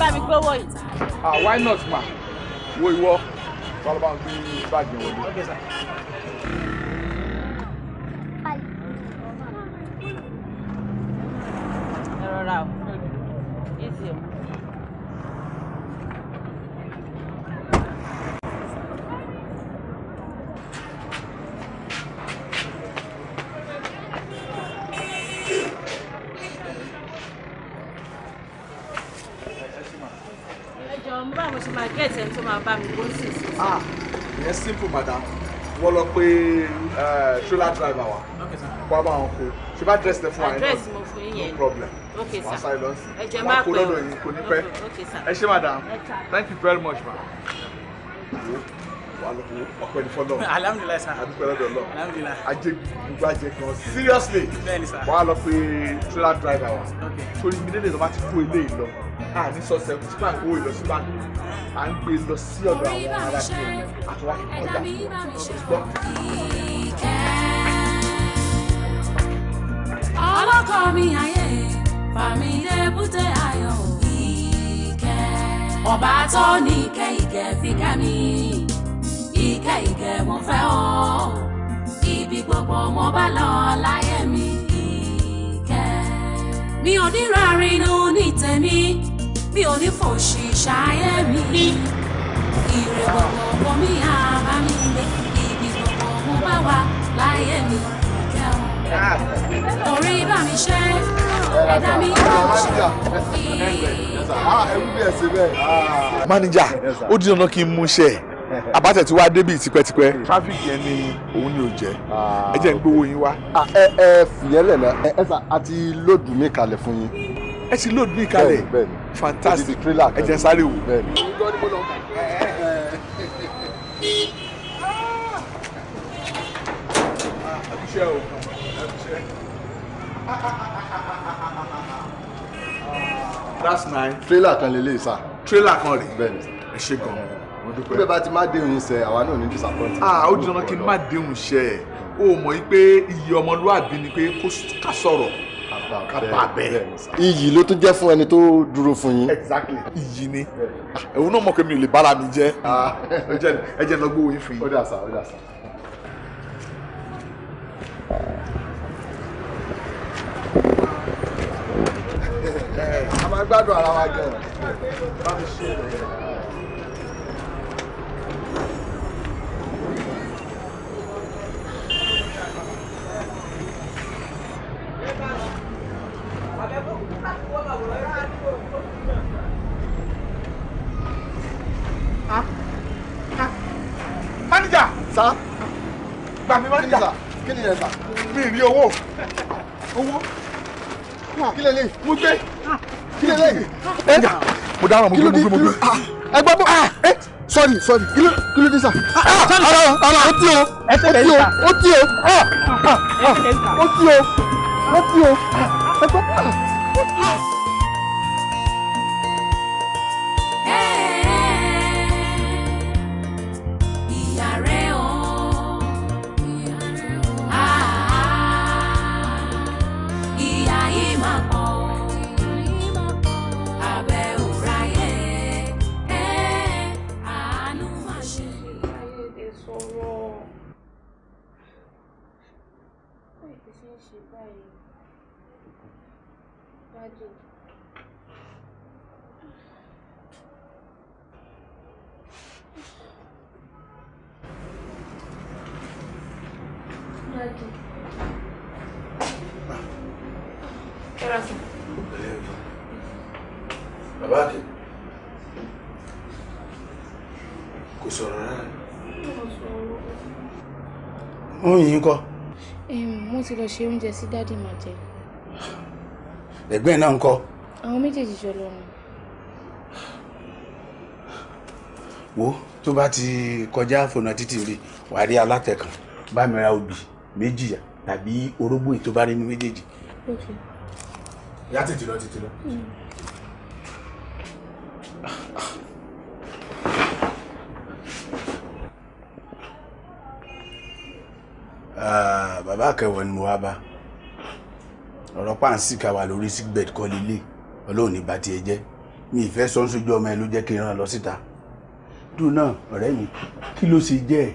bá mi gbówó yìí. ah why not ma wo ìwọ bàbá ń gbé báàgì wọlé. ẹ rọra o. simple matter wọ́n lọ pé eh, trailer driver wa wọ́n bá wọn kó ṣe bá dress dem fún wa yẹn no problem wọ́n sáré lọ sí i wọ́n kó lọ́dọ̀ yìí kò ní pẹ́ ẹ ṣé madam thank you very much ma. ọpẹ́ ní fọlọ alhamdulilayi sa adúpẹ́ lọ́dọ̀ lọ ajé gbogbo ajé kan seriously wọ́n á lọ pé trailer driver wa torí mi lè lọ bá ti kó eléyìí lọ a ní sọ sẹ́kù sí báńkì owó ìlọsí à ń gbé lọ sí ọ̀dọ̀ àwọn ará tó ń àti wá kọjá gbọ́. ọlọ́kọ mi ayé fàmílẹ̀ èbúté ayọ̀ ìkẹ́ ọba tó ní ìkẹ́ ìkẹ́ fi kẹ́ mi ìkẹ́ ìkẹ́ mo fẹ́ ọ́ ibi gbogbo mo bá lọ láyé mi ìkẹ́ mi ò ní rárin ní tèmi bí onífòṣì ṣayé mi ní ire gbogbo ọkọ mi àbá mi gbé ibi gbogbo mo bá wà láyé mi orí bá mi ṣe ẹ̀dá mi ṣe. mánìjà ó di dandan kí n mú iṣẹ́ ẹ̀ àbátẹ̀ tí wàá débì tipẹ́tipẹ́. tráfíkì yẹn ni òun ni ò jẹ́ ẹ jẹ́ ń gbowó yín wá. Ah, ẹ ẹ fìyẹ́lẹ̀ lẹ ẹ ẹ sà àti lóòdù kalẹ̀ fún yín ẹ sì lóòdù ní ìkàlẹ̀ fantastic ẹ jẹ́ sáré wò. that's nice. trailer kan lè lè trailer kan rè ẹ ṣe gan. mo dúpẹ́ bí ẹ bá ti má déhùn iṣẹ́ àwa náà ní disappoint. ah ó jọra kí n má déhùn iṣẹ́ ẹ o mọ̀ yí pé iye ọmọlúwàbí ni pé ká sọ̀rọ̀ kápá bẹ́ẹ̀ iyì ló tún jẹ́ fún ẹni tó dúró fún yín. exactly iyì ni òun ah, náà mọ̀ pé mi ò lè bára mi jẹ́ ah. ẹ jẹ́ lọ́gbọ́ òye fún yín. a máa gbádùn ara wa gan bá mi ṣe é. sá. gbà mí máa ń jà kí ni yẹn sá mi rí owó owó kí lè lè mo gbé kí lè lè. ẹ jà mo dára mo gbé mo gbé mo ah, gbé. ẹ gbọ́ bọ́ ah, ẹ sorry sorry kí ló kí ló dé sá. Ah, ara ara ó tí o ó tí o ó tí o ó tí o ó tí o ó tí o. mọ́mí yín kọ́. mo ti lọ ṣe oúnjẹ sí dádì máa jẹ. ẹ̀gbẹ́ náà ń kọ́. àwọn méjèèjì jọ lọ rùn. wo tó bá ti kọjá fònà títì rí wàá rí alátẹ kan bá mi ra obì méjì tàbí orógbó ètò bá rí ní méjèèjì. yá tètè lọ tètè lọ. Mm. Ah, bàbá akẹwọ ni mo wá bá ọ̀rọ̀ páǹsì káwa lórí sickbed kọ́ lílé ọlọ́run ní bàtí ẹ jẹ́ mi ìfẹ́ sọ sójú ọmọ ẹ ló jẹ́ kí n rán lọ síta dùn náà ọ̀rẹ́ mi kí ló ṣe jẹ́ ẹ̀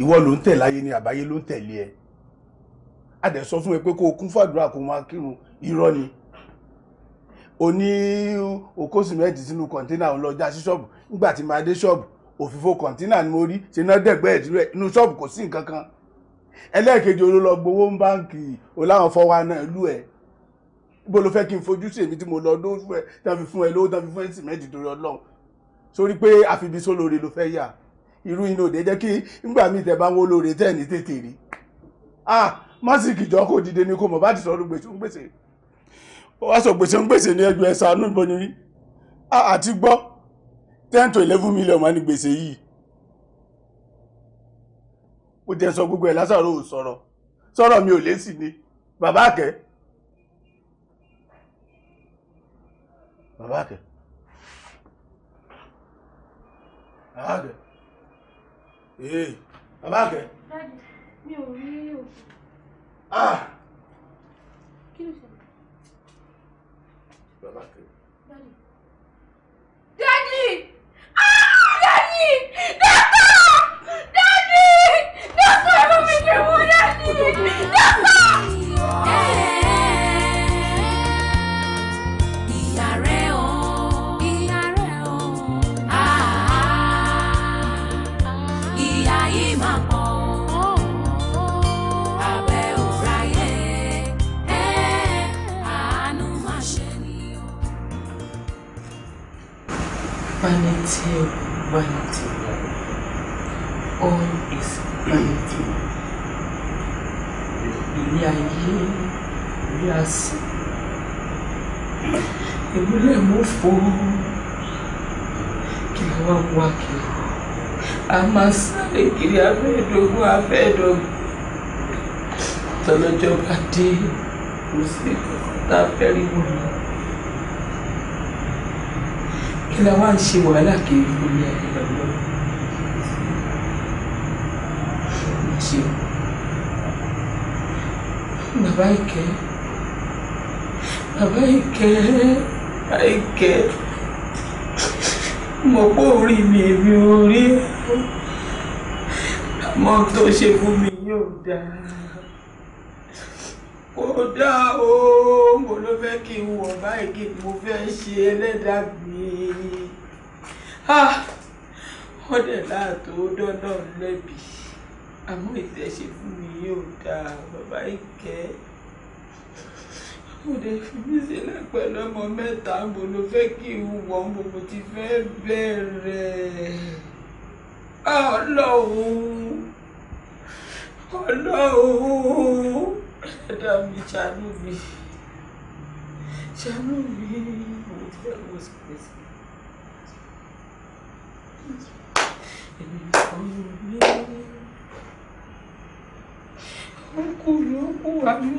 ìwọ ló ń tẹ̀ láyé ni àbáyé ló ń tẹ̀lé ẹ a dẹ̀ sọ fún ẹ pé kó o kún fàdúrà kó o máa kírun irọ́ ni o ní okó sìmẹ́ǹtì sínú kọ̀ńténà òun lọ já sí ṣọ́ọ̀bù nígbà tí máa dé ṣọ́ọ̀bù òfìfo kọ̀ńténà ni mo rí ṣe náà dẹ̀gbẹ́ ẹ̀ inú ṣọ́ọ̀bù kò sí nǹkan kan ẹlẹ́ẹ̀kejì olú lọ gbowó ń báǹkì o láwọn fọwọ́ aná ìlú ẹ̀ bó ló fẹ́ kí n fojú sí èmi tí mo lọ ọdún fún ẹ tàbí fún ẹ lówó tàbí fún ẹ sìmẹ́ǹtì torí ọlọ́run sórí pé àfibí sólóore ló fẹ́ yà irú inú òde jẹ́ kí ngbà míì tẹ̀ bá wọ́n lóore tẹ̀ ní tètè rí ah másìkì jọ kò dìde ni kò mọ̀ bá ti sọ̀rọ̀ gbèsè ń gbèsè ó wá sọ gbèsè ń gbèsè ní ẹgbẹ́ ẹ̀sánú ìbọn ni rí àti gbọ́ ten to eleven million wà ní gbèsè yìí mo jẹ sọ gbogbo ẹ̀ lásàrò ò sọ̀rọ̀ sọ̀rọ̀ mi ò lésì ni bàbá àkẹ́ bàbá àkẹ́ bàbá àkẹ́ ee bàbá àkẹ́. mi ò rí o. ah. kí ló ṣe. bàbá àkẹ́. Daddy! Daddy! Ah! Daddy! a máa sáré kiri afẹ́dógún afẹ́dógún tọ́lọ́jọ́ bá dé kò sí kankan tá a fẹ́ rí wọn lọ. kí la wá ń ṣe wàhálà kiri fún mi àyè Bàbá Ìkẹ́ bàbá Ìkẹ́ bàbá Ìkẹ́ mo pọ̀ orí mi èmi orí ẹ̀ àmọ́ tó ṣe fún mi yóò dáa kò dáa o mo ló fẹ́ kí n wọ̀ báyìí kí mo fẹ́ ṣe ẹlẹ́dàá mi wọ́n dẹ̀ láàtò dọ́nà lẹ́bi àmọ́ ìtẹ̀ṣe fún mi yóò dáa bàbá ìkẹ́ mo dẹ̀ fi mí sílẹ̀ pẹ̀lú ọmọ mẹ́ta mo ló fẹ́ kí n wọ̀ mo ti fẹ́ bẹ̀rẹ̀ ọlọ́run ọlọ́run ẹ̀dá mi ṣàánú mi ṣàánú mi mo ti fẹ́ lọ sí pèsè. èmi kò ní ọkù mi ọkù wa mi.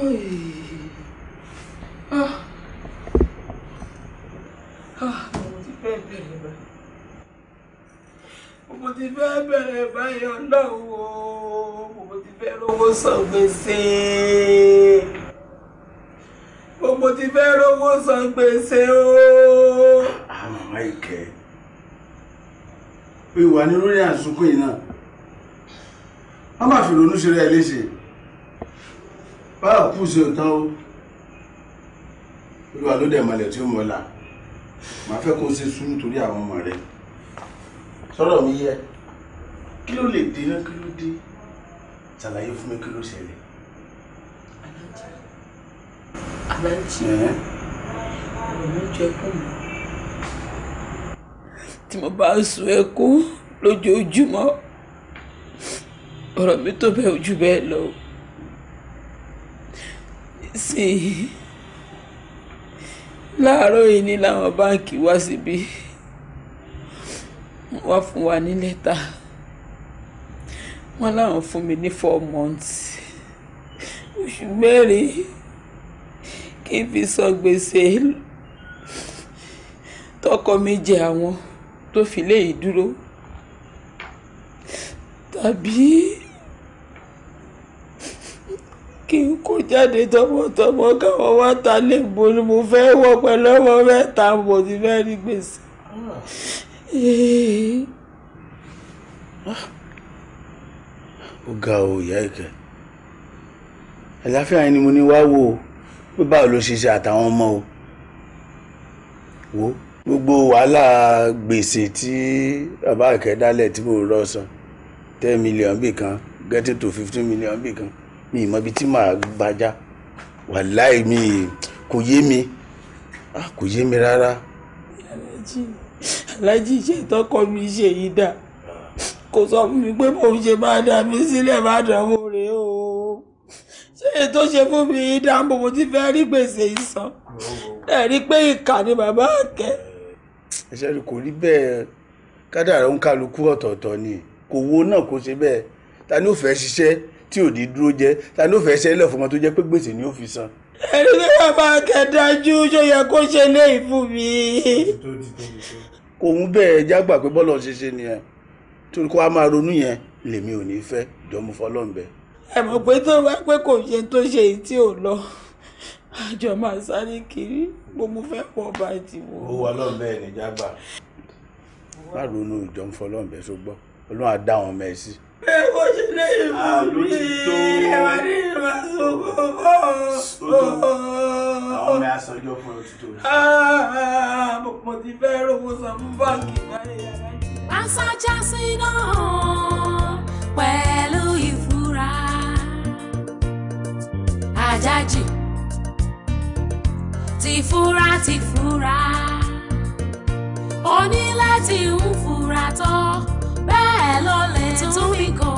Ah. Ah, mo ti fẹ́ bẹ̀rẹ̀ báyìí ọlọ́run o mo ti fẹ́ rówó san gbèsè mo ti fẹ́ rówó san gbèsè o. àmàmá ah, ìkẹ́ ìwà ní lórí àsùnkún yìí náà wọ́n máa fi ronú ṣe rẹ̀ léṣe báà kú sí òtán o olúwa ló dẹ̀ mọ̀lẹ̀ tí ó mọ̀lá màá fẹ́ kó o ṣe sùn nítorí àwọn ọmọ rẹ sọ̀rọ̀ mi yẹ kí ló lè dé náà kí ló dé ṣàlàyé fún mi kí ló ṣẹlẹ̀. aláǹtí ọ̀rọ̀ ló jẹ kó mi. tí mo bá ń sun ẹkún lójoojúmọ́ ọ̀rọ̀ mi tó bẹ́ẹ̀ ojú bẹ́ẹ̀ lọ sí i láàárọ̀ yìí ni làwọn báǹkì wá síbí wá fún wa ní lẹ́tà wọ́n láwọn fún mi ní four months oṣù mẹ́rin kí n fi san gbèsè tọkọ mi jẹ àwọn tó fi léyìí dúró tàbí kí n kó jáde tọmọtọmọ káwọn wá ta lè bo ni mo fẹ́ wọ pẹ̀lú ọmọ mẹ́ta mo ti fẹ́ rí gbèsè. ó ga o ìyá ìkẹ àlàáfíà yẹn ni mo ní wá wò ó pé báwo ló ṣe ṣe àtàwọn ọmọ o wò ó gbogbo wàhálà gbèsè tí bàbá ìkẹ dálẹ̀ tí mo rọ san ten million bìkan getting to fifteen million bìkan mi mọ ibi tí màá gbajá wàláì mi kò yé mi kò yé mi rárá. aláàjì aláàjì ṣe tọkọ mi ṣe yìí dà kò sọ fún mi pé bóun ṣe máa dà mí sílẹ̀ má dánwò rèé o ṣé tó ṣe fún mi yìí dà mo mo ti fẹ́ rí gbèsè ìsan ẹ pé ìkà ni bàbá àkẹ́. ẹsẹ̀ rẹ̀ kò rí bẹ́ẹ̀ kádàrá ń kálukú ọ̀tọ̀ọ̀tọ̀ ni kò wo náà kó ṣe bẹ́ẹ̀ ta ni ó fẹ́ ṣiṣẹ́ tí ò ní dúró jẹ ta ló fẹ́ ṣẹlẹ̀ fún ọmọ tó jẹ́ pé gbèsè ni ó fi san. ẹni tí bàbá kẹdájú ṣó yẹ kó ṣe lé ìfún mi. kò ń bẹ́ẹ̀ jágbà pé bọ́lọ̀ ṣe ṣe nìyẹn torí kó a máa ronú yẹn lèmi ò ní fẹ́ jọmú fọlọ́ǹbẹ. ẹ mọ̀ pé tó wá pé kò ṣe tó ṣe èyí tí ò lọ àjọ máa sáré kiri bó mo fẹ́ pọ̀ bá ti wò. ó wà lọ́ọ̀bẹ jágbà. má ronú ìjọmú fọlọ́ǹbẹ ṣó ọlọ́run á dá wọn mẹ́ sí Bẹ́ẹ̀kọ́ ṣe lè mú mi ẹ̀wà ní ìwà sókò. Àwọn ọmọ yà sọjọ́ fún ẹ òtútù rẹ̀. Mo ti fẹ́ rówó san fún báńkì láyé yàrá. Àṣàjà sí náà pẹ̀lú ìfura. Àjàjì ti fura ti fura. O ní láti ń fura tán bẹ́ẹ̀ ló lè tún ìgò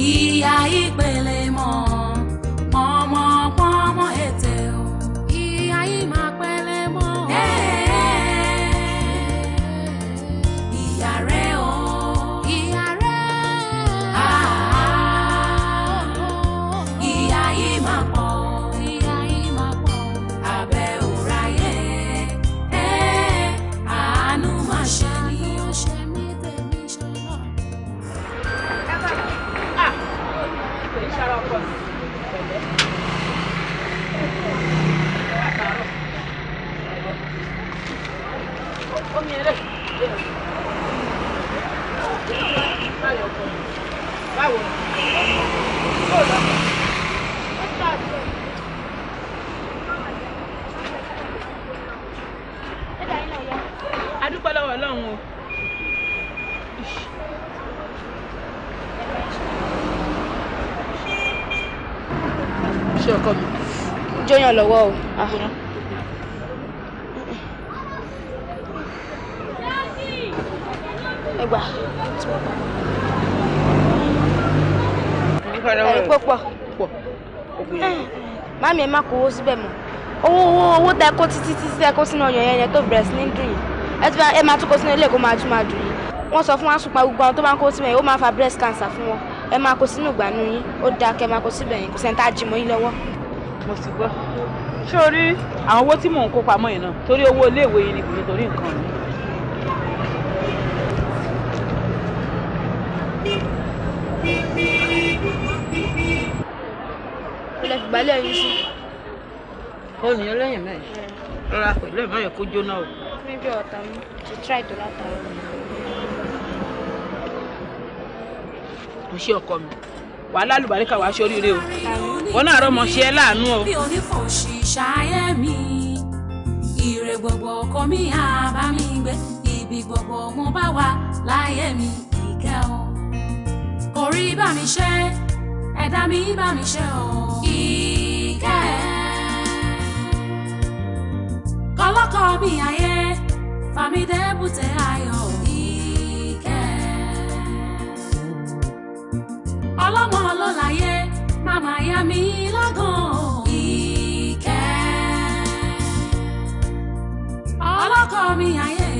ìyá ìpele mọ́. jóyàn lọ́wọ́ o. ẹgbà ẹ̀rí pọ̀pọ̀ mami ẹ má kówó síbẹ̀ mọ́ owó owó owó tẹ kó títí títí tẹ kó sínú ọyàn yẹn yẹn tó bẹ̀rẹ̀ sí ní dùn yìí ẹ ti ẹ máa tún kó sínú ilé kó máa tún máa dùn yìí wọ́n sọ fún wa ṣùpá gbogbo àwọn tó máa ń kó o yìí ó máa fa breast cancer fún wọn ẹ máa kó sínú o yín ó dáa kẹ́ máa kó síbẹ̀ yìí kò sẹ́ńtà jìmọ̀ yín lọ́wọ́ mo sì gbọ́ ṣé o rí àwọn owó tí mò ń kó pamọ́ yìí náà torí owó iléèwé yìí ni kò ní torí nǹkan mi. ilẹ̀ fìgbà lẹ́yìn sí. olùyìn olóyìn mẹ́rin rọra pẹ̀lú ẹ̀mọ́ yẹn kó jóná o. níbi ọ̀tá mi ti tíra ètò látara. kò sí ọkọ mi wà lálùbáríkà wà á o wọn náà rọmọ ṣe é láàánú o. bí onífòṣì ṣayé mi ire gbogbo ọkọ mi àbá mi gbé ibi gbogbo mo bá wà láyé mi ìkẹ́ o kò rí bá mi ṣe ẹ̀dá mi bá mi ṣe o ìkẹ́ kọlọ́kọ̀ mi ayé fàmídẹ́ ayọ̀ o. ọlọ́mọ ló láyé màmá ya mi lágàn ìkẹ́. ọlọ́kọ mi ayé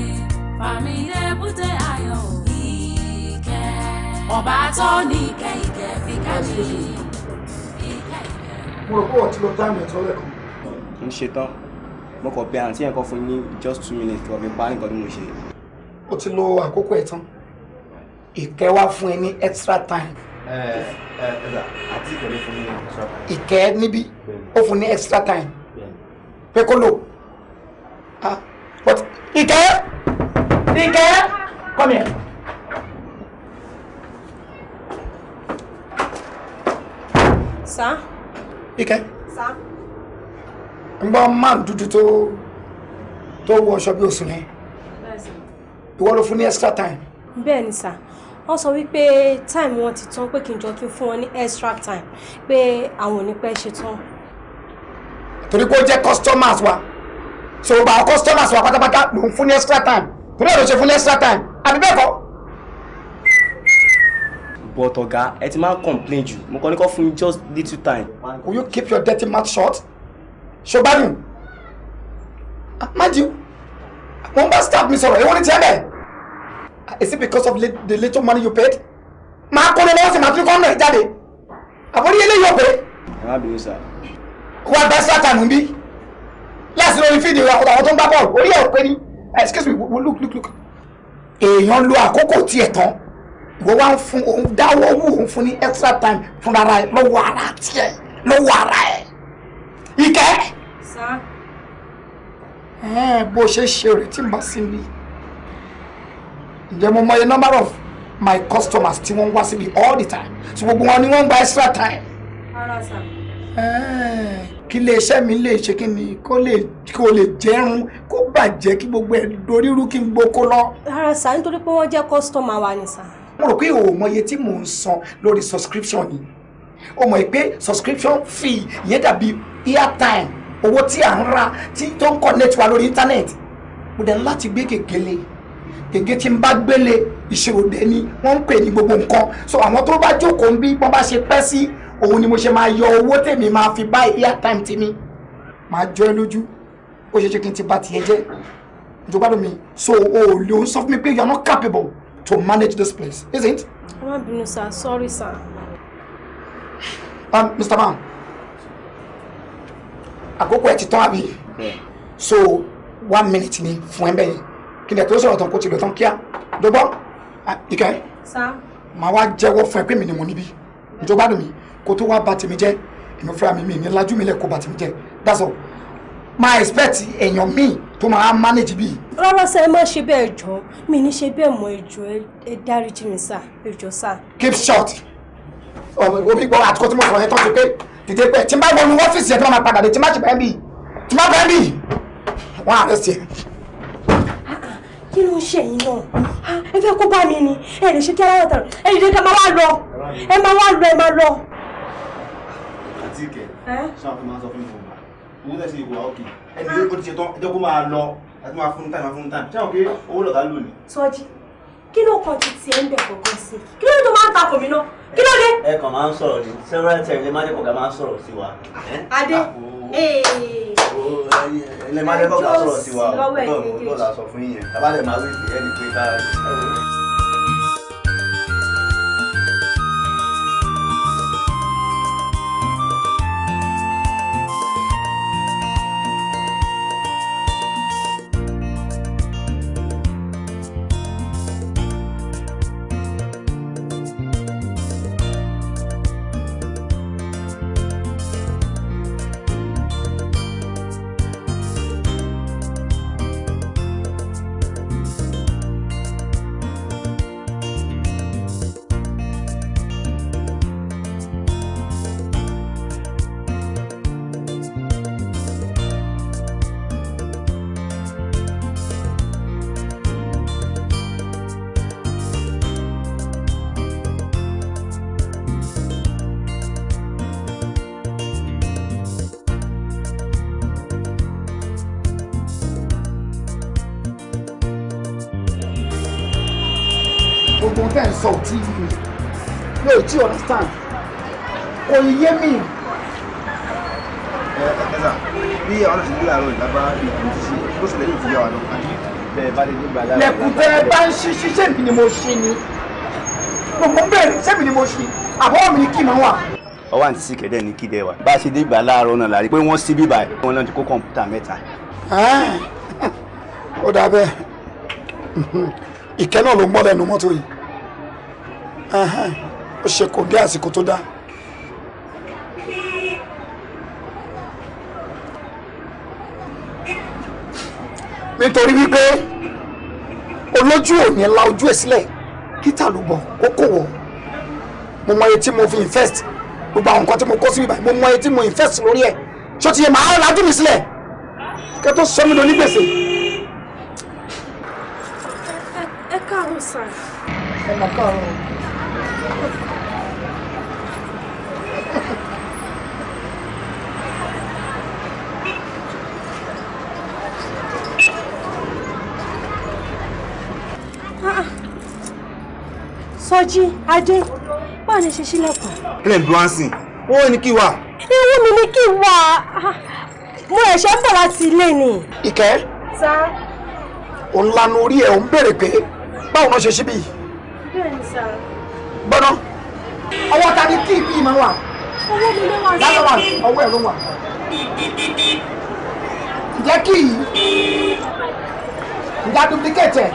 fàmílẹ̀ èbúté ayọ̀ ìkẹ́. ọba tó ní ìkẹ́ ìkẹ́ fi ká mi ìkẹ́ ìkẹ́. mo rò pé ọtí lọ dá mi ẹ̀tọ́ lẹ́kọ̀ọ́. n ṣe tán mo kàn bẹ àǹtí yẹn kan fún ní just two minutes kí wọ́n fi parí nǹkan tí mo ṣe. o ti lo àkókò ẹ̀ tán ìkẹ́ wá fún ẹ ní extra time. Eh, eh, ìkẹ́ níbí ó fún ní extra time pé kó lò ah, ìkẹ́ ìkẹ́ come here. sá. ìkẹ́. sá. ń gbọ́ máa dúdú tó tó wọ aṣọ bí oṣù yẹn ìwọ ló fún ní extra time. bẹ́ẹ̀ ni wọ́n sọ wípé time wọn ti tán pé kí n jọ kí n fún wọn ní extra time pé àwọn ò ní pẹ́ ṣe tán. torí pé ó jẹ́ customers wa so gba àwọn customers wa pátápátá ló ń fún ní extra time torí ẹ̀ ló ṣe fún ní extra time àbí bẹ́ẹ̀ kọ́. but ọ̀gá ẹ ti máa ń complain jù mo kàn ní kó fún just little time. will you keep your dirty mouth short? ṣùgbọ́n ah, mi máa jí wọ́n bá staff mi sọ̀rọ̀ èwo ni tiẹ̀ bẹ́ẹ̀. Ah, is it because of the little money you paid? máa kọ́ lọ lọ́wọ́ sí màá tún kọ́ ọ̀nà ẹ̀ jáde àbórí eléyìí ọ̀pẹ. ẹ má bínú sá. wà á gba sátánù Last láti lórí fídíò àwọn tó ń gbá ball, orí ẹ̀ ọ̀pẹ ni ah, excuse me look look look èèyàn lo àkókò tiẹ̀ tán ìwọ wá ń fún òun dáwọ́ wù òun fún ní extra time fún ara ẹ lọ́wọ́ ara tiẹ̀ lọ́wọ́ ara ẹ̀ ìkẹ́. sá. bó ṣe ṣe rètí màá sí mi ǹjẹ́ mo mọye number of my customers tí wọ́n ń wá síbi all the time tí gbogbo wọn ni wọ́n gba extra time. rárá sà. kí lè iṣẹ́ mi lè ṣe kí ni kó lè kó lè jẹun kó bàjẹ́ kí gbogbo ẹ̀ dorírú kí n gboko lọ. rárá sà nítorí pé wọ́n jẹ́ customer wa ni sà. mo rò pé òun mọye tí mò ń san lórí subscription yìí o mọ̀ pé subscription fee yẹn dàbí airtime owó tí à ń ra tí tó ń connect wa lórí internet mo dẹ̀ ń láti gbé kékeré gègé tí n bá gbélé ìṣòdẹ ni wọ́n ń pè ní gbogbo nǹkan so àwọn tó bá jókòó ń bí wọ́n bá ṣe pẹ́ sí òun ni mo ṣe máa yọ owó tèmi máa fi buy airtime ti mi máa jọ ẹ lójú ó ṣe ṣe kí n ti bà tiẹ̀ jẹ́ ìjọba lómi so o ò lè sọ fún mi pé you are not capable to manage this place is it. ọmọ bínú sir sorry sir. Um, Mr. Man àkókò ẹ ti tán àbí so one minute ni fún ẹ bẹ́ẹ̀ kílẹ̀ tó sọ̀rọ̀ tán kó ti lọ tán kíá ló gbọ́ ìkẹ́ màá wá jẹ́wọ́ fún ẹ pé mi ni mo níbí ìjọba dùn mí kó tó wá bà tèmi jẹ́ èmi fúnra mi mi ní lajú mi lẹ̀ kó bà tèmi jẹ́ that's all máa expect èèyàn míì tó máa manage bíi. rárá sá ẹ má ṣe bẹ́ẹ̀ jọ mi ní ṣe bẹ́ẹ̀ mọ ẹjọ ẹ dáríjì mi sá ẹjọ sá. keep short omi gbọ́ àtikọ́ tí mo sọ̀rọ̀ yẹn tó ti pé tètè pé tí n bá wọnú ọ́fíìsì yẹn tí wọ́n máa padà dé tí n bá ṣe bẹ́ẹ̀ bíi tí n wọ́n àrẹ́sì yẹn kí ló ń ṣe yín náà ẹ fẹ́ kó bá mi ni ẹ lè ṣe kí aláwọ̀ tààrà ẹ lè ká máa wá lọ ẹ máa wá lọ ẹ máa lọ. àti ìkẹ ṣáà fún máa sọ fún mi fún wa owó tẹ̀sí ìwà òkè ẹni yóò kó ti ṣe tán ẹjọ́ kó máa lọ àti máa fún táì máa fún táì ṣáà òkè owó lọ̀tà lò ní. sọjí kí ló kàn ti tiẹ̀ ń bẹ̀ kọ̀ọ̀kan sí kí ló tó máa ń ta kò mí náà kí ló dé. ẹ kàn máa ń sọ̀rọ̀ ilé máa ń lẹ́kọ̀ọ́ sọ̀rọ̀ tiwa ọ̀dọ́ ọ̀dọ́ la sọ fún yín yẹn tábàdàn máa wí pé ẹnì pé ká. mo ṣí ni gbogbo bẹ́ẹ̀ sẹ́mi ni mo ṣí àbọ̀wọ̀ mi ni kí n máa wà ọwọ́ àti síkẹ̀dẹ̀ ní kídẹ̀ wa bá a ṣe dé ibà láàárọ̀ náà la rí pé wọ́n sí bíbà ẹ̀ wọ́n náà ti kó kọ̀ǹpútà mẹ́ta. ó dà bẹ́ẹ̀ ìkẹ́ náà ló ń gbọ́ lẹ́nu mọ́tò yìí ó ṣe kò dé àsìkò tó dá. nítorí wípé olójú òní la ojú ẹ̀ sílẹ̀ kíta ló bọ̀ ó mo mọ iye tí mo fi invest gbogbo àwọn nǹkan tí mo kó síbi báyìí mo mọ iye tí mo invest lórí ẹ̀ ṣó ti yẹ màá lajú mi sílẹ̀ tó sọ mí lọ ní ẹ káàárọ̀ sáà. ẹ mà káàárọ̀. Sọjí Adé báà ní ṣe sílẹ̀kùn. ilé ìdúró á sìn ó ní kí wà. ewu mi ní kí wà mo ẹ̀ṣẹ̀ ń bọ̀ láti ilé ni. Ìkẹ́ sá òun lanu orí ẹ̀ òun béèrè pé báwo ló ṣe ṣí bí. bẹ́ẹ̀ ni sá. gbọ́dọ̀ ọwọ́ ta ni kí ìbí máa wà. owó mi ló wà sí. lálẹ́ wà ọwọ́ ẹ̀ ló wà. ǹjẹ́ kí yìí ǹjẹ́ duplicate ẹ̀.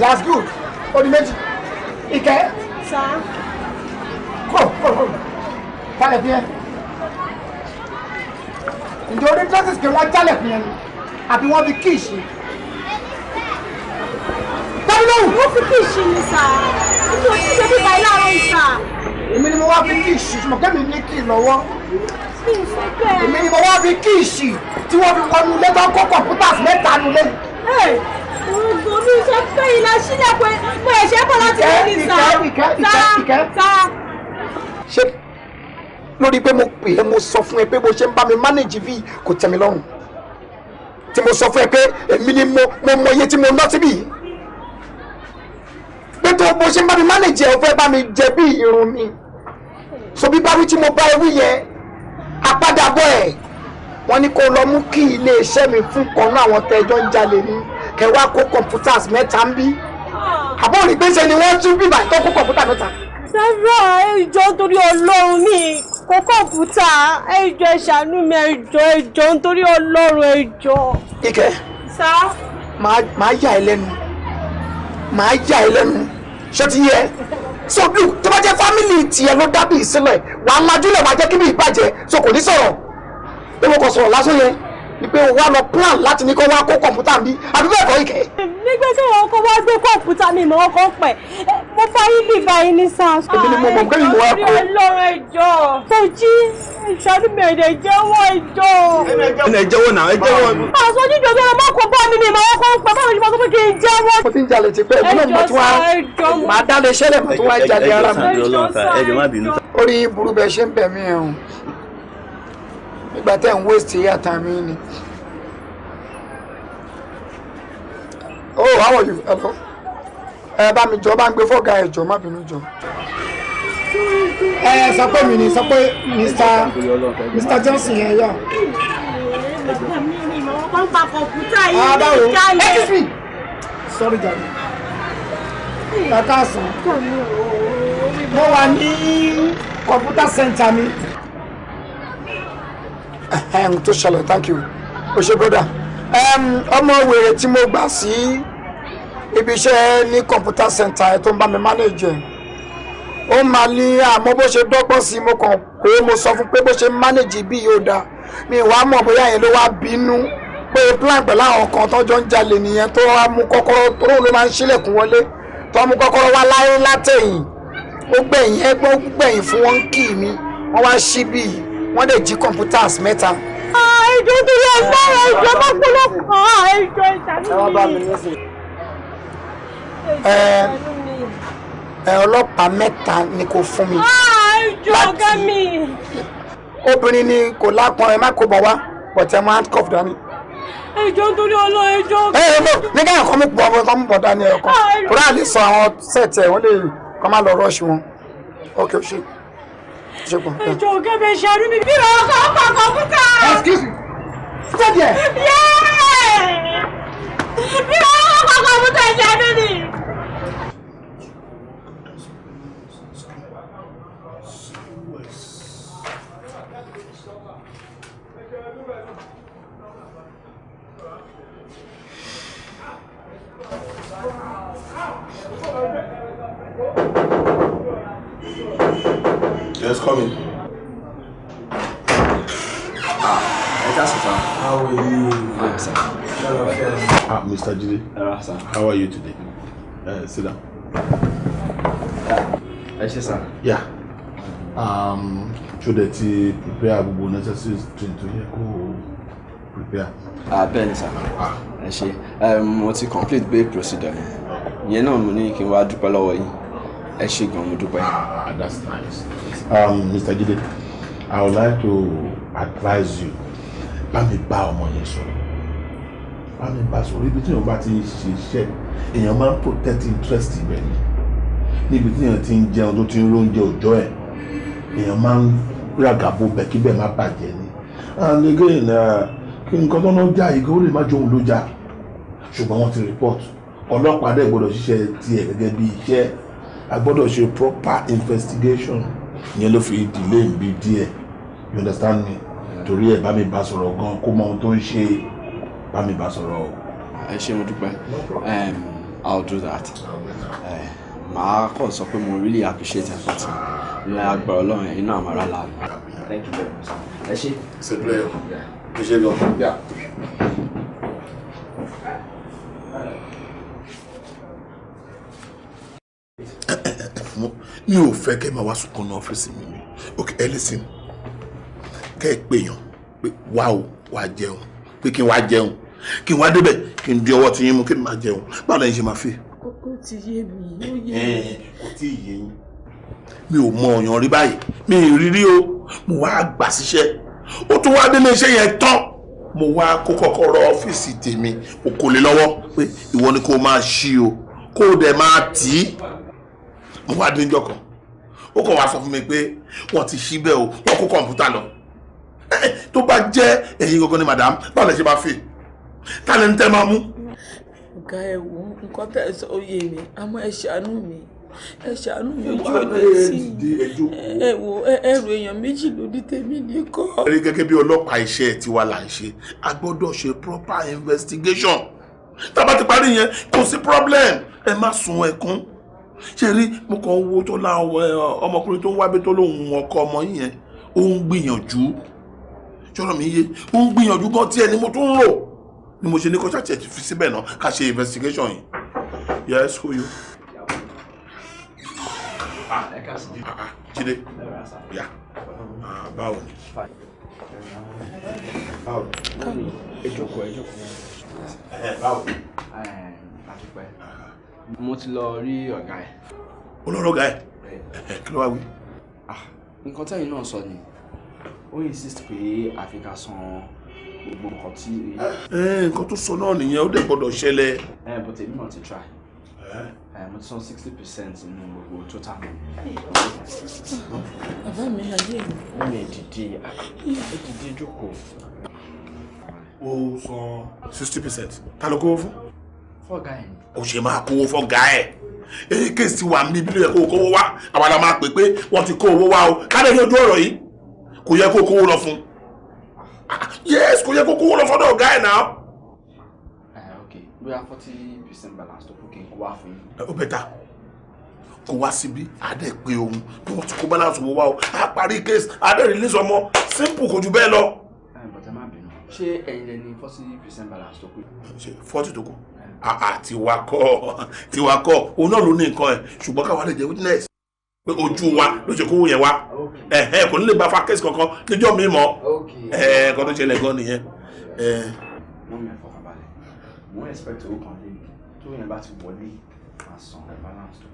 that's good ó di méjì ìkẹ́. sá. kò kò kò palẹ̀ fi yẹn. ǹjẹ́ orí dọ́sìs kí wọ́n jálẹ̀ fi yẹn ni àbí wọ́n fi kíì ṣe. dábìlóhùn. wọ́n fi kíì ṣe ni sá. ojú ojú ṣe bí báyìí láàárọ̀ yìí sá. èmi ni mo wá fi kíì ṣe ṣùgbọ́n kẹ́mi ní kíì lọ́wọ́. èmi ni mo wá fi kíì ṣe tí wọ́n fi wọnú ilé orúgbó mi sọ pé ilẹ̀ sílẹ̀ pé pé ẹ̀ṣẹ́ bọ̀ láti lè ní sá sá. ṣé lórí pé mo pè é mo sọ fún ẹ pé bó ṣe ń bá mi manage v kò tẹ́ mi lọ́rùn tí mo sọ fún ẹ pé èmi ni mo mọ iye tí mo ná síbí yìí pé tó bó ṣe ń bá mi manage ẹ o fẹ́ bá mi jẹ bí irun mi so bí bá wí tí mo bá ewu yẹn àpadàbọ̀ ẹ̀ wọ́n ní kó lọ mú kí iléeṣẹ́ mi fún kan náà àwọn tẹ́jọ́ ń jalè ní kẹ wá kó computers mẹ́ta ń bí àbọ̀ òní gbèsè ni wọ́n tún bíbà tó kó computer mẹ́ta. sẹ́fà ìjọ torí ọlọ́run ní kó kọ̀ǹpútà ẹ̀jọ̀ ìṣàánú mi ẹ̀jọ̀ ẹ̀jọ̀ nítorí ọlọ́run ẹ̀jọ̀. ike máa yà ẹ lẹ́nu máa yà ẹ lẹ́nu ṣé ti yẹ so look tó bá jẹ́ fámìlì tiẹ̀ ló dábì sílẹ̀ wàá lajúlẹ̀ wàá jẹ́ kí mi ìbàjẹ́ so kò ní sọ̀rọ̀ ewu kò sọ̀rọ̀ lásán yẹn pé o wá lọ plan láti ní kó wá kó kọ̀ǹpútà mi àbí bẹ́ẹ̀ kọ́ ìkẹ́. nígbà tí wọn kọ wá gbé kọ̀ǹpútà mi mọ́ ọkọ̀ pẹ̀ mo fa ilé ìbáyé ní sars. èmi ni mo mọ̀ pé ìwọ akọ. ààrẹ lọ́rọ̀ ìjọ. tó jí ìṣàdí mi èdè jẹ́wọ́ ìjọ. ẹnì ẹjẹ́wọ́ náà ẹjẹ́wọ́. àṣọ oníjọ tó lọ mọ́kò bá mi ni màá kọ́ ń pa báwo ni mo sọ pé kí n jẹ́wọ́. mo ti ń jalè ti pẹ́ náà mo tún wá màá dálé ṣẹlẹ̀ mo tún wá jalè ara mi. orí burú bẹ ṣe ń bẹ̀ mí ẹ̀hún nígbà tẹ́ ń waste yàtà mi ni. oh how are you hello ẹ bá mi jọ bá ń gbé fọ́gà ẹ̀ jọ má bínú jọ. ẹ sọ pé mi ni sọ pé mr mr johnson yẹn yà. wọ́n pa kọ̀ǹpútà yìí ní jálẹ̀. sorry jàre kàkà sàn mo wà ní kọ̀ǹpútà center mi ẹ̀hẹ́n tó ṣẹlẹ̀ thank you o ṣe broda ọmọ wèrè tí mo gbà sí ibi iṣẹ́ ní computer center ẹ̀ tó ń bá mi manage ẹ̀ ó máa ní àmọ́ bó ṣe dọ́gbọ́n sí mo kàn kó mo sọ fún pé bó ṣe manage bí yóò da mi wá mọ̀ bóyá yẹn ló wá bínú pé plan pẹ̀lú àwọn kan tọ́jọ́ ń jalè nìyẹn tó wá mú kọ́kọ́rọ́ tó ló máa ń ṣílẹ̀kùn wọlé tó mú kọ́kọ́rọ́ wá láyé látẹ̀yìn ó gbẹ̀yìn ẹgbẹ́ ó gbẹ̀yìn fún wọn kì í mi wọ́n wá ṣí bíi wọ́n lè jí computers mẹ́ta. àìjọ tó lọ sọ́ra ìjọ bá gbọ́dọ̀ kàn án àìjọ ìdánimí. ẹ ẹ ọlọ́pàá mẹ́ta ni kò fún mi. àìjọ ọ̀gá mi. obìnrin ni kò lápọn ẹ má kó bọ̀ wá bọ̀tẹ́ mọ́ handcuff dání ẹjọ nítorí ọlọ ẹjọ. ẹ ẹ bọ nígbà kan mú pọ ọmọ kan mú pọ dání ẹ kan kúrò àlè sọ àwọn sẹẹtì ẹ lè kọ má lọ rọọṣì wọn ok ó ṣe ṣẹ́gun. ìjọ òkè bẹ ṣàánú mi bí wọn kọ́ pa kọ̀ǹpútà. excuse me stay there. bí wọn kọ́ pa kọ̀ǹpútà ṣàánú mi. you today? Uh, sit down. Yes, sir. Yeah. Um, should I prepare gbogbo necessary thing to hear go prepare? Ah, bẹ́ẹ̀ni sir. Ẹ ṣe um, mo ti complete bail procedure You know, money mo ní kí n wá dúpẹ́ lọ́wọ́ yín. Ẹ Ah, that's nice. Um, Mr. Jide, I would like to advise you. Let me bá ọmọ yẹn bá mi ibi tí èèyàn bá ti ń ṣiṣẹ́ èèyàn máa ń protect interest rẹ̀ ni níbi tí èèyàn ti ń jẹun tó ti ń róúnjẹ òòjọ́ ẹ̀ èèyàn máa ń ràgàbó bẹ̀ kí bẹ́ẹ̀ má bàjẹ́ ni and again kí eh, nǹkan tó náà já igi ó lè má jóun ló já ṣùgbọ́n wọ́n ti report ọlọ́pàá dẹ̀ gbọ́dọ̀ ṣiṣẹ́ tiẹ̀ gẹ́gẹ́ bí iṣẹ́ a ṣe proper investigation ìyẹn ló fi delay mi díẹ̀ you understand me torí ẹ̀ bá mi bá sọ̀rọ̀ gan kó mọ ohun tó ń ṣe bá mi bá sọ̀rọ̀ o. ẹ ṣé mo dúpẹ́ i'll do that màá kàn sọ pé mo really appreciate effort lágbára ọlọ́run inú àmàrà làánú. thank you very much ẹ ṣé. ṣe pé ẹ ṣe lọ. mi ò fẹ́ kẹ́ máa wá sunkún ní ọ́fíìsì mi ni ok ẹ listen kẹ́ ẹ pèèyàn pé wá o wá jẹun pé kí n wá jẹun kí n wá débẹ̀ kí n di ọwọ́ ti yín mú kí n máa jẹun báwo lẹ́yìn ṣe máa fi. kókó ti yé mi ó yé mi. kò tí ì yé yín mi ò mọ ọ̀yàn rí báyìí mi ì rí o mo wá gbà síṣẹ́ ó tún wá délé iṣẹ́ yẹn tán mo wá kó kọ́kọ́rọ́ ọ́fíìsì tèmi mo kò lè lọ́wọ́ pé ìwọ ni kò máa ṣí o kó o dẹ̀ máa tì í mo wá dín jọkàn ó kàn wá sọ fún mi pé wọ́n ti ṣí bẹ́ẹ̀ o wọ́n kó kọ̀ǹpútà lọ tó bá jẹ́ ẹ̀yin gangan ni madam báwo lẹ ṣe bá fèè ta lẹni tẹ́ máa mú. ọ̀gá ẹ wo nǹkan tẹ́ ẹ sọ oyè mi àmọ́ ẹ ṣàánú mi ẹ ṣàánú mi ojú ọdẹ sí ẹ wo ẹrù èèyàn méjì lórí tèmi nìkan. eré gẹ́gẹ́ bí ọlọ́pàá iṣẹ́ tiwa là ń ṣe a gbọ́dọ̀ ṣe proper investigation tábà ti parí yẹn kò sí problem ẹ má sun ẹkún ṣe rí mo kàn wo tó la ọmọkùnrin tó ń wábẹ́ tó lóun ọkọ ọmọ yìí yẹn ó ń gbìyànjú ṣọ́nà mi yé ó ń gbìyànjú gan tí ẹni mo tún ń rò ni mo ṣe ní kọ́ṣà tiẹ̀ fi síbẹ̀ náà ká ṣe investigation yìí yes who you. Ah, ah, ah, Jídé yá báwo ni. báwo ẹ jókòó ẹ jókòó. báwo. àdúpẹ́ mo ti lọ rí ọ̀gá ẹ̀. olóró ọ̀gá ẹ̀ kí ló wá wí. nǹkan tẹ́yìn náà sọ ni ó insist pé àfi ká san gbogbo nǹkan tí. nǹkan tó sọ náà nìyẹn ó dẹ̀ gbọ́dọ̀ ṣẹlẹ̀. ẹ bó tèmi náà ti try mo ti sọ sixty percent nínú gbogbo total. bàbá mi ayé mi. wọ́n mi dìde ẹ dìde jókòó. o sọ sixty percent ta ló kówó fún. fọ́gà ẹ̀ ni. o ṣe máa kówó fọ́gà ẹ̀ èyí kéèsì wà ní ibi ló yẹ kó o kówó wá àwa la máa pè pé wọ́n ti kó owó wá o ká lè lójú ọ̀rọ̀ yìí kò yẹ kó o kówó lọ fún un yes kò yẹ kó kówó lọ fọdọ ọgá ẹ náà. Eh, ok bóyá forty percent balance tó kù kí n kó wá fún yín. Eh, ó bẹ̀ta kò wá síbí adé pé ohun tó wọ́n ti kó balance owó wa o a parí case adé release ọmọ simple kò jù bẹ́ẹ̀ lọ. Eh, bàtà má bínú ṣé ẹ̀yin lẹni forty percent balance tó kù. ṣe forty tó kù àà tiwakọ̀ tiwakọ̀ òun náà ló ní nǹkan ẹ̀ ṣùgbọ́n káwa lè jẹ́ witness pé ojú wa ló ṣe kówó yẹn wá ẹhẹ kò ní lè bá fa kẹsì kankan níjọ́ mi mọ ẹhẹ kan tó ṣẹlẹ̀ gan nìyẹn. mo ní ẹ̀fọ́ kabalẹ̀ mo ń expect owó kan lébi tó yẹn bá ti wọlé máa san ẹ̀ balance tó.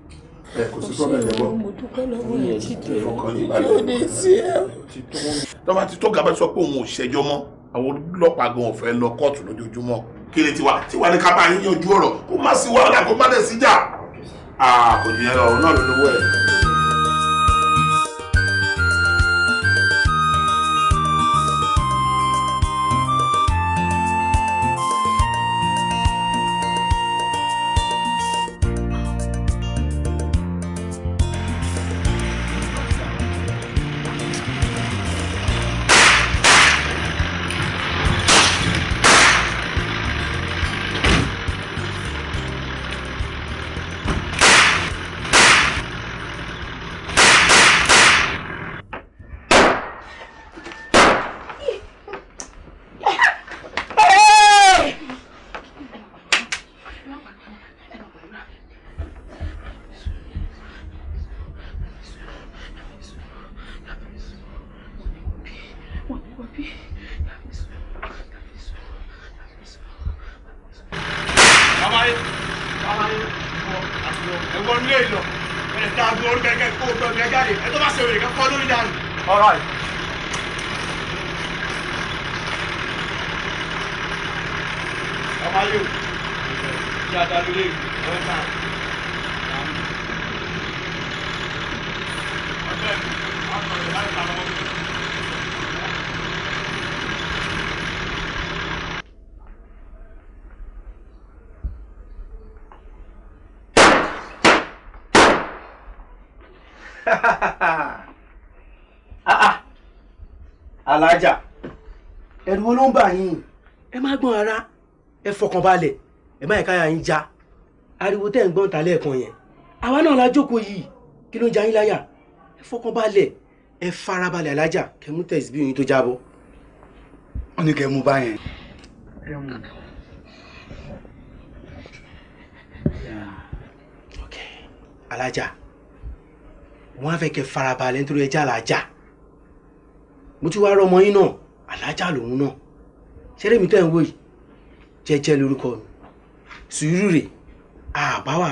ẹ kò sí sọ́dọ̀ ẹ̀ bọ́ mo dúpẹ́ lọ́wọ́ yẹn ti tó yóò dé sí ẹ. tọ́ba ti tó gàba sọ pé òun ò ṣẹjọ́ mọ́ àwọn ọlọ́pàá gan ọ̀fẹ́ lọ kóòtù lójoojúmọ́ kílẹ̀ tiwa tiwa ní ká bá yín yanjú ọ̀rọ̀ kó má sí wàhálà kó má dẹ̀ síjà. àkòjìyàn ọ̀rọ̀ náà ló lówó ẹ̀. alájà ẹ̀rù wo ló ń bà yín ẹ má gbọ́n ara ẹ fọkàn balẹ̀ ẹ má ìkáyà yín já ariwo tẹ́ ń gbọ́n ta lẹ́ẹ̀kan yẹn àwa náà la jókòó yìí kí ló ń ja yín láyà ẹ fọkàn balẹ̀ ẹ farabalẹ̀ alájà kẹmú tẹ̀sí bí oyin tó jábọ́. wọ́n ní kẹ́ mú bá yẹn. ok alájà wọ́n á fẹ́ kẹ́ farabalẹ̀ nítorí ẹja làájà. Ja mo ti wá rọmọ yín náà alájà lòun náà ṣẹ́rẹ́ mi tẹ́ ń wò yìí jẹ́jẹ́ lórúkọ mi sùúrù rè àbá wà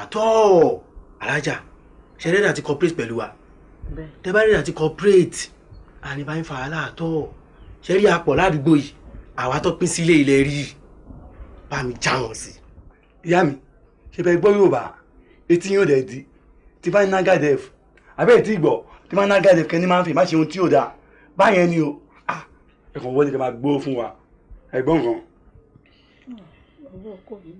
á tọ́ alájà ṣẹ́rẹ́ dà ti cooperate wa tẹ́ bá rí dà ti cooperate àní bá ń fa wàhálà tọ́ ṣẹ́rí apọ̀ ládùúgbò yìí àwa tó pín sílé ilẹ̀ rí bá mi já wọn sí. ìyá mi ṣe fẹ́ gbọ́ Yorùbá etí yóò dẹ̀ di tí bá ń ná gàdẹ́f àbẹ́ẹ̀ tí gbọ́ tí bá ń ná gàdẹ́f kẹ́ni máa ń fi má ṣe ohun tí yóò dáa báyẹn ni o ah, ẹ kàn wọlé kí n máa gbó fún wa ẹ̀gbọ́n kan. ọwọ́ ọkọ mi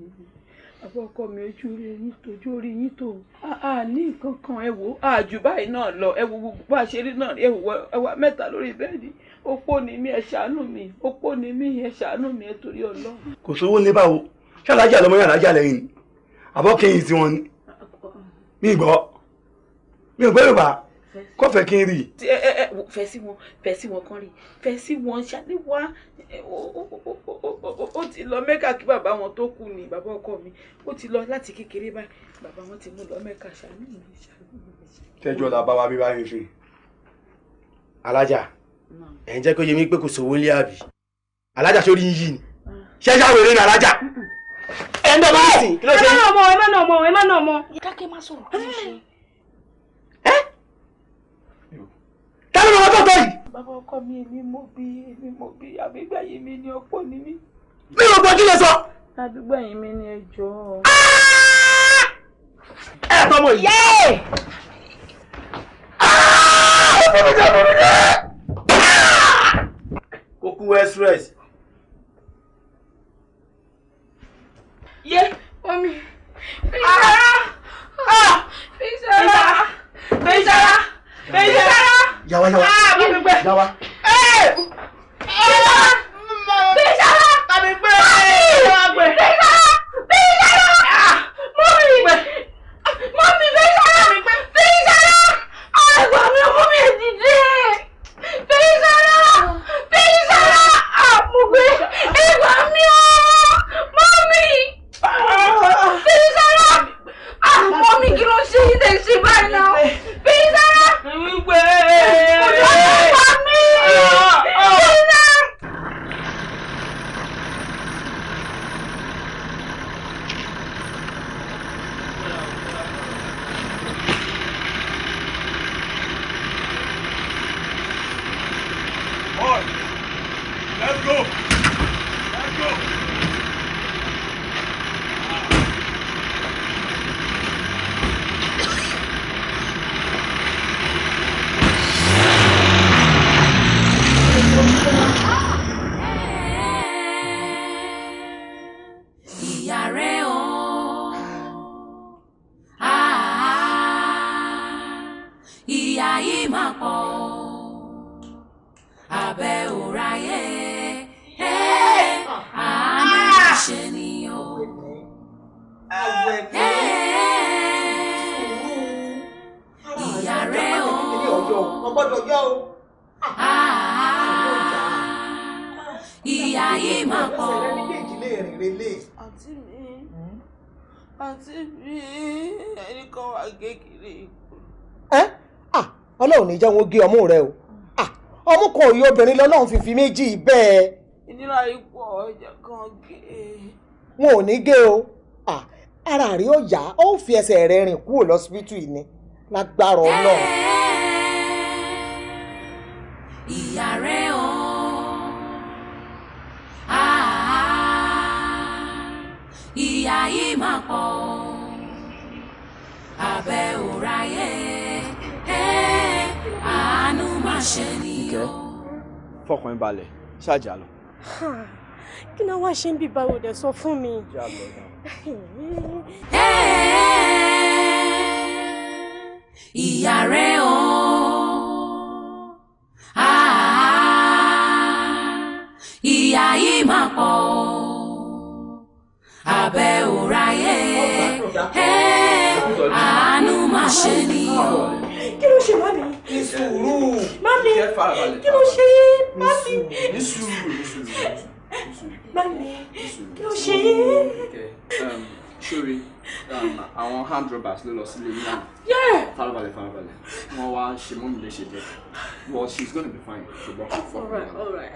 ọwọ́ ọkọ mi ojú rí yín tó ojú rí yín tó ah, a ní nǹkan kan ẹ wò á jù báyìí náà lọ ẹ wò gbogbo bá a ṣe rí náà ẹ wò ẹwà mẹ́ta lórí bẹ́ẹ̀dì opó ni mí ẹ ṣàánú mi opó ni mí ẹ ṣàánú mi ẹ torí Ọlọ́run. kò sówó ní báwo ṣàlàyé àlọmọ yàrá jà lẹ́yìn ni àbọ kẹyìn tí wọn ni ah, mi gbọ́ mi ò gbẹrù bá kò fẹ́ kí n rí. fẹ́ sí wọn fẹ́ sí wọn kan rí fẹ́ sí wọn ṣáde wá ó ti lọ mẹ́kà kí bàbá wọn tó kú ni bàbá ọkọ mi ó ti lọ láti kékeré báyìí bàbá wọn ti mú lọ mẹ́kà ṣàánú mi ṣàánú mi. tẹjọ la bá wa bí báyìí ṣe alájà ẹ̀ ń jẹ́ kó yẹ mí pé kò sówó lé àbí alájà sórí yìí ni ṣẹ́jà wèrè ní alájà ẹ̀ ń bẹ̀ báyìí kí ló ṣe. ẹ má nà ọmọ ẹ má nà ọmọ ẹ má nà ọmọ. dákẹ́ má sọ̀rọ̀ kí ló ṣe. ẹ́ ta ló tó tọ́ yìí. bàbá ọkọ mi èmi mo bí èmi mo bí àbígbà yìí mi ni ọpọ ni mí. mi ò gbọ́ kí lè sọ. àdúgbò yìí mi ni ẹjọ́. ẹ ah! ẹ tọmọ yìí. yéè. Ah! ó fi mi jẹ́ fún mi jẹ́. kókó express. yé omi. Bísọ́lá! Ah! Bísọ́lá! Bísọ́lá! Bísọ́lá! 啊不，啊，不。啊。Yeah! jẹ́ wọn gé ọmú rẹ o ah, ọmú kan òye obìnrin lọ́lọ́run fífi méjì bẹ́ẹ̀. ìnira ipò ọjà kan gé. E. wọn ò ní gé o ah, ara rí ó ó fi ẹsẹ̀ rẹ rìn kúrò lọ́sibítù yìí ni lágbára ọlọ́run. ìyá Nìkẹ́ fọkàn balẹ̀ ṣáàjà lọ. kí náà wá ṣe ń bí báwo dẹ̀ sọ fún mi. ìyá rẹ̀ ọ̀ ìyá yìí máa pọ̀ abẹ́ òráyé àánú máa ṣe nìyó ní sùúrù. mami kí ló ṣe yé mami. ní sùúrù ní sùúrù mami kí ló ṣe yé. sori um, um, àwọn hand robbers ló lọ sílé ní àná farabalẹ̀ farabalẹ̀ wọ́n wá ṣe mú mi lè ṣe well she's gonna be fine ṣùgbọ́n kò Alright.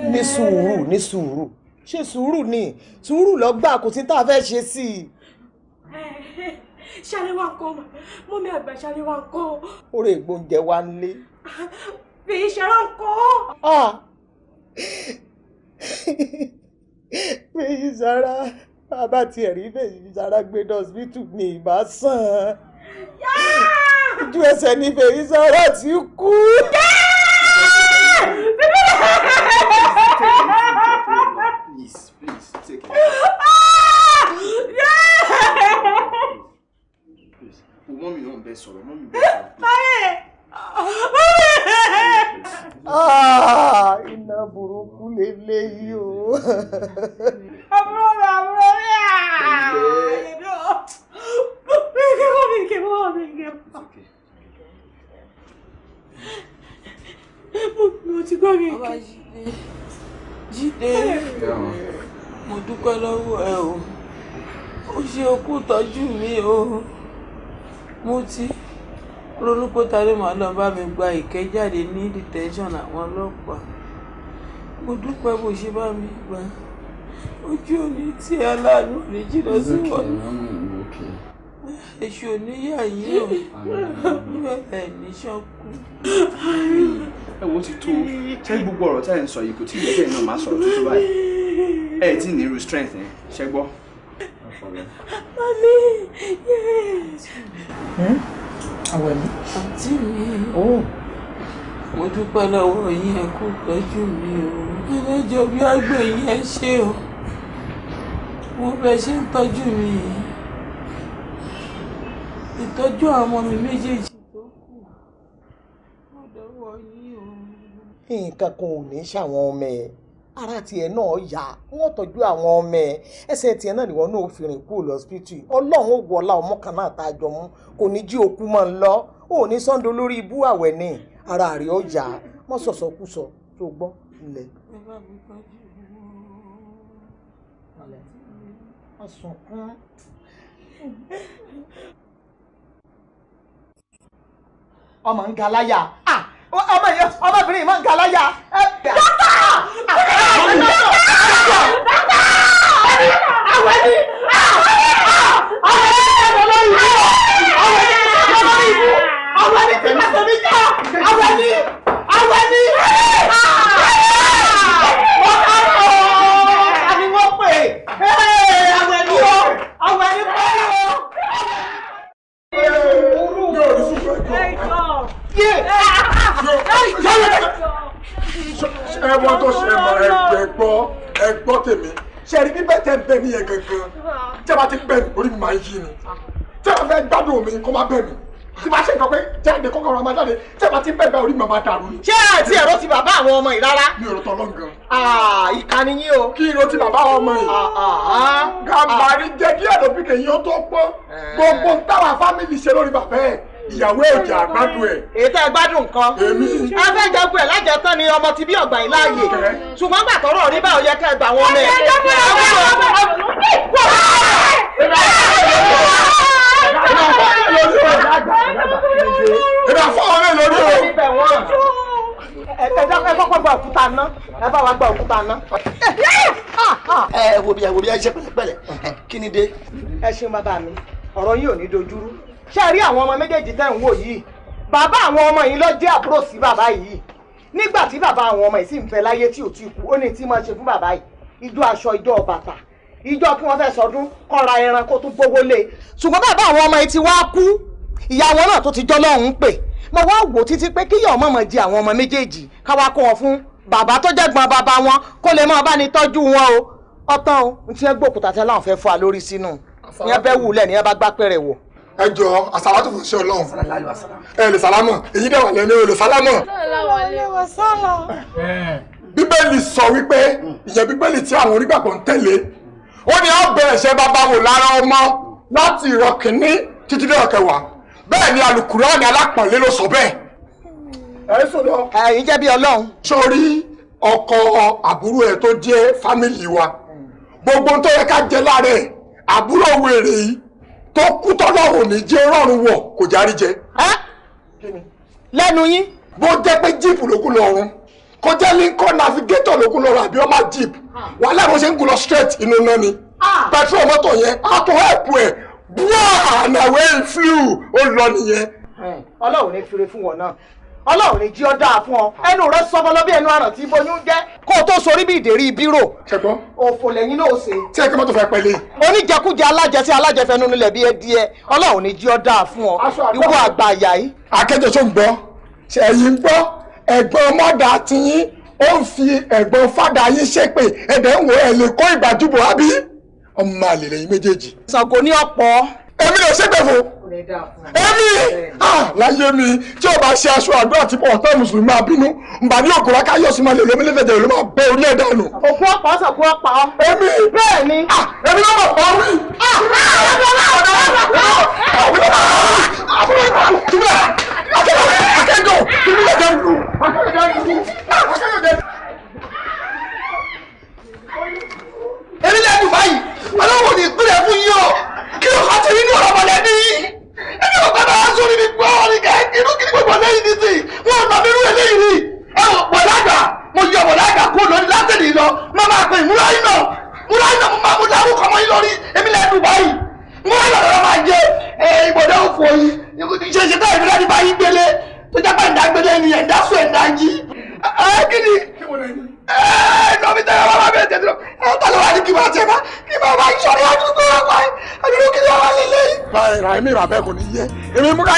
mi. ní sùúrù ní sùúrù ṣe sùúrù ni sùúrù ló gbà kò sí tá a fẹ́ ṣe sí i. Eh, eh ṣàlẹ́wà ńkọ́ mọ́mí àgbà ṣàlẹ́wà ńkọ́. orí ìgbóúnjẹ wa ń lé. fèyí ṣẹlá ńkọ́. Ah! fèyí sara bàbá tiẹ̀ rí fèyí sara gbé dọ́sítù ní ìbá ojú ẹsẹ̀ ni fèyí sara ti kú. Yeah! mọ́mí náà ń bẹ sọ̀rọ̀ mọ́mí bẹ sọ̀rọ̀. báyẹ̀ báyẹ̀. iná burúkú lélẹ̀ yìí o. àbúrò rẹ̀ àbúrò rẹ̀ àbúrò mi kì í mọ́ mi kì í mọ́ mi kì í mọ́. mo ti gbọ́ mi kì í. jíde mo dúpẹ́ lọ́wọ́ ẹ o ó ṣe okú tọ́jú mi o mutí ronú pé ta ló máa lọ bá mi gba ìkẹ́jáde ní detention àwọn ọlọ́pàá mo dúpẹ́ bó ṣe bá mi gbà ojú òní tí aláàánú òní jìnnà sí wọn èṣù oníyà yìí ò níbẹ̀ ní ṣọ́kú. ẹ wo ti tó ṣé gbogbo ọ̀rọ̀ tá ẹ̀ ń sọ yìí kò tí ì yẹ kẹ́yìn náà máa sọ̀rọ̀ tuntun báyìí ẹ̀ tí ì ní irú strength yẹn ṣẹ́gbọ́n problem. yes. Hmm? Àwẹ̀ mi. Oh. Mo dúpẹ́ lọ́wọ́ yín ẹ kú pẹ́jú mi o. Ẹlẹ́jọ́ bí àgbẹ̀ yín ẹ ṣe o. Mo bẹ ṣe ń tọ́jú mi yìí. Ìtọ́jú àwọn ọmọ mi méjèèjì tó kù. Mo dọ̀wọ́ yín o. Nǹkan kan ò ní ṣàwọn ọmọ ẹ̀ ara tiẹ̀ náà yá wọ́n tọ́jú àwọn ọmọ ẹ̀ ẹsẹ̀ tiẹ̀ náà nìwọ náà fi rìn kúrò lọ́sípítù ọlọ́run ó wọlá ọmọ kan náà tá a jọ mú kò ní jí òkú mọ́ ń lọ ó ní sọ́ńdọ̀ lórí ibú àwẹ̀ ní ara rẹ̀ ó yá mọ́ sọ̀sọ̀ kú sọ tó gbọ́ ilẹ̀. ọmọ ń ga láyà ah ọmọ yẹn ọmọbìnrin yìí máa ń ga láyà. dókítà ah, ah. wá bẹ̀ mí tí máa ṣe nǹkan pé jáde kọ́kọ́ ọ̀rọ̀ máa tí bá ti ń bẹ̀bẹ̀ orí mi máa dàrú ni. ṣé àti ẹ̀rọ ti bàbá àwọn ọmọ yìí rárá. mi ò rò tọ́lọ́ nǹkan. ìka yín o. kí irọ́ ti bàbá ọmọ yìí. gàmbàrí jẹ́ kí ẹ̀rọ bí kèyí ó tó pọ́ gbogbo táwa fámìlì ṣe lórí bàbá ẹ̀ ìyàwó èjì àgbádùn ẹ̀. ètò ẹgbádùn nǹkan. èmi. ẹ fẹ́ jẹ́gun ẹ̀ lájẹ̀tán ni ọmọ ti bí ọ̀gbà yìí láàyè. ṣùgbọ́n gbà tọ́rọ̀ rí báyọ̀ yẹ ká ẹ gbà wọn mẹ́. ẹ jẹ́ fún ẹ ọmọ ọmọ ọmọ ọmọ lórí o. ìdá fọwọ́ mi lórí o. ẹ kọ́kọ́ gba òkúta ná ẹ bá wa gba òkúta ná. ẹ wo bí ẹ wo bí ẹ ṣe pẹ̀lẹ́pẹ̀lẹ́ kí ni dé. ẹ ṣeun bàbá mi ọ̀rọ̀ yìí ò ní dojúrú ṣé ẹ rí àwọn ọmọ méjèèjì tẹ̀ ń wò yìí bàbá àwọn ọmọ yìí ló jẹ́ àbúrò sí bàbá yìí nígbà tí bàbá àwọn ọmọ yìí sì ń fẹ́ láyé tí ò ti kú ó ní tí máa ṣe fún bàbá yìí ijó aṣọ ijó bàtà ìjọ kí wọ́n fẹ́ sọdún kọ́ra ẹran kó tún gbówó lé ṣùgbọ́n bàbá àwọn ọmọ yìí ti wá kú ìyàwó náà tó ti jọ́ lọ́hùn-ún pè mo wá wò títí pé kíyà ọmọ mọ̀ di àwọn ọmọ méjèèjì káwá kó wọn fún bàbá tó jẹ́gbọ́n bàbá wọn kó lè máa bá ní tọ́jú wọn o ọtán o n ti ẹ gbòkúta tẹ láwọn fẹ́ fọ́ a sínú ní ẹ bẹ́ ní ẹ bá gbá pẹ̀rẹ̀ wò ẹ jọ àsàlátù fún sí Ọlọ́run ẹ lè sálámọ èyí dẹwà lẹnu ẹ lè sálámọ bíbélì sọ wípé ìyẹn bíbélì tí àwọn onígbàgbọ́ ń tẹ̀lé ó ní ọbẹ̀ ẹ̀ṣẹ̀ bàbá wò lára ọmọ láti ìran títí dé ọ̀kẹwàá bẹ́ẹ̀ ni alukura ni alápọ̀nlé ló sọ bẹ́ẹ̀. ẹ sọ̀rọ̀. ẹ̀yin jẹ́ bí ọlọ́run. sórí ọkọ àbúrò ẹ tó jẹ́ fámìlì wa gbogbo tó yẹ ká jẹ lára ẹ àbúrò wèrè yìí tó kú tọ́lọ́run ní jẹ́ rọrùn wọ̀ kò járí jẹ. lẹ́nu yín. bó jẹ́ pé jíìpù ló kú lọ́rùn kó jẹ́ lincoln navigator lókun lọ́rọ̀ àbí ọmọ jeep ah. wà láwọn ṣe ń lọ straight inú náà ni ah. petrol mọ́tò yẹn àtọ̀ ẹ̀pù ẹ̀ bua and away ó lọ nìyẹn. Eh, ọlọ́run ní fure fún wọn náà ọlọ́run ní jí ọ dáa fún ọ ẹnu rẹ sọmọ bí ẹnu àràn tí bóyún jẹ kó o tó sorí bí ìdérí bírò. ṣẹgbọn òfò lẹ́yìn náà ó ṣe. tí ẹgbẹ́ mọ́tò fẹ́ pẹ́lẹ́. oníjẹkújẹ alájẹsí alájẹfẹnu nílẹ̀ bí ẹdíẹ ọlọ́run ní jí ọ dáa fún ọ ìwọ àgbà àyà yìí. akẹ́jọ́ tó ń gbọ́ ṣẹ̀yìn ń gbọ́ ẹ̀gbọ́n mọ́dà tiyín ó ń fi ẹ̀gbọ́n fádà yín ṣépè ẹ̀dẹ̀ ń wo ẹ̀ lè kó ìbàdúbọ̀ àbí ọmọ àlè lẹ́yìn méjèèjì. Ṣàngó ní ọ̀pọ̀. èmi lè ṣépè fún èmi láyé mi tí o bá ṣe aṣọ àdúrà tí ọ̀tá mùsùlùmí máa bínú nbà ní òkúra káyọ̀ sí máa lè lómi lẹ́fẹ̀ẹ́ ló máa bẹ́ orí ẹ̀dá nù. òkú ọ̀pá ṣàkó ọ̀pá I can't go. Give me that damn blue. I can't damn blue. I can't damn. Èmi lè dùn báyìí, ọlọ́wọ́ ni ìpínlẹ̀ fún yín o, kí ló kọ́ ti rí ní ọ̀rọ̀ mọ̀lẹ́bí yìí, ẹni ò bá bá sórí mi gbọ́ ní kẹ́kẹ́. rà bẹ́ẹ̀ kò ní yẹ èmi múra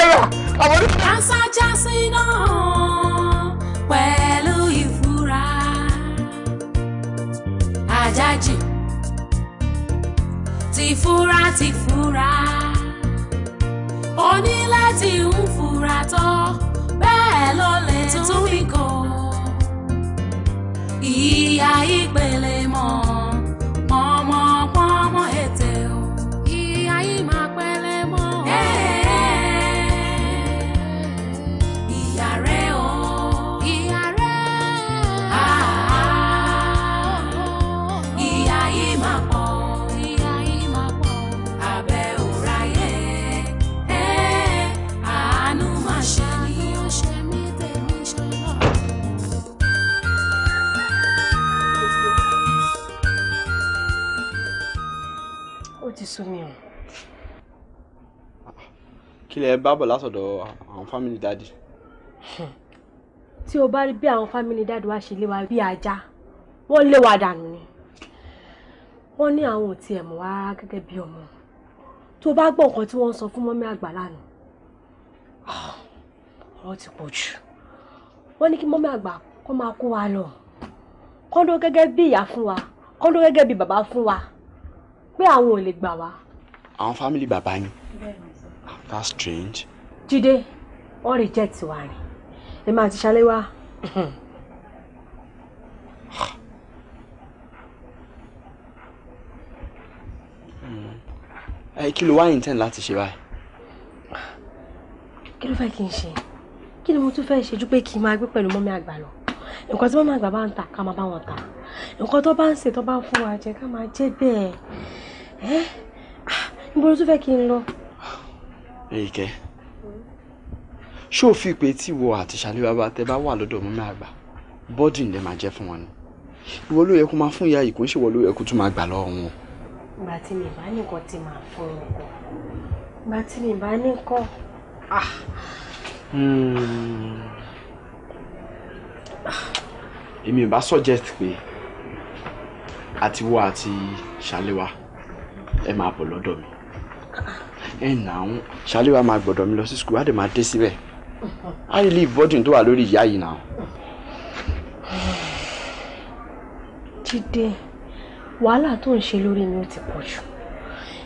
bá bọ̀ látọ̀dọ̀ àwọn fámìlì dáàdì. tí o bá rí bí àwọn fámìlì dáàdì wa ṣe lé wa bí ajá wọ́n lé wa dànù ni wọ́n ní àwọn ò tiẹ̀ mọ̀ wá gẹ́gẹ́ bí ọmọ tó bá gbọ́ nǹkan tí wọ́n ń sọ fún mọ́mí àgbà lánàá ah, ọ̀rọ̀ ti pọ̀ jù wọ́n ní kí mọ́mí àgbà kó máa kó wa lọ kó dó gẹ́gẹ́ bí ìyá fún wa kó dó gẹ́gẹ́ bí bàbá fún wa pé àwọn ò lè gbà wá. àwọn fámìlì bàbá yín. bẹ́ẹ̀ni That's strange. Jide, wọ́n reject wa ni. Ẹ máa ti ṣalé wá. Ẹ hmm. eh, kí ló wá intend láti ṣe báyìí? Kí ló fẹ́ kí n ṣe? Kí ni mo tún fẹ́ ṣe ju pé kí n máa gbé pẹ̀lú mọ́mí àgbà lọ? Nǹkan tí mọ́mí àgbà bá ń tà ká máa bá wọn tà. Nǹkan tó bá ń ṣe tó bá ń fún wa jẹ ká máa jẹ bẹ́ẹ̀. Ẹ́ ah, níbo ló tún fẹ́ kí n lọ? Èyíkẹ́ ṣé o fi pé tí ìwọ àti ṣàlẹ́ bàbá tẹ bá wà lọ́dọ̀ mọ́mí àgbà bọ́dì ń lè máa jẹ́ fún wọn ni ìwọ ló yẹ kó máa fún ìyá yìí kó ń ṣèwọ ló yẹ kó tún máa gbà lọ́wọ́ wọn. ìgbà tí mi bá ní nǹkan tí fún un kọ ìgbà tí mi bá ní ah. hmm. èmi ò bá suggest pé àtiwọ àti ṣàlẹ́ wa ẹ máa bọ̀ lọ́dọ̀ mi. Ah ẹ nà án ṣáálé wa máa gbọ́dọ̀ mi lọ sí skul wá dé máa dé síbẹ̀ á lè leave burden tó wà lórí ìyá yìí nà. jíde wàhálà tó ń ṣe lórí mi ó ti pọ̀ jù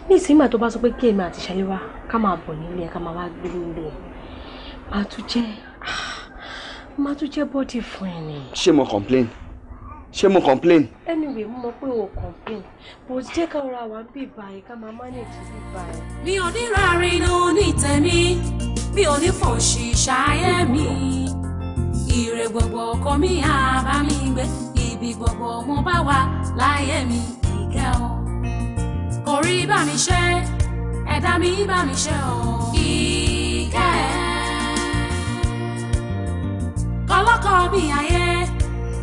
ní ìsinmi àti tó bá sọ pé kí èmi àti ṣáálé wa ká máa bọ̀ nílé ká máa wá gbé nílé màá tún jẹ́ ah, màá tún jẹ́ bọ́dì fún ẹ ni. ṣé mo complain ṣé mo complain. anyway mo mọ pé o complain kò jẹ́ ká ra wa bí báyìí ká máa manage bí báyìí. mi ò ní rárín ní onítẹ̀mí mi ò ní fòṣì ṣáyẹ̀ mi ire gbogbo ọkọ mi àbá mi gbé ibi gbogbo mo bá wà láyé mi ìgẹ́ o kò rí bá mi ṣe ẹ̀dá mi bá mi ṣe o ìgẹ́ kọ́lọ́kọ́ bí ayé.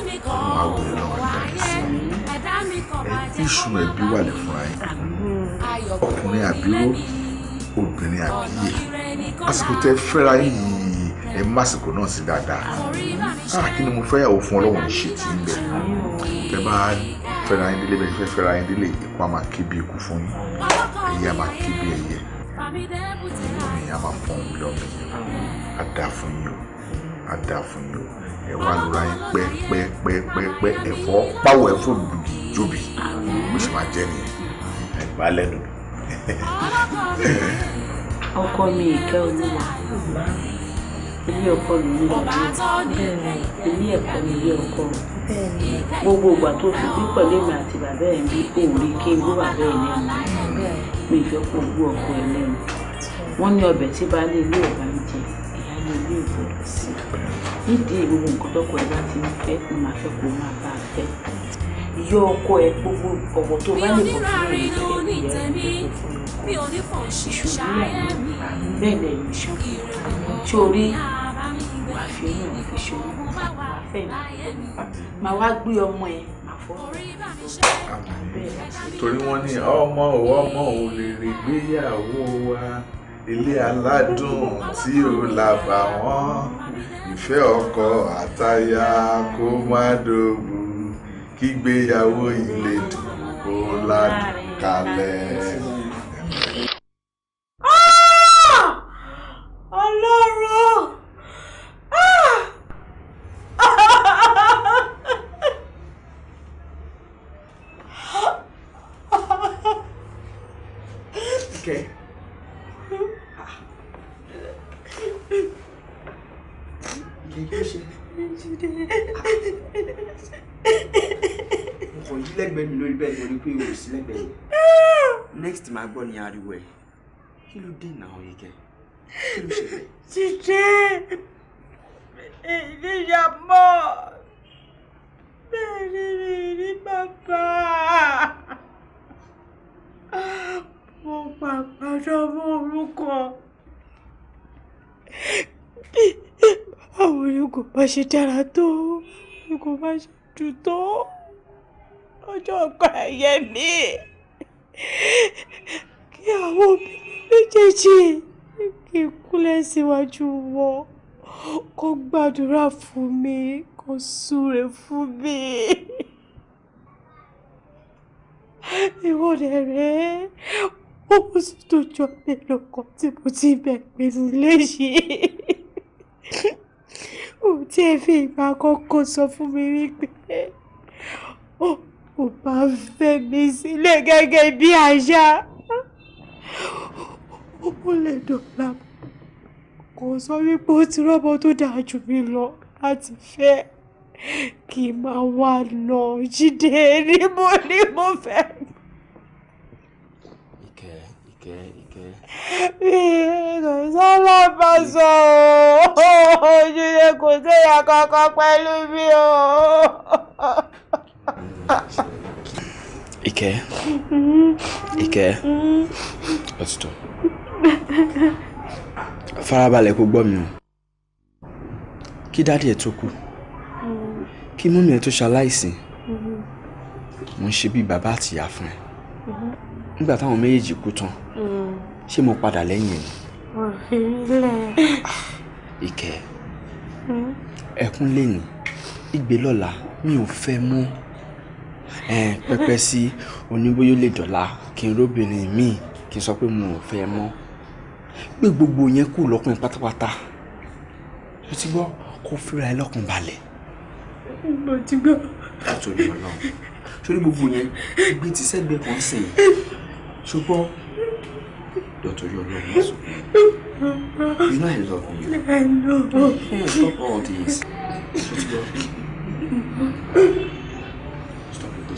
máa bẹ̀rẹ̀ lọ́wọ́ ẹ̀dá sí i iṣu ẹbí wà ní fúnra yín ọkùnrin àbíró obìnrin àbíyè àsìkò tẹ fẹ́ra yìí ẹ má àsìkò náà sí dáadáa ah kí ni mo fẹ́ fún ọlọ́run ṣe tì í bẹ̀ tẹ bá fẹ́ra yín délé bẹ́ẹ̀ fẹ́ra yín délé ikú a máa ké bí ikú fún yín ẹ̀yẹ a máa ké bí ẹ̀yẹ inú mi a máa pọ́n mi yín a dáa fún yín o a dáa fún yín o ẹ wá lóra yín pẹ́ẹ́pẹ́ẹ́pẹ́ẹ́pẹ́ ẹ̀fọ́ pàwọ̀ ẹ̀fọ́ lùdì jóbi bó ṣe máa jẹ́ nìyẹn ẹ̀gbá lẹ́nu. ọkọ mi ìkẹ́ olúwa ilé ọkọ mi ní ọdún ilé ẹ̀kọ́ mi ilé ọkọ gbogbo ìgbà tó fi bí pẹ̀lú èmi àti bàbá ẹ̀ ń bí òòrí kí n gbó bàbá lẹ́nu mi ìfẹ́ pọ̀ gbó ọkọ ẹ̀ lẹ́nu wọ́n ní ọbẹ̀ tí baálé ilé ọ̀gá ń nídìí gbogbo nǹkan tọkọ ẹ bá ti ń fẹ́ ni màá fẹ́ kó máa bá a fẹ́ yọ ọkọ ẹ gbogbo ọ̀wọ̀ tó bá lè bọ̀ fún ẹ ní ẹgbẹ́ mi ò ní fọ̀n ṣe ṣáyẹ̀ mi bẹ́ẹ̀ lẹ̀ yìí ṣó tí o rí wàá fi inú rẹ̀ fi ṣòro wàá fẹ́ mi màá wá gbé ọmọ ẹ màá fọ́ torí wọ́n ní ọmọ òwò ọmọ òun lè rè gbéyàwó wa ilé aládùn tí ò lábà wọ́n ìfẹ́ ọkọ àtaya kó má dògùn kígbéyàwó ilé dùn kó ládùn kalẹ̀. Ah! ọlọ́run. ni ariwo ẹ kí ló dé ìnà àwọn ike kí ló ṣẹlẹ̀. ṣíṣe ìdíyà mọ bẹ́ẹ̀ ni mi ní bàbá mo pàpà sọmọ orúkọ báwo ni kò bá ṣe dára tó ni bá ṣe jù tó ọjọ́ ọkọ ẹ̀yẹ mi kí àwọn òbí méjèèjì kí n kúnlẹ̀ síwájú wọn kó gbàdúrà fún mi kó súre fún mi. ìwọ rẹ̀ ó kù sí tó jọ mi lọ́kàn tí mo ti bẹ̀ pé nílé yìí ò tí ẹ fi ìgbà kọ́kọ́ sọ fún mi wípé ó bá fẹ́ mi sílẹ̀ gẹ́gẹ́ bí àṣà ó lè dọ̀la kò sọ wípé ó ti rọ́bọ tó dáa jù mí lọ láti fẹ́ kí n máa wá lọ jíde níbo ni mo fẹ́. ìkẹ́ ìkẹ́ ìkẹ́. kò sọ́lá bá sọ ọ́ ojúlé kò séyà kankan pẹ̀lú mi o ike, Ìkẹ́ ọ̀títọ́ farabalẹ̀ kó gbọ́ mi o kí dáàdì ẹ̀ tó kú kí mọ́mí ẹ̀ tó ṣaláìsí mo ń ṣe bíi bàbá àtìyá fún ẹ nígbà táwọn méjèèjì kú tán ṣé mo padà lẹ́yìn ẹ̀ ni Ìkẹ́ ẹkún lẹ́yìn igbe lọ́la mi ò fẹ́ mọ́ pẹpẹ sí oníbóyó lè dọ̀la kí n róbìnrin míì kí n sọ pé mo ò fẹ́ mọ́ pé gbogbo yẹn kù lọ́kùnrin pátápátá mo ti gbọ́ kó fúra ẹ lọ́kùn balẹ̀. mo ti gbọ́. látòrí ọlọ́run sórí gbogbo yẹn gbé ti sẹ́gbẹ́ kan sìn ṣùgbọ́n látòrí ọlọ́run ló sọ you know I love you. I know. Hey, hmm, stop all this.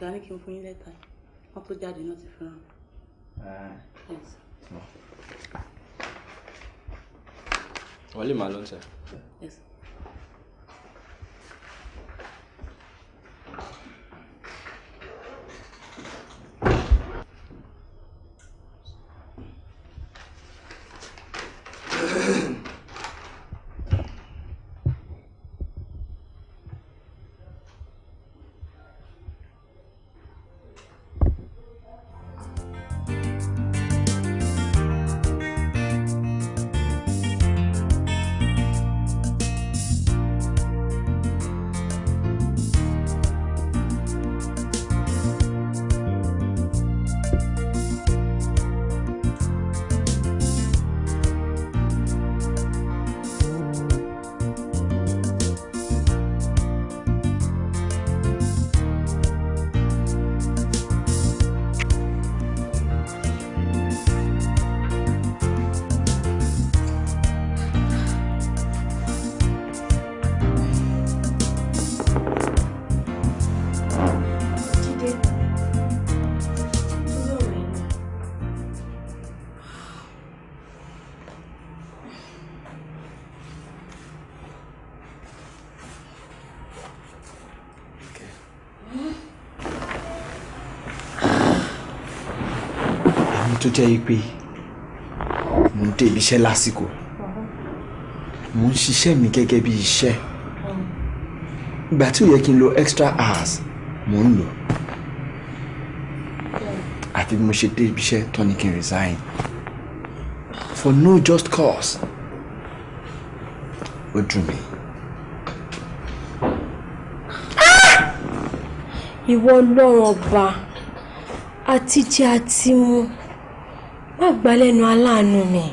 ọ̀gá ní kí n fún yín lẹ́tà wọ́n tó jáde náà ti fi ràn mí. wọ́n lè máa lọ́ńtẹ̀. tó jẹ́ pé mo ń dé ibi iṣẹ́ lásìkò mo ń ṣiṣẹ́ mi gẹ́gẹ́ bí iṣẹ́ ìgbà tí ò yẹ kí n lo extra hours mo ń lò àfi bí mo ṣe dé iṣẹ́ tó kí n resign for no just cause ó dùn mí. Ah! ìwọ ọlọ́run ọba àtijẹ àti mu má gbà lẹ́nu aláàánú mi.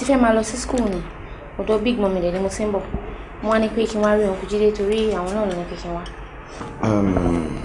ti fẹ́ máa lọ sí school ni ọ̀dọ̀ big mummy dẹ̀ ni mo ti ń bọ̀ wọ́n á ní pé kí n wá rí òun torí àwọn náà ló ní pé kí n wá. Um,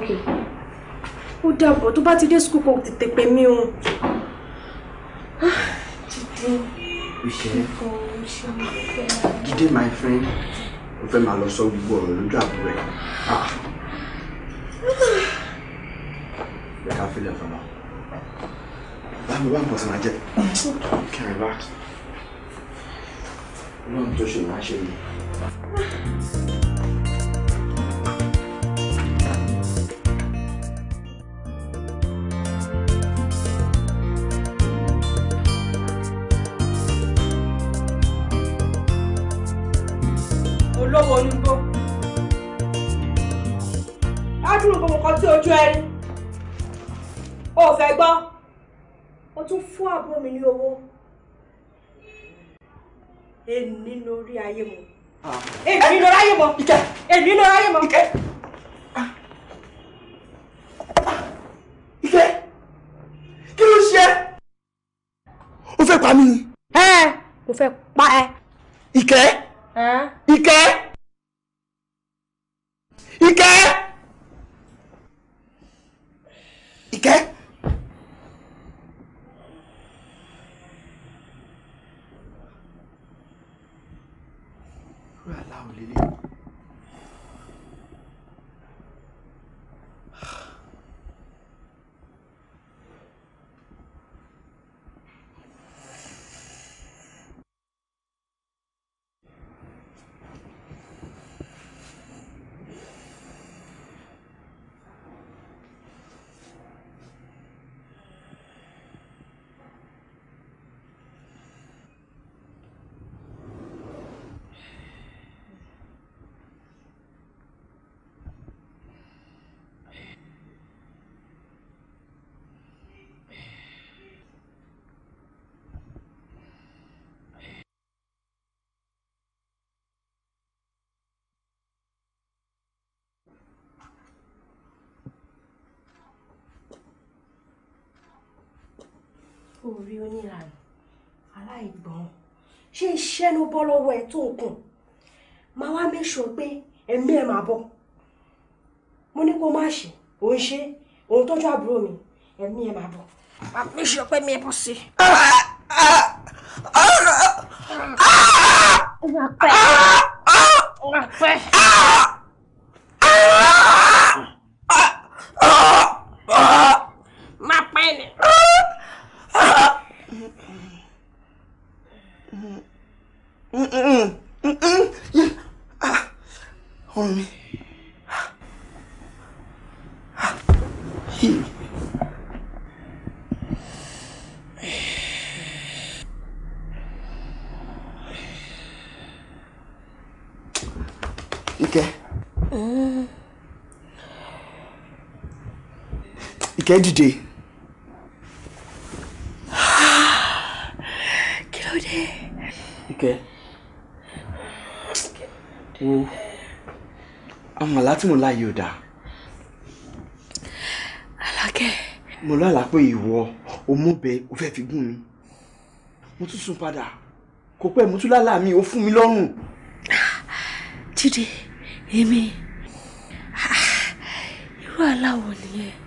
ok ó dàbọ̀ tó bá ti dé skul kò tètè pè mí o. Ah, Jídé my friend mo fẹ́ máa lọ sọ gbogbo ọ̀rọ̀ lójú àbúrò ẹ̀ bẹ́ẹ̀ ah. ká fílẹ̀ fún wa báwo bá nǹkan sì máa jẹ kẹrin bá ọlọ́run tó ṣe máa ṣe mí. ọtí ojú ẹni o ò fẹ́ o tún fún àbúrò mi ní owó èmi lórí ayé mu ah. èmi lórí ayé mu èmi lórí ayé mu. Ah. Ah. Ike kí ló ń ṣe o fẹ́ pa mí ni. mo Ike Ike. orí oníranù aláìgbọ́n ṣé iṣẹ́ ló bọ́ lọ́wọ́ ẹ tó nǹkan máa wá mẹ́sọ̀ pé ẹ̀mí ẹ̀ máa bọ̀ mo ní kó má ṣe òun ṣe òun tọ́jú àbúrò mi ẹ̀mí ẹ̀ máa bọ̀ máa mẹ́sọ̀ pé mi ẹ̀ bọ̀ sí i. Ah! àṣàkẹ́ dìde. kí ló dé. ike wo àwọn àlá tí mo láàyè ò dáa. alákẹ́. mo lálàá pé ìwọ òmùbẹ ò fẹ́ fi gún mi mo tún sùn padà kò pẹ́ mo tún lálàá mi ò fún mi lọ́rùn. jíde èmi irú aláwọ̀ nìyẹn.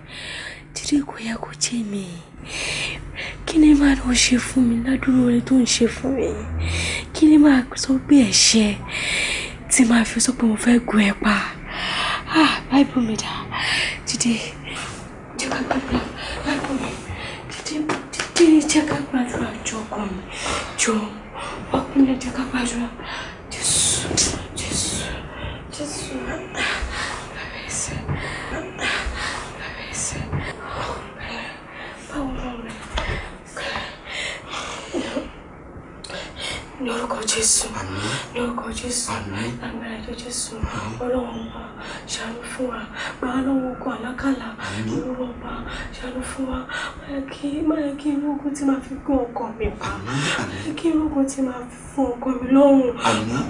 wá ló ṣe fún mi ládùúrú oore tó ń ṣe fún mi kí ni máa sọ pé ẹ̀ṣẹ̀ tí máa fi sọ pé mo fẹ́ gun ẹ pa ah báìbù mi dà dìde jẹ́ ká gbàgbà báìbù mi dìde dìde jẹ́ ká gbàdúrà jọ ọkọ mi jọ ọkùnrin jẹ́ ká gbàdúrà. orúkọ jésù agbára ẹ̀jẹ̀ jésù ọlọ́run ọba ṣàánú fún wa gbàá lọ́wọ́ ogun àlákàlà olúwa ọba ṣàánú fún wa má yẹ kí irú ogun tí máa fi gún ọkọ mi pa má yẹ kí irú ogun tí máa fún ọkọ mi lọ́rùn bàbá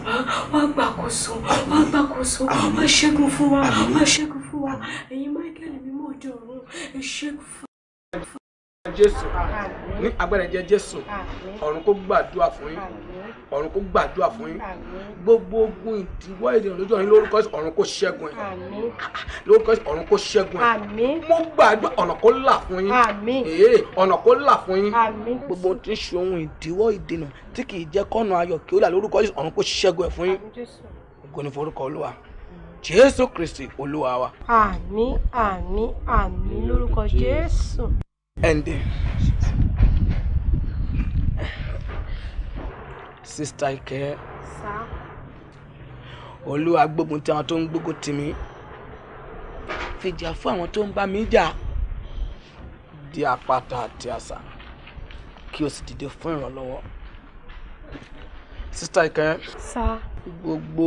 wá gbàkóso wá gbàkóso wá ṣẹ́gun fún wa wá ṣẹ́gun fún wa ẹ̀yin michael mímọ́ òde ọ̀run ẹ ṣẹ́gun fún wa. jésù ní agbára ẹ̀jẹ̀ Jésù ọ̀run kó gbàdúrà fún yín ọ̀run kó gbàdúrà fún yín gbogbo ogun ìdíwọ́ ènìyàn lójú ọ̀run lórúkọ Jésù ọ̀run kó ṣẹ́gun ẹ̀ lórúkọ Jésù ọ̀run kó ṣẹ́gun ẹ̀ mo gbàdúrà ọ̀nà kó là fún yín ee ọ̀nà kó là fún yín. gbogbo tí ń ṣe ohun ìdíwọ́ ìdènà tí kì í jẹ́ kọ́nà ayọ̀ kí ó là lórúkọ Jésù ọ̀run kó ṣẹ́gun ẹ̀ fún yín ògo ni forúkọ Olúwa Jésù Kristi Olúwa wa. àmín àmín àmín lórúkọ Jésù. ẹ̀ǹdẹ̀. sista Ìkẹ́ olúwa gbógun ti àwọn tó ń gbógun ti mi fìjà fún àwọn tó ń bá mi jà di àpáta àti àṣà kí o sì dìde fún ìrànlọ́wọ́ sista Ìkẹ́ gbogbo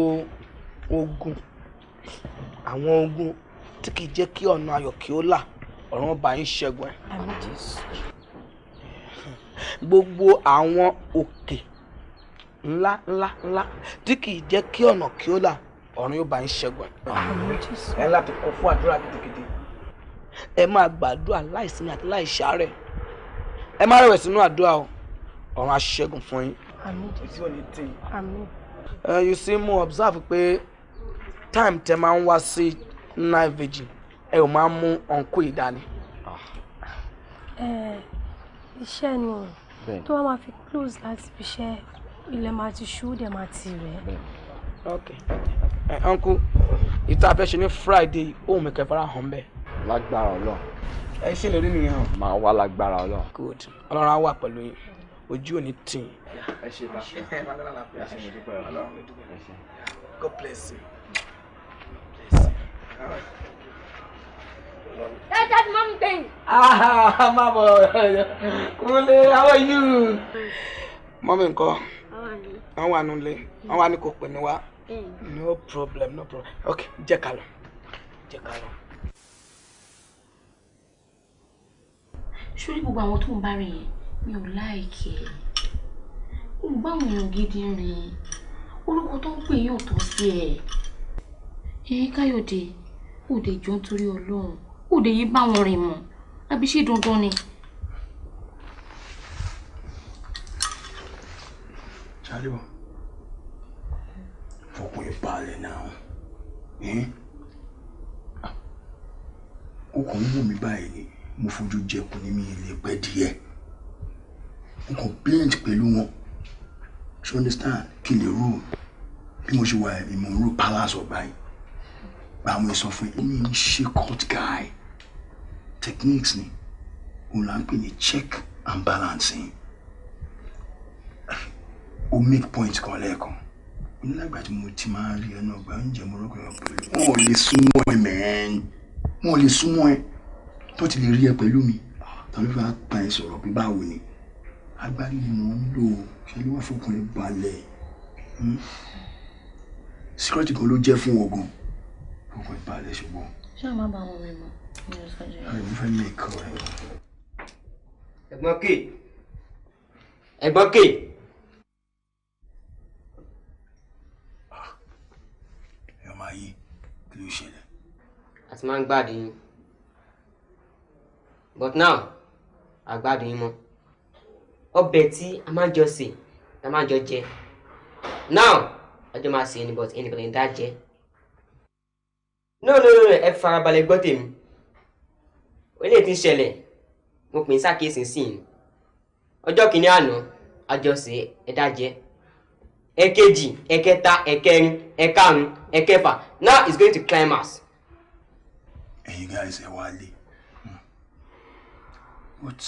ogun àwọn ogun tí kìí jẹ́ kí ọ̀nà ayọ̀ kí ó là ọ̀run ọba yín ṣẹ́gun ẹ̀ gbogbo àwọn òkè. Okay ńlá ńlá ńlá tí kì í jẹ́ kí ọ̀nà kí ó là ọ̀run yóò bá ń ṣẹ́gun ẹ láti kọ fún àdúrà gidigidi ẹ máa gbàdúrà láìsinmi àti láìṣàárẹ̀ ẹ má rẹ̀wẹ̀ sínú àdúrà o ọ̀run á ṣẹ́gun fún yín. you see mo observe pé time tẹ máa ń wá sí night virgin ẹ ò máa ń mú ọ̀nkú ìdání. Ah. iṣẹ́ ni tó wá máa fi close láti fi ṣe ilẹ̀ máa ti ṣú dẹ̀ máa ti rẹ̀. ok ọ̀nkú eh, ìta fẹ́ ní friday ohun mi kẹfà hàn bẹ́ẹ̀. lágbára ọlọ́run. ẹ ṣe lórí mi hàn. máa wá lágbára ọlọ́run. good ọlọ́run á wà pẹ̀lú yín ojú ò ní tì í. ẹ ṣe bá ẹ máa dára lápẹ́ ẹ ṣe mo dúpẹ́ ọlọ́run mi dúpẹ́ ẹ ṣe. god bless you. Hey, that's mom thing. Ah, mama, Kule, how are you? Mami ńkọ́ wọ́n wà nílé wọ́n wà ní kò pè mí wá no problem no problem ok jẹ́ ká lọ jẹ́ ká lọ. sórí gbogbo àwọn tó ń bá rìn yẹn mi ò láìkè ó gbá àwọn èèyàn gidi rìn orúkọ tó ń pè yóò tọ́ sí ẹ̀ ẹ̀ẹ́n káyọ̀dé òde jọ nítorí ọlọ́run òde yìí bá wọn rìn mọ́ àbí ṣé dandan ni. ṣáríwọ̀ fọkùn ìbalẹ̀ náà ah. ó kàn ń wò mí báyìí ni mo fojú jẹkùn ní mi ilé pẹ́ díẹ̀ mo kàn blend pẹ̀lú wọn ṣe understand kí n lè rú mo ṣe wà ìmọ̀ràn palace ọ̀gbà yìí gba àwọn ìsọfún yìí mi ń ṣe cut guy techniques ni òun là ń pè ní check and balancing o make point kan lẹ́ẹ̀kan onílàgbà tí mo ti máa ń rí ẹnu ọgbà oúnjẹ morocco yẹn pẹ̀lú wọn ò lè súnmọ́ ẹ mẹ́ẹ́n wọn ò lè súnmọ́ ẹ tó ti lè rí ẹ pẹ̀lú mi tàbí fún apá ẹ sọ̀rọ̀ pé báwo ni agbárí ni mò ń lò ó ṣe ló wà fọkùnrin balẹ̀ hmm? síkírọ́tì kan ló jẹ́ fún ogun fọkùnrin balẹ̀ ṣùgbọ́n. ṣé àwọn bá wọn mi ní ọjọ́ yẹn. àìmọ́ fẹ́ mi kọ́ as máa ń but now àgbàdí yín mọ́ ọbẹ̀ tí a jọ sè a máa jọ jẹ now ọjọ́ máa sè ni but ẹnìkan lè no no no ẹ farabalẹ̀ gbọ́ tèmi eléyìí ti ń ṣẹlẹ̀ mo pè é sákèésì sí i ọjọ́ kìíní àná àjọṣe ẹ̀dájẹ́ ẹ̀kejì ẹ̀kẹta ẹ̀kẹrin now it's going to climax. ẹ̀yin guys ẹ wá lé hmm. but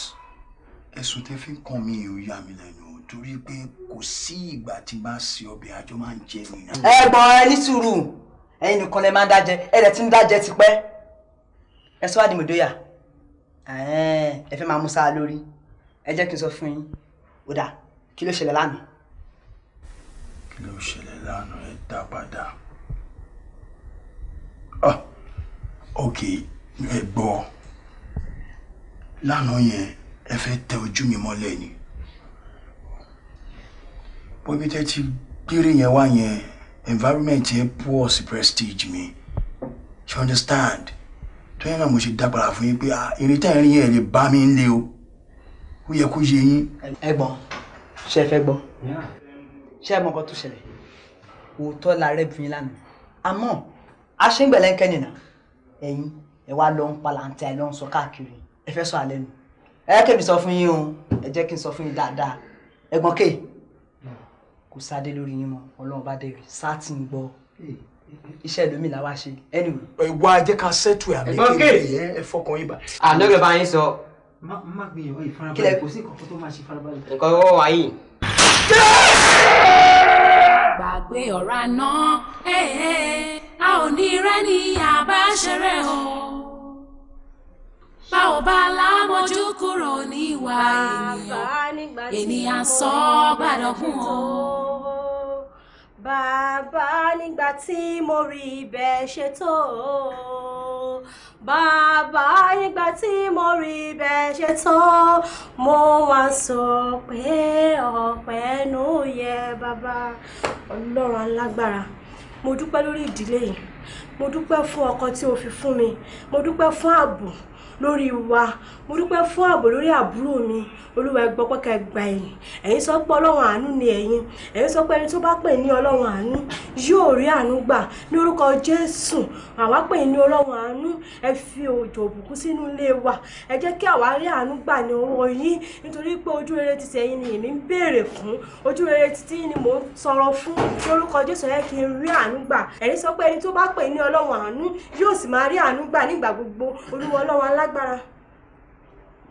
ẹ̀sùn tẹ́ fi ń kàn You are yà mí lẹ́nu o torí pé kò sí ìgbà tí bá ṣe ọbẹ̀ àjọ máa ń jẹ nìyà. ẹ̀gbọ́n ẹ ní sùúrù ẹ̀yin nìkan lè máa ń dájẹ ẹ dẹ̀ ti ń dájẹ tipẹ́ ẹ sọ wádìí mọ̀dóyà ẹ fẹ́ máa mú sáà lórí ẹ jẹ́ kí n sọ fún yín ó dáa kí ló ok ẹ gbọ́ lánàá yẹn ẹ fẹ́ tẹ ojú mi mọ́lẹ̀ ni bóbi tẹ́ ti dérè yẹn wá yẹn environment yẹn poor sí prestige mi you understand tó yẹn náà mo ṣe dábàrà fún yín pé ìrìn tá ìrìn yẹn lè bá mi ń lé o ó yẹ kó yé yín. ẹ̀gbọ́n ṣe fẹ́ gbọ́ ṣe é mọ nǹkan tó ṣẹlẹ̀ òótọ́ la rẹ bí yín lánàá àmọ́ àṣìǹgbẹ̀lẹ̀ ń kẹ́ nìyẹn ẹ̀yin ẹ wá lọ ń palantí ẹ lọ ń sọ káàkiri ẹ fẹ́ sọ alẹ́ nu ẹ kẹ́mi sọ fún yín o ẹ jẹ́ kí n sọ fún yín dáadáa ẹ̀gbọ́n kéè kò sáde lórí yín mọ́ ọlọ́run bá dé rí sáàtì ń gbọ́ iṣẹ́ lómi làwa ṣe anyway. ẹ̀wá jẹ́ ká sẹ́tù àmì kékeré yẹn ẹ fọkàn yín bá. àná rẹ̀ bá yín sọ. má gbìyànjú ìfarabalẹ̀ kò sí nǹkan tó máa ṣe farabalẹ̀. nǹkan wọ́n wá yìí gbàgbé ọ̀rá náà ò ní rẹ́ ní àbáṣẹrẹ́ o bá ò bá lámọ́jú kúrò ní ìwà ènìyàn ènìyàn sọ bàdọ̀kún o. bàbá nígbà tí mo rí ibẹ̀ ṣe tó o bàbá nígbà tí mo rí bẹ́ẹ̀ ṣe tán mo wá sọ pé ọ̀pẹ́ nù yẹ bàbá ọlọ́run alágbára mo dúpẹ́ lórí ìdílé yìí mo dúpẹ́ fún ọkọ tí o fi fún mi mo dúpẹ́ fún ààbò lórí wa mo dúpẹ́ fún ààbò lórí àbúrò mi olúwa ẹgbọ́ pẹ́kẹ́ gba ẹ̀yìn ẹ̀yin sọ pé ọlọ́run àánú ni ẹ̀yin ẹ̀yin sọ pé ẹni tó bá pè ní ọlọ́run àánú yóò rí àánú gbà ní orúkọ jésù àwa pè ní ọlọ́run àánú ẹ fi òjò òbùkún sínú ilé wa ẹ jẹ́ kí àwa rí àánú gbà ní ọwọ́ yín nítorí pé ojú rere ti sẹ́yìn ni èmi ń béèrè fún ojú rere ti tí ni mò ń sọ̀rọ̀ fún ní orúkọ jésù ẹ kí n rí àánú gbà ẹ̀yin sọ pé ẹni tó bá pè ní ọlọ́run àánú yóò sì máa alágbára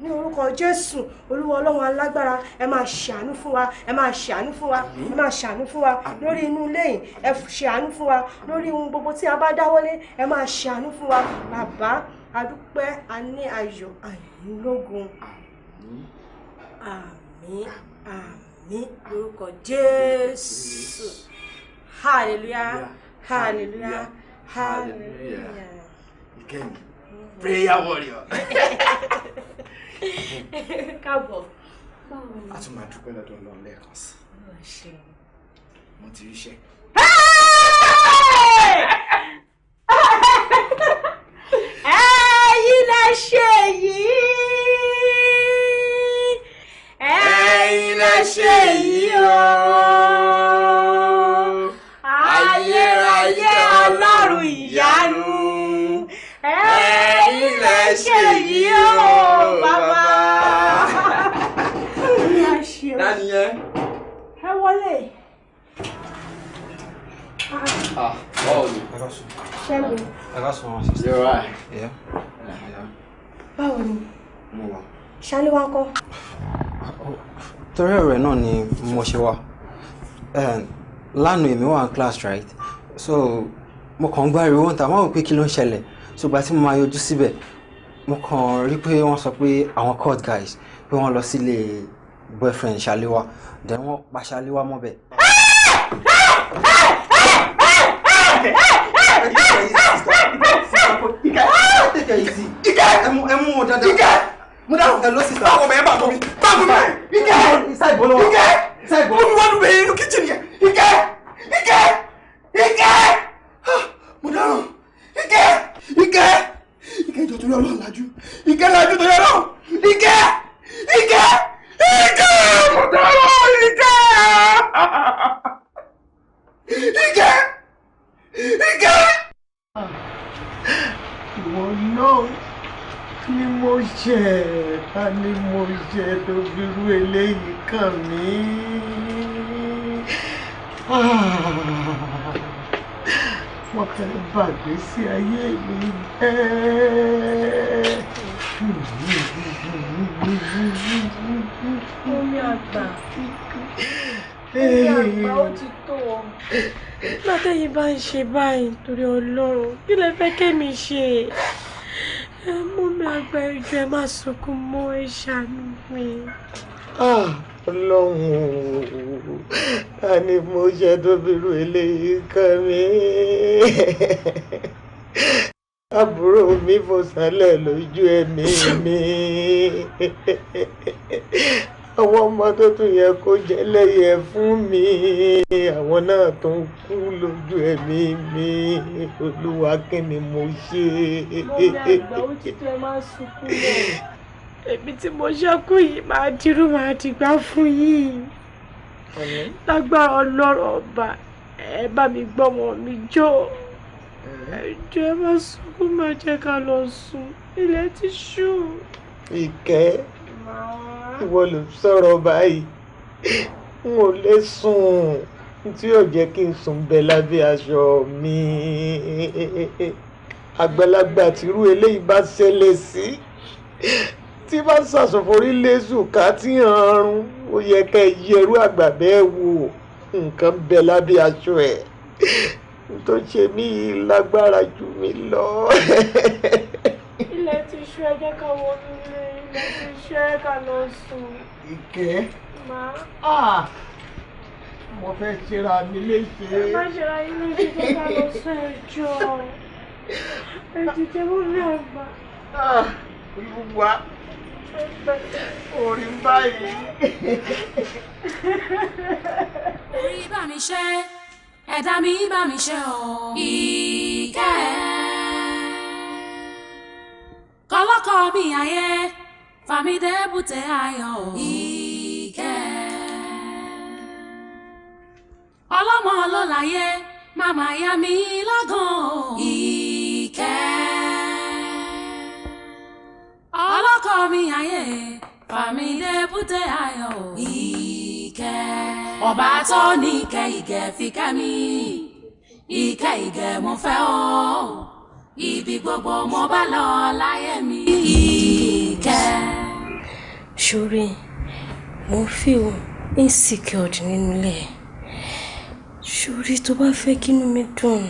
ní orúkọ jésù olúwa ọlọ́run alágbára ẹ máa ṣàánú fún wa ẹ máa ṣàánú fún wa ẹ máa ṣàánú fún wa lórí inú ilé ẹ ṣàánú fún wa lórí ohun gbogbo tí a bá dáwọ́lé ẹ máa ṣàánú fún wa bàbá adúpẹ́ a ayọ̀ àìlógun àmín àmín lórúkọ jésù hallelujah hallelujah hallelujah. hallelujah prayer warrior. káàbọ̀ a tún máa dúpẹ́ lọ́dọ̀ ọlọ́run lẹ́ẹ̀kan sí mo ti ríṣẹ́. ẹ̀yin lẹ ṣe yìí ẹ̀yin lẹ ṣe yìí o. ayérayé ọlọ́run ìyanu ẹ̀yin lẹ ṣe yìí o bàbá. dání yẹn. ẹ wọlé. Ah, báwo ni? Ẹ ká sùn. You're right. Yeah. Báwo ni? Mo wà. Ṣálé wá kọ́. Torí ọ̀rẹ́ náà ni mo ṣe wá. Lánàá èmi wà ní class right? So, mo kàn ń gbá ariwo ń ta, máa wò pé kí ló ń ṣẹlẹ̀ ṣùgbọ́n tí mo máa yọjú síbẹ̀ mo kàn rí pé wọ́n sọ pé àwọn court guys pé wọ́n lọ sílé boyfriend ṣàléwá then wọ́n pa ṣàléwá mọ́bẹ̀. Mo dáràn. Ike, Ike, Ike ìjọ torí ọlọ́run lajú ìkẹ́ lajú torí ọlọ́run Ike, ìkẹ́ Ike, mo Ike. ìkẹ́ ìkẹ́ ìkẹ́. ìwọ ni mo ṣe ta ni mo ṣe tó eléyìí kàn mí. Ah wọ́n fẹ́ bàgbé sí ayé mi jẹ́. omi àgbà omi àgbà ó ti tó ọ. látẹ̀yìn bá ń ṣe báyìí torí ọlọ́run kí lẹ fẹ́ kẹ́mi ṣe mú mi àgbà ìjọ ẹ má sunkún mọ́ ẹ ṣàánú mi. Ah, ọlọ́run a ní mo ṣe tó bírú eléyìí kan mi àbúrò mi fò sálẹ̀ lójú ẹ̀mí mi àwọn ọmọ tó tún yẹ kó jẹ lẹ́yẹ fún mi àwọn náà tó ń kú lójú ẹ̀mí mi olúwa kí ni mo ṣe. mo ní àgbà ó ti tẹ́ máa sunkún lẹ́yìn èmi tí mo ṣẹ́kù yìí máa dirú máa dìgbà fún yìí lágbára ọlọ́rọ̀ ọba ẹ bá mi gbọ́mọ mi jó ẹjọ́ ẹ má sunkún má jẹ́ ká lọ sùn ilẹ̀ ti ṣú. ìkẹ́ ìwọ ló sọ̀rọ̀ báyìí n ò lè sùn tí yóò jẹ́ kí n sùn bẹ lábẹ́ aṣọ mi àgbàlagbà tírú eléyìí bá ṣẹlẹ̀ sí tí bá ń ṣàṣọforí lẹ́sù ká tí ọrùn ó yẹ ká yẹrú àgbà bẹ́ẹ̀ wò nǹkan bẹ lábẹ́ aṣọ ẹ̀ tó ṣe mí lágbára jù mí lọ. ilẹ̀ ti ṣú ẹjẹ́ ká wọnú ilé ilẹ̀ ti ṣú ẹjẹ́ ká lọ sùn. ìkẹ́ mo fẹ́ ṣera mi léṣe. ẹ má ṣera yín léṣe ká lọ sùn ẹjọ́ ẹ ti mú mi àgbà. olúwa orí ń báyìí. orí bá mi ṣe ẹ̀dá mi bá mi ṣe ọ̀ ìkẹ́ kọlọ́kọ́ mi ayé fàmídé bùtẹ́ ayọ̀ ìkẹ́ ọlọ́mọ ló màmá ya mi lágàn ìkẹ́. ọkọ mi ayé fàmílẹ bùtẹ ayọ̀ ìkẹ́ ọba tó ní Ike, Ike, fi kẹ́ mi ìkẹ́ Ike, mo fẹ́ o ibi gbogbo mo bá lọ láyé mi ìkẹ́. ṣúrí mo fi o insecure nínú ilé ẹ ṣúrí tó bá fẹ́ kínú mi dùn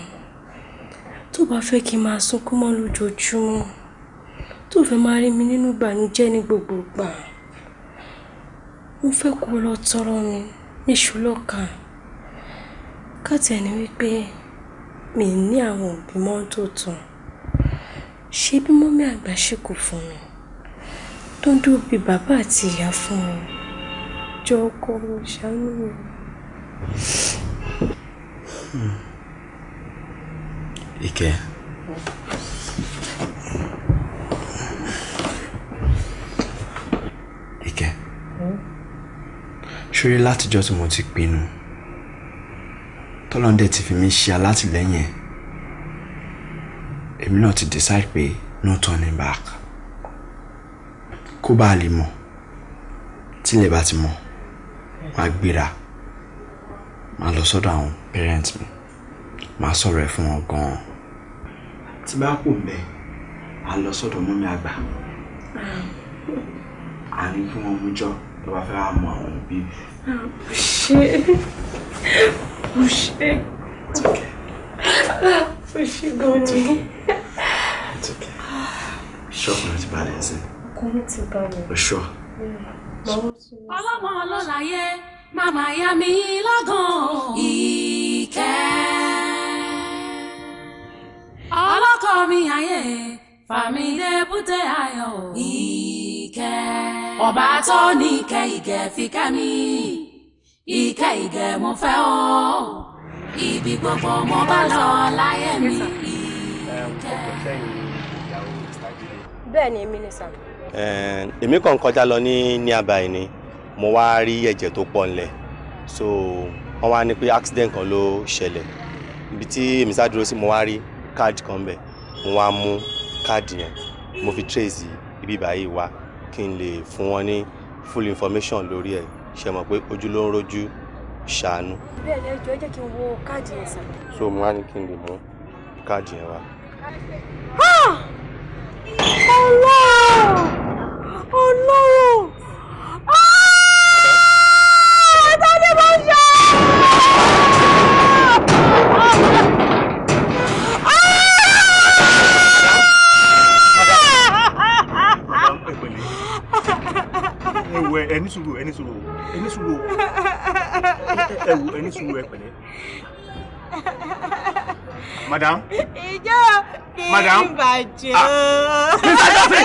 tó bá fẹ́ kí n máa sunkún mọ́ lójoojúmọ́ tó fẹ́ máa rí mi nínú ìbànújẹ́ ní gbogbo ìgbà mo fẹ́ kó lọ tọrọ mi níṣu lọ́ka káàtì ẹni wípé mi ní àwọn òbí mọ́ tó tàn ṣé bí mọ́mí àgbà ṣe kò fún mi tó ń dúró bíi bàbá àti ìyá fún mi jọ ọkọ mi ṣàánú mi. Ike. ṣórí látijọ́ tí mo ti pinnu tọ́lọ́ndẹ̀ ti fi mí ṣe alátìlẹ́yìn èmi náà ti decide pé no turning back kó bá a lè mọ̀ tílẹ̀ bá ti mọ̀ máa gbéra máa lọ sọ́dọ̀ àwọn parents mi máa sọ̀rọ̀ ẹ̀ fún wọn gan-an. tí bá kù bẹ́ẹ̀ a lọ sọ́dọ̀ mọ́mí àgbà àní kí wọ́n mú jọ́ tó bá fẹ́ mọ àwọn òbí mi. ó ṣe ó ṣe ó ṣe gan ni. ṣọ́kùnrin ti balẹ̀ sí. ọkùnrin ti balẹ̀. ọṣọ. Hmm. ọlọ́mọ ọlọ́láyé màmá ya mi lágàn ìkẹ́. ọlọ́kọ mi ayé fàmílẹ́ bùtẹ́ ayọ̀ ìkẹ́ ọba tó ní ìkẹ́ ìgẹ̀ fi kẹ́ mi ìkẹ́ ìgẹ̀ mo fẹ́ o èmi ni eh, kọjá lọ ní ní abayìí ni mo wá rí ẹ̀jẹ̀ tó pọ̀ ńlẹ̀ so wọ́n wá ní pé accident kan ló ṣẹlẹ̀ ibi tí èmi sá dúró sí mo wá rí káàdì kan bẹ̀ mo wá mú káàdì yẹn mo fi trace ibi báyìí wá kí n lè fún wọn ní full information lórí ẹ̀ ṣe mọ̀ pé ojú ló ń rojú ṣàánú. bẹ́ẹ̀ ni ẹjọ́ jẹ́ kí n wo káàdì yẹn sàn. so mo wá ní kí n lè mú káàdì yẹn wá. Ah! ọlọ́run ọlọ́run. ẹwẹ ẹni sùúrù ẹni sùúrù ẹni sùúrù ẹwù ẹni sùúrù ẹ pẹ̀lẹ́. madam. ìjọ madam ìbàjẹ́. Ah. mr johnson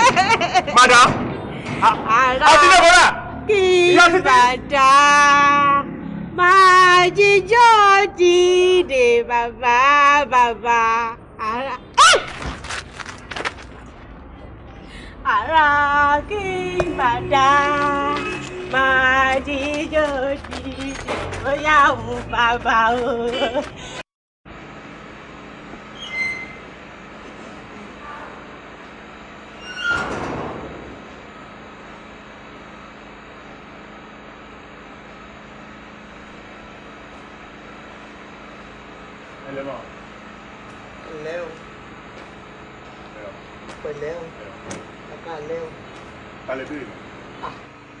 madam. ara ah. ọtí náà máa jíjọ́ dìde bàbá bàbá ara. ara ah! kí ìbàdà jíjó jíjó yá òun bàbá o.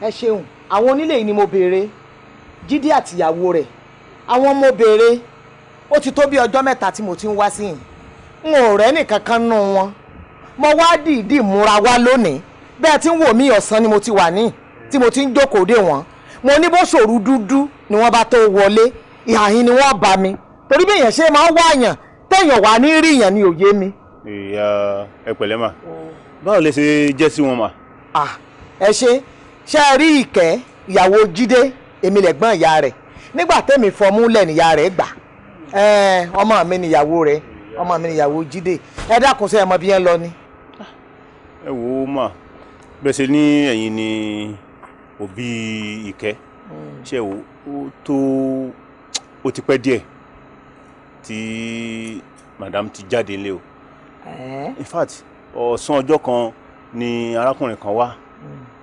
ẹ ṣeun àwọn onílé yìí ni mo béèrè jíde àtìyàwó rẹ̀ àwọn mo béèrè ó ti tó bí ọjọ́ mẹ́ta tí mo ti ń wá sí yìí n ò rẹ́ nìkan kan nù wọn mo wá dìídì múra wá lónìí bẹ́ẹ̀ tí ń wò mí ọ̀sán ni mo ti wà ní tí mo ti ń jókòó dè wọ́n mo ní bó ṣòru dúdú ni wọ́n bá tó wọlé ìhàhín ni wọ́n bá mi torí bí èèyàn ṣe máa ń wáyàn téèyàn wà ní rí èèyàn ni òye mi. ìyá ẹ pẹ̀lẹ́ mà báwo lè ṣe jẹ́ sí wọn mà. ẹ ṣe ṣé ẹ rí ìkẹ́ ìyàwó jíde èmi lẹ̀gbọ́n ìyá rẹ̀ nígbà tẹ́mi fọmú lẹ̀ níyà rẹ̀ gbà ọmọ mi níyàwó rẹ̀ ọmọ mi níyàwó jíde ẹ dákun sí ẹmọ bí yẹn lọ ni. ẹ wo mà bẹ́ẹ̀ ní ẹ̀yin ni òbí ìkẹ́ ṣe ó tó ó ti pẹ́ díẹ̀ tí madam ti jáde lé o in fact ọ̀sán ọjọ́ kan ni arákùnrin kan wá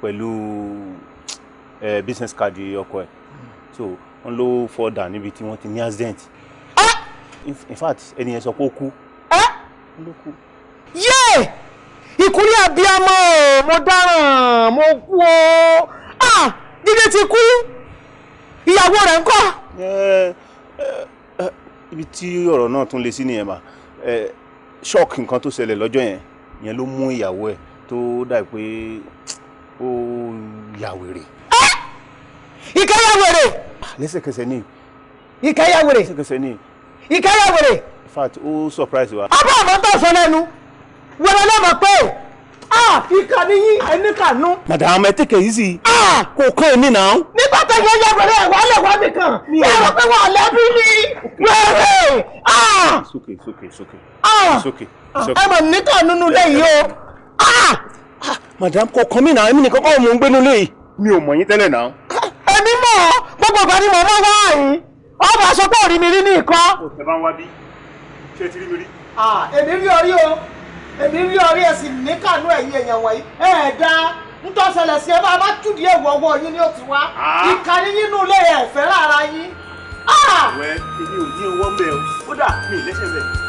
pẹ̀lú eh, business card ọkọ ẹ̀ so wọ́n ló fọ́ dà níbi tí wọ́n ti ní accident in fact ẹni yẹn sọ pé ó kú ló kú. yé ìkúlé abiyamọ mo dáràn mo kú o ah dídé ti kú ìyàwó rẹ̀ ń kọ́. Eh, eh, eh, ibi tí ọ̀rọ̀ náà tún lé sí nìyẹn mà ṣọ́ọ̀kì nǹkan tó ṣẹlẹ̀ lọ́jọ́ yẹn yẹn ló mú ìyàwó ẹ̀ tó dà pé ó ya wèrè. ìkà ya wèrè. lẹ́sẹ̀kẹsẹ̀ ni. ìkà ya wèrè. lẹ́sẹ̀kẹsẹ̀ ni. ìkà ya in fact ó surprise wa. abá àmọ́ tó sọ lẹ́nu wẹ̀rẹ̀ náà mọ̀ pé ìkà ni yín ẹni kànú. madam ẹ tẹkẹ yìí sí. kò kọ́ ẹ nínà. nígbà tó yẹ yẹ wẹ̀rẹ̀ wà lẹ̀ wá mi kàn. ẹ rò pé wà lẹ́bí mi wẹ̀rẹ̀. sókè sókè sókè. sókè. ẹ mọ̀ nítàn nínú lẹ́yìn o madam kò kàn mí náà èmi nìkan kọ́ mò ń gbénu lé yìí. mi ò mọ̀ yín tẹ́lẹ̀ náà. èmi mọ̀ gbogbo ìgbà ni mo máa wá yìí ọba aṣọ pé òrí mi rí ní ìkọ́. òtẹ̀ bá ń wá bí ṣé ti rí mi rí. èmi rí orí o èmi rí orí ẹ sì ní kànú ẹ̀yìn èèyàn wọ̀nyí ẹ̀ẹ́dá nítorí ṣẹlẹ̀ sí ẹ bá bá túdìí èèwọ̀ ọwọ́ yín ni ó ti wá ìkànnì nínú ilé ẹ̀ fẹ́ rárá yín. wẹ́ẹ́ èmi ò ní owó mẹ́ o kódà mi ì lẹ́sẹ̀ bẹ́ẹ̀.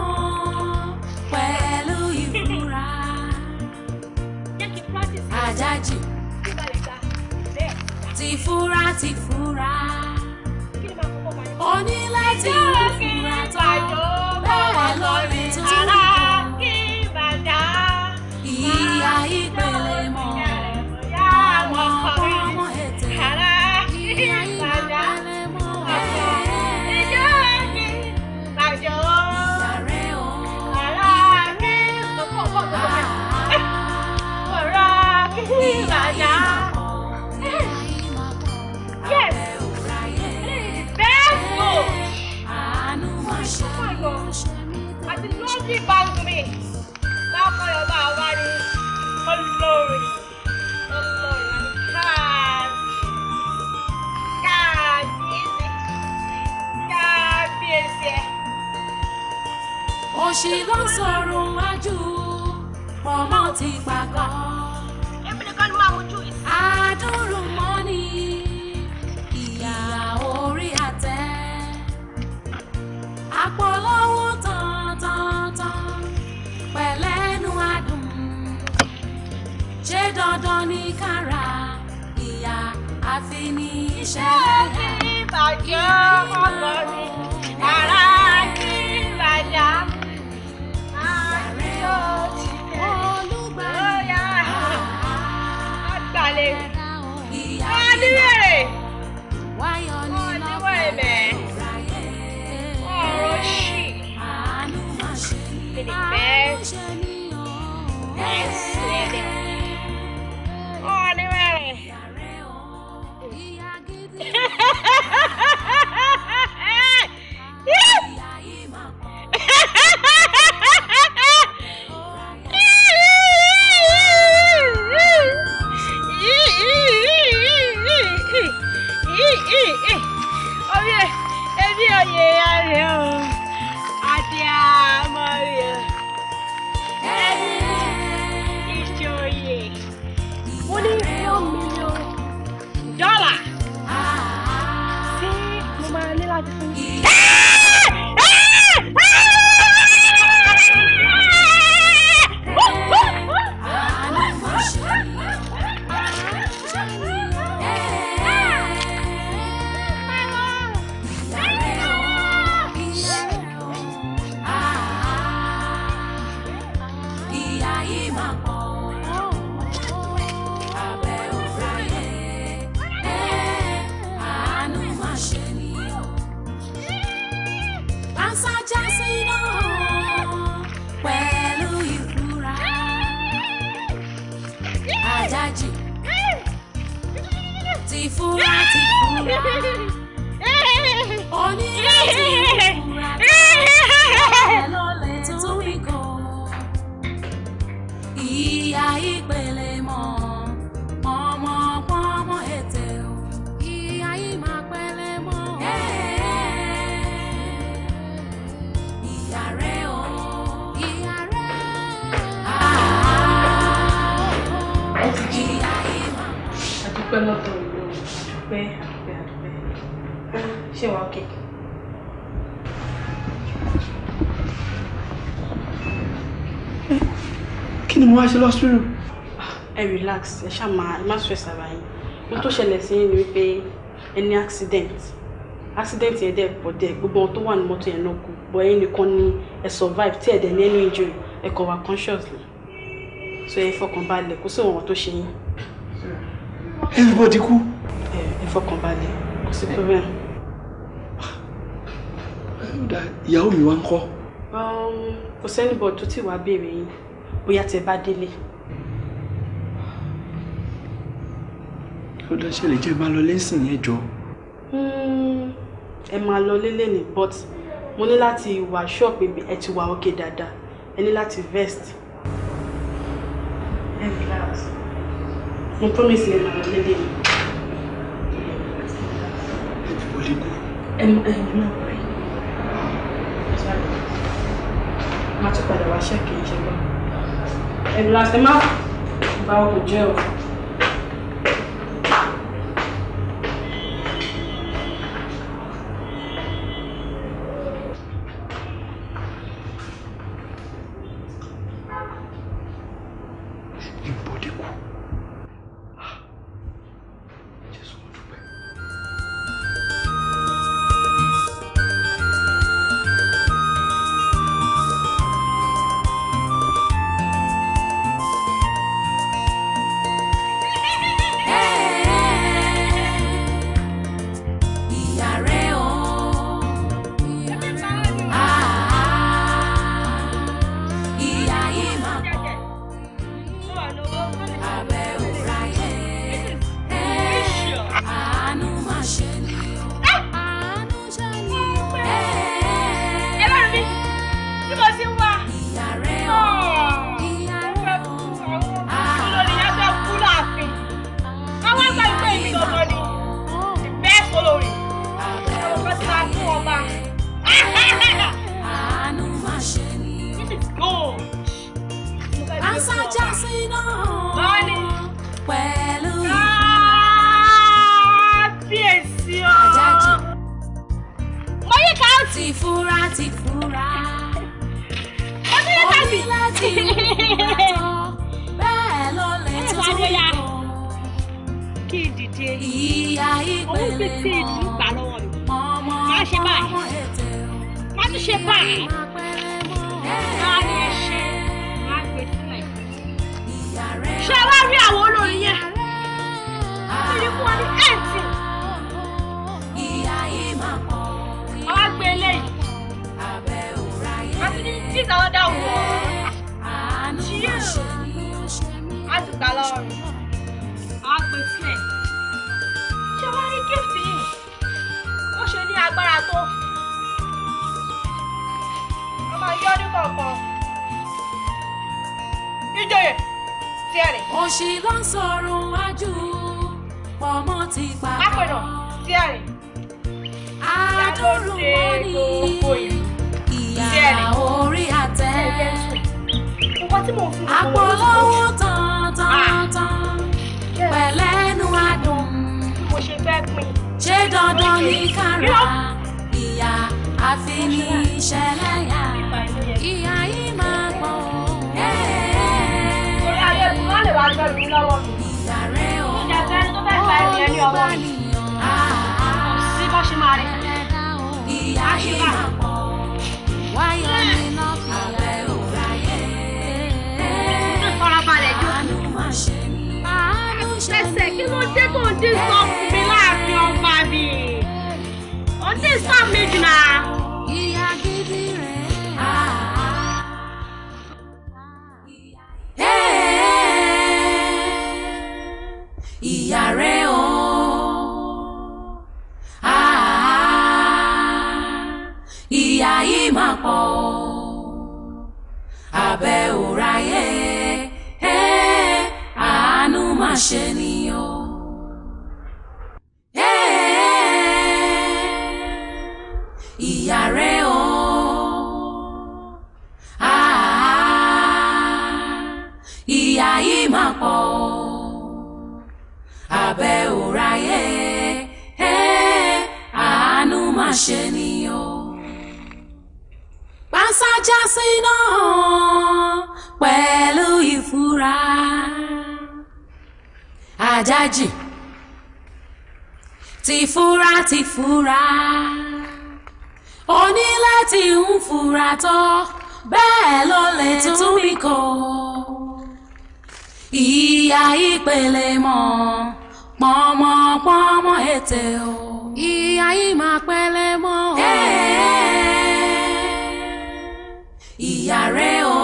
ti fura ti fura onílé ti fura tán. òṣì ló ń sọ̀rọ̀ wájú ọmọ ti pàgọ́. èmi nìkan ni máa wojú yìí. àdúrùmọ́ni ìyá orí àtẹ àpòlówó tán-tán-tán pẹ̀lẹ́nu adùn ṣé dandan ní kára ìyá àfi ní iṣẹ́ ìyá ìyá. dúpẹ́ lọ́dọ̀ ìlú àdúpẹ́ àdúpẹ́ àdúpẹ́ ṣé wàá kéèké. kí ni mo wá ṣe lọ́sùrù. ẹ relax ẹ ṣáà máa ẹ má stress ara yín mo tó ṣẹlẹ̀ sí yín ni wípé ẹ ní accident accident yẹn dẹ̀ pọ̀ dẹ̀ gbogbo ohun tó wà ní mọ́tò yẹn náà kú bọ̀ ẹ̀yin nìkan ni ẹ survive tí ẹ dẹ̀ ní ẹnu injury ẹ kò wà consciously so ẹ fọkàn balẹ̀ kó sí òun tó ṣe yín everybody kú. ẹ fọkànbalẹ̀ kò sí problem. ìyàwó mi wá ń kọ́. Um, kò sẹ́ni bọ̀ tó ti wá béèrè yín bóyá tẹ bá délé. ó dáṣẹ́ lè jẹ́ máa lọ lẹ́sìn yẹn jọ. ẹ máa lọ lélẹ̀ ní hmm, but mo ní láti wà ṣọ́ọ̀pù ẹ ti wà ókè dáadáa ẹ ní láti vest. mo promise yẹn màá lé dé mi. ẹbí wo lè kú. ẹ ẹ má wọrí má tún padà wá ṣẹ́kì ìṣẹ́gbọ́n ẹ lásìkò má bá ọkọ̀ jẹ́ o. tí mò ń àpò owó tán tán tán pẹ̀lẹ́nu adùn. mo ṣe fẹ́ pin. ṣé dandan ní kára ìyá àfi ní ìṣẹ̀lẹ̀ yá ìyá yìí máa pọ̀ ó. ìyá rẹ̀ ó ó bá nìyàn. ìyá yìí máa pọ̀ wáyé ní. dé tó ń dín sọ fún mi láàfin baby? mi. Ó dín sọ ìyá ìpele mọ́ pọ́nmọ́ pọ́nmọ́ ètè o ìyá ìmà pẹlẹ mọ́ o ìyá rẹ o.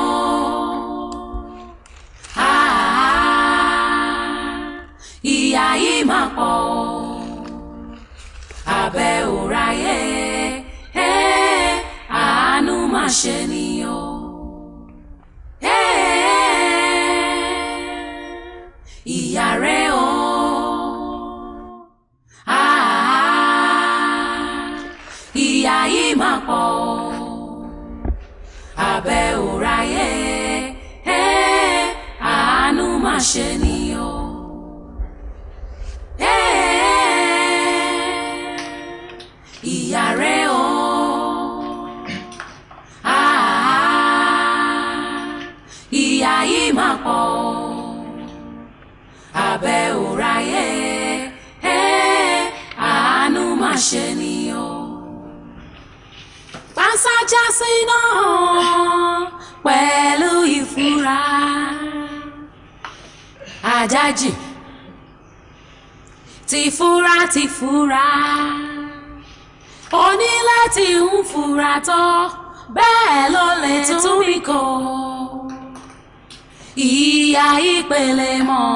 Ìyá yìí máa pọ̀ o, abẹ́ àánú máa ṣe ni. mọ́ abẹ́ ò ráyè àánú má ṣe já síná pẹ̀lú ìfura àjájì ti fura ti fura ó ní láti ń fura tó bẹ́ẹ̀ ló lè tún rí kó ìyá ìpele mọ́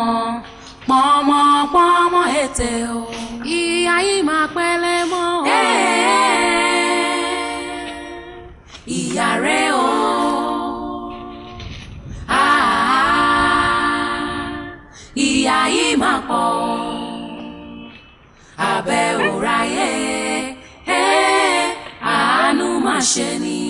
pọ́nmọ́pọ́nmọ́ ètè o ìyá yìí máa pẹ́lẹ́ mọ́ o ìyá rẹ̀ o. ìyá yìí máa pọ̀ abẹ́ òráyé àánú máa ṣe ni.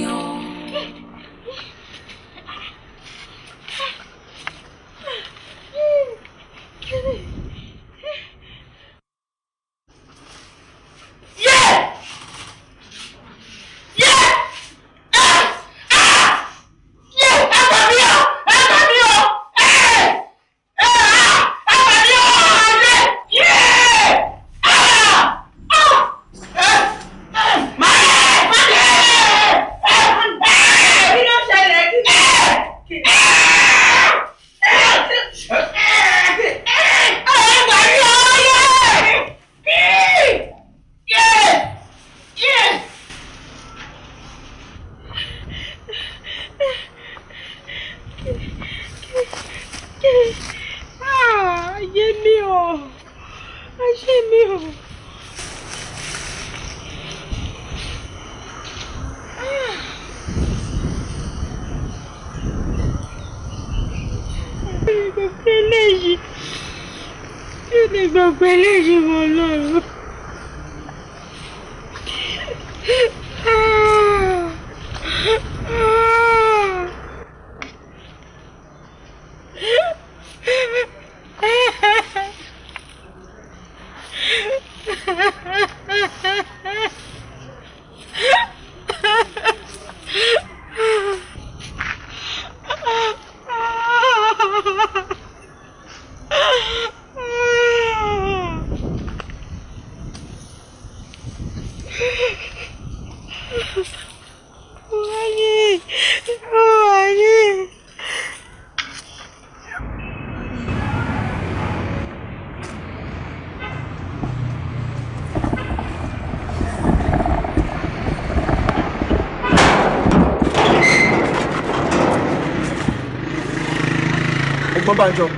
Ọbásanjọ́.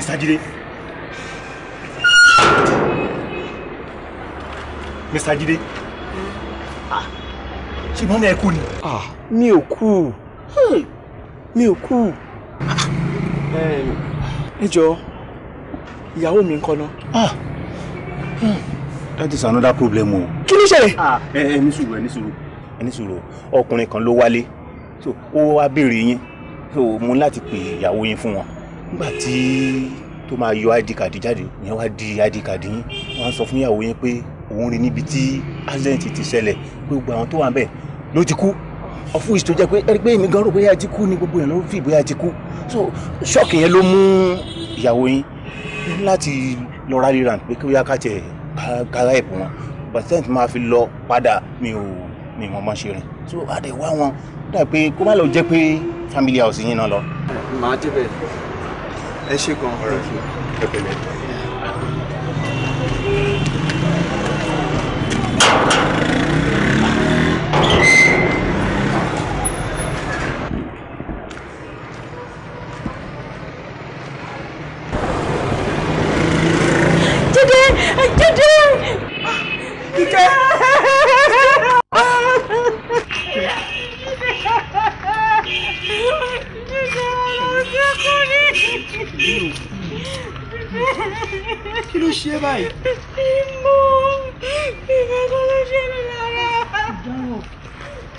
Mr. Jide. Mr. Jide. Ah, Ṣùgbọ́n náà ẹ kú ni. Ah, Mi ò kú. Hmm, mi ò kú. Ẹ jọ, ìyàwó mi ń kọ́ náà. Ah, hmm, that is another problem o. Kí ló ṣẹlẹ̀? Ah, ẹ ẹ ní sùúrù ẹ ní sùúrù ẹ ní sùúrù ọkùnrin kan ló wálé. Ó wá béèrè yín. Mo ní láti pè ìyàwó yín fún wọn nígbà tí tó máa yọ id card jáde ìyẹn wá di id card yín wọn á sọ fún ìyàwó yín pé òun rí níbi tí accident ti ṣẹlẹ̀ pé gbogbo àwọn tó wà bẹ́ẹ̀ ló ti kú ọ̀fun ìṣòro jẹ́ pé ẹni pé èmi gan rò bóyá ti kú ni gbogbo yẹn ló fi bóyá ti kú so ṣọ́ọ̀kì yẹn ló mú ìyàwó yín láti lọ rally round pé kí wọ́n yá kàtẹ́ kára ẹ̀pọ̀ wọn percent máa fi lọ padà mi ò mi ò mọ̀ mọ́ ṣe rìn so àdẹ̀wá wọn dà pé kó má lọ jẹ́ pé family house yín náà lọ. màá jẹ́ bẹ́ẹ̀. 谢谢光合作用，再见。Deus. Que luxê, vai. Simão, fica Não,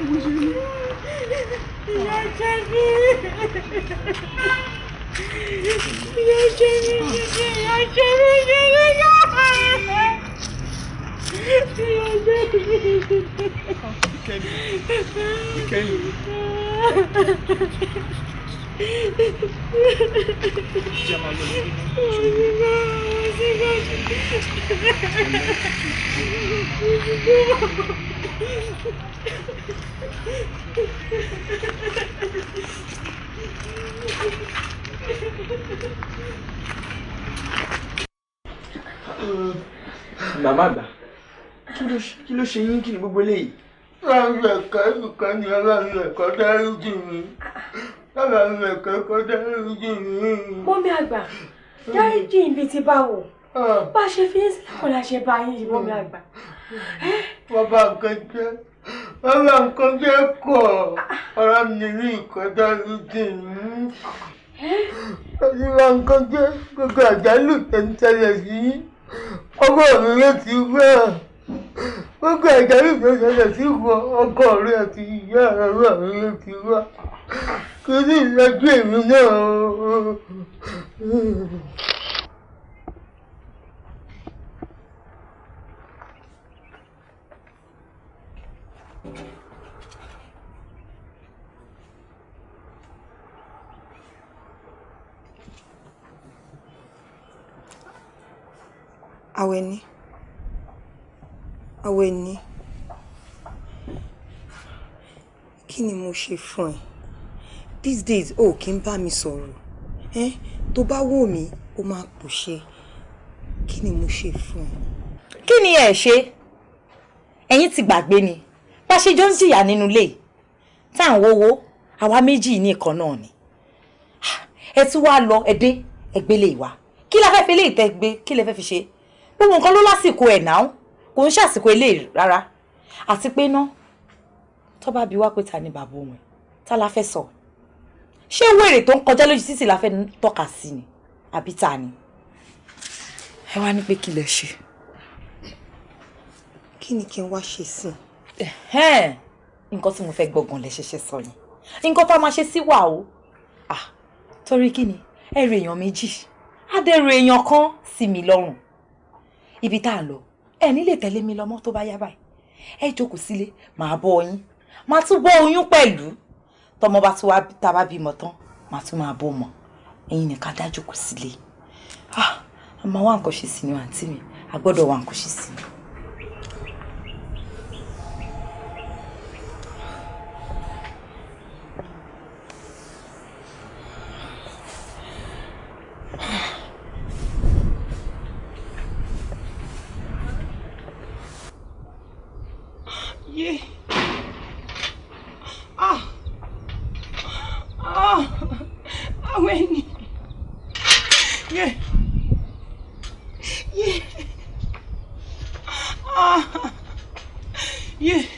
luxê no Já te vi. Já te vi, já te vi, já te vi. Fiquei. Fiquei. Llámalo Màmá àgbà, kí ló ṣe yín kí ni gbogbo eléyìí? Láàrín ẹ̀ka ẹ̀ka ni aláàrín ẹ̀ka dárí jù mí bàbá mi kẹ́kọ̀ọ́ dáríjì mi. mọ́mí àgbà dáríjì ibi tí bá wò ah. bá ṣe fi ń sílẹ̀ kọ́lá ṣe bá yín yìí mọ́mí àgbà. bàbá nǹkan jẹ́ bàbá nǹkan jẹ́ kọ̀ ọ̀rọ̀ mi rí nǹkan dáríjì mi. bàbá nǹkan jẹ́ gbogbo àjálù tẹ̀síntẹ̀lẹ̀ sí ọgọ́ mi ló ti fẹ́ gbogbo àjálù tẹ̀síntẹ̀lẹ̀ sí ọkọ rẹ̀ àti ìyá rẹ̀ ló ti wá kò ní ìlọ́jú èmi náà. Àwẹ̀ní. Àwẹ̀ní. Kí ni mo ṣe fún ẹ? these days o kì í bá mi sọ̀rọ̀ ẹ́ tó bá wò mí ó máa pòṣe kí ni mo ṣe fún un. kí ni ẹ ṣe ẹ̀yin ti gbàgbé ni bá ṣe jọ ń jìyà nínú ilé tá à ń wowó àwa méjì ní ni ẹ tún wá lọ ẹ dé ẹgbẹ́ lè la fẹ́ fi lè tẹ́ gbé kí lẹ fẹ́ fi ṣe gbogbo nǹkan ló lásìkò ẹ̀ náà kò ń ṣàsìkò eléyìí rárá àti pé ná tó bá bi wá pé ta ni bàbá òun ta la fẹ́ sọ ṣé wèrè tó ń kọjá lójú títì la fẹ́ tọ́ka sí ni àbí ta ni. ẹ wá ní pé kí lè ṣe. kí ni kí n wá ṣe sí i. nǹkan tí mo fẹ́ gbọ̀ngàn lẹ ṣẹ̀ṣẹ̀ sọ ni nǹkan tá a máa ṣe sí wà o torí kí ni ẹrù èèyàn méjì adẹrù èèyàn kan sí mi lọ́rùn ibi tá a lọ ẹ nílè tẹ̀lé mi lọ́mọ́ tó bá yá báyìí ẹ jókòó sílé màá bọ́ ọyún màá tún bọ́ oyún pẹ̀lú tọmọ bá ti wá tá a bá bímọ tán màá tún máa bọ́ ọmọ ẹ̀yin nìkan dájú kò sílé àmọ́ ah, wà nǹkan ṣe sí ni àǹtí mi a gbọ́dọ̀ wà nǹkan ṣe sí ni. Yeah. Ah àwọn ẹni yẹ yẹ yẹ.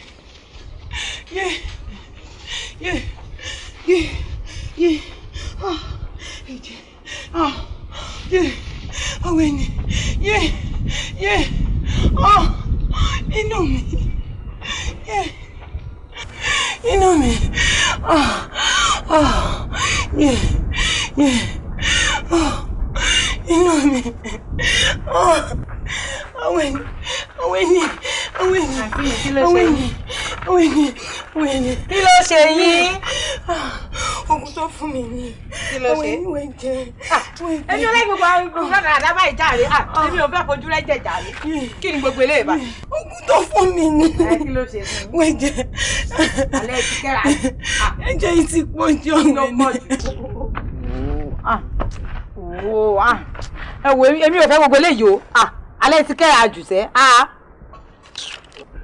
jẹ. Ah, ah, ẹni olóyè gbogbo àwọn ikú náà náà dábàá ìjà rẹ ah, èmi ò fẹ́ fojú rẹ jẹjà rẹ hmm. kí ni gbogbo eléyìí bá. ogun tó fún mi ni wọ́n jẹ. alẹ́ ti kẹ́ra. ẹ̀jẹ̀ yìí ti pọ̀ jù ọ̀nà ni. ẹ wo èmi ò fẹ́ gbogbo eléyìí o alẹ́ ti kẹ́ra jù sẹ́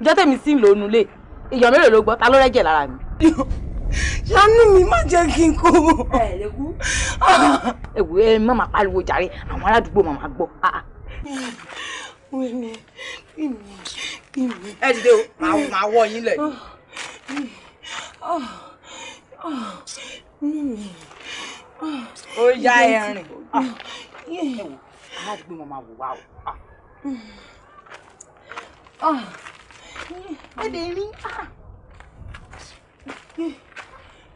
jọ́tẹ̀mí sí lónú lé ìyàn mélòó ló gbọ́ ta ló rẹ́jẹ̀ lára mi. Ṣàánú mi má jẹ́ kí n kó. Ẹ̀wù ah. ẹ má máa pariwo jàre, àwọn aládùúgbò máa máa gbọ́. Wẹ́mi, Wẹ́mi, Wẹ́mi. Ẹ dìde o, màá wọ yín lẹ̀. Ah, ah, Ó yá ẹ̀rìn. aládùúgbò máa máa wò wá o. Ẹ dè rí.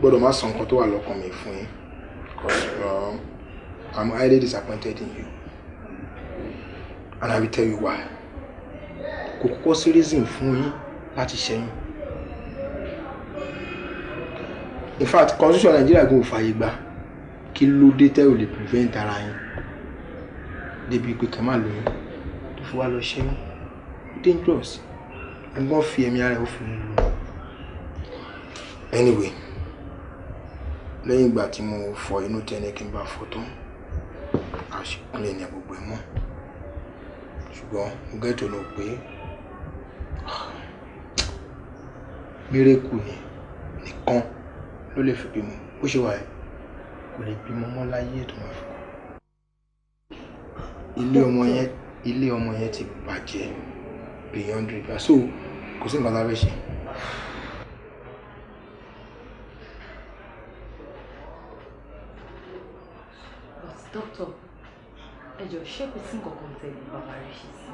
gbọ́dọ̀ má sọ nǹkan tó wà lọ́kàn mi fún yín because um, I'm highly disappointed in you and I will tell you why kò kọ́kọ́ sí reason fún yín láti ṣẹ́yìn in fact constitution Nigeria gan ò fààyè gbà kí ló dé tẹ́ ò lè prevent ara yín débi pé kẹ́ má lóyún tó fi wá lọ ṣẹ́yìn dangerous ẹ̀gbọ́n fi ẹ̀mí ara ẹ̀ ó fi mú un lọ anyway lẹ́yìn ìgbà tí mo fọ inú tẹ́ni kí n bá fọ tán àṣìkúlé ní gbogbo ẹ̀ mọ́ ṣùgbọ́n mo gẹ́tò lọ pé ah, mérekù ni nìkan ló lè fi bímọ bó ṣe wà kò lè bímọ mọ́ láyé tó máa fi kú ilé ọmọ yẹn ti bàjẹ́ beyond river so kò sí nǹkan tá ṣe. dókítà ẹ jọ ṣé kò sí nǹkan kan tẹ̀lé bàbá rẹ̀ ṣe sí.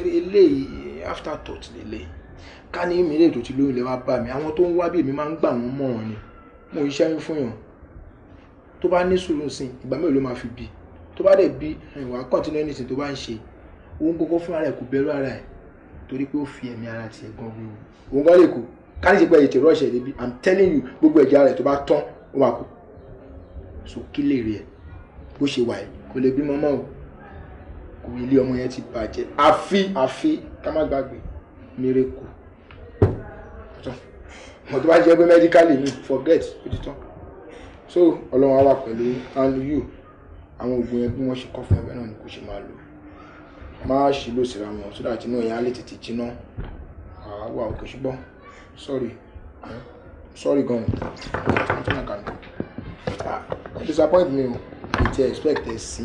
ìṣeré eléyìí after thought lélẹ̀ ká ní ìmìlẹ̀ ètò tí lóyún lè wá bá mi àwọn tó ń wá bí èmi máa ń gbà wọ́n mọ̀ wọn ni mo iṣẹ́ ń fún yàn tó bá ní sùúrù sí ìgbà mélòó ló máa fi bí tó bá dẹ̀ bí ìwà continue anything tó bá ń ṣe òun kókó fún ara ẹ̀ kò bẹ̀rù ara ẹ̀ torí pé ó fi ẹ̀mí ara tiẹ̀ gan wíwú òun gan lè kó ká ní ti pẹ́ ètò rọ́ọ̀ṣẹ̀ débi i'm telling you gbogbo ẹ̀jẹ̀ ara ẹ̀ tó bá tán ó máa kú so kí lè rí ẹ̀ bó ṣe wà yìí kò lè bímọ mọ́ o kò ilé ọmọ yẹn ti bàjẹ́ àfi àfi ká má gbàgbé mírèkù mo tó bá jẹ́ pé mẹ́díkálì mi forget ó ti tán so ọlọ́run á wà pẹ̀lú and you àwọn oògùn yẹn bí wọ́n ṣe kọ́ fún ẹgbẹ́ náà ni kò ṣe máa lò má ṣì lò síra wọn sódà tí náà yẹn lè tètè jiná àá wà òkè ṣùgbọ́n sorry sorry gan-an i disappoint me o kò tiẹ̀ expect ẹ̀ sí.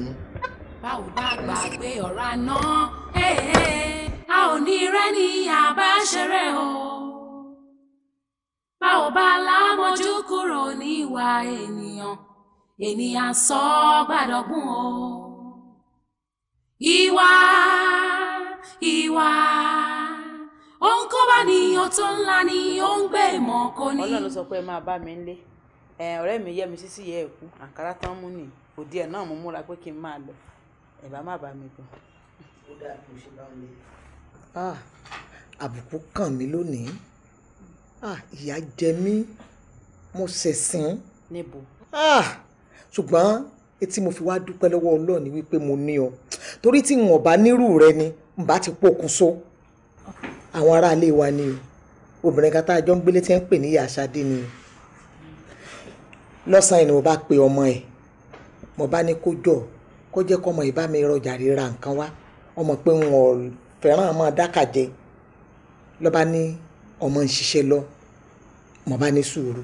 báwo bá gbàgbé ọ̀rá náà a ò ní rẹ́ni àbáṣeré o báwo bá lámọ̀jú kúrò níwà ènìyàn ènìyàn sọ gbàdọ̀gbọ́n o ìwà ìwà òun kó bá nìyàn tó ńlá ni ó ń gbé ìmọ̀ kó ní. ọlọ́run sọ pé ẹ máa bá mi ń lé ọ̀rẹ́ mi yẹ́ mi sísí yẹ́ ẹ̀kú àǹkárá tán mú nìyí òdi ẹ̀ náà mo múra pé kí n máa lọ ẹ̀ bá má bá mi bọ̀. ó dáa bí mo ṣe bá mi. Ah, àbùkù kàn mí lónìí ah, ìyà jẹ mí mo ṣẹ̀sìn. níbo. Ah, ṣùgbọ́n etí mo fi wá dúpẹ́ lọ́wọ́ ọlọ́ọ̀ni wípé mo ní ọ torí tí n bá nírú rẹ ni n bá ti pokùnso àwọn aráalé wa ni o obìnrin kan tá a jọ ń gbélé tí ń pè ní ìyá àṣàdé ni lọ́sàn ni mo bá pe ọmọ ẹ̀ mo bá ní kó jọ kó jẹ́ kọ́mọ ìbá mi rọjà ríra nǹkan wá ọmọ pé wọn ò fẹ́ràn máa dákàjẹ́ lọ́ba ní ọmọ ń ṣiṣẹ́ lọ mo bá ní sùúrù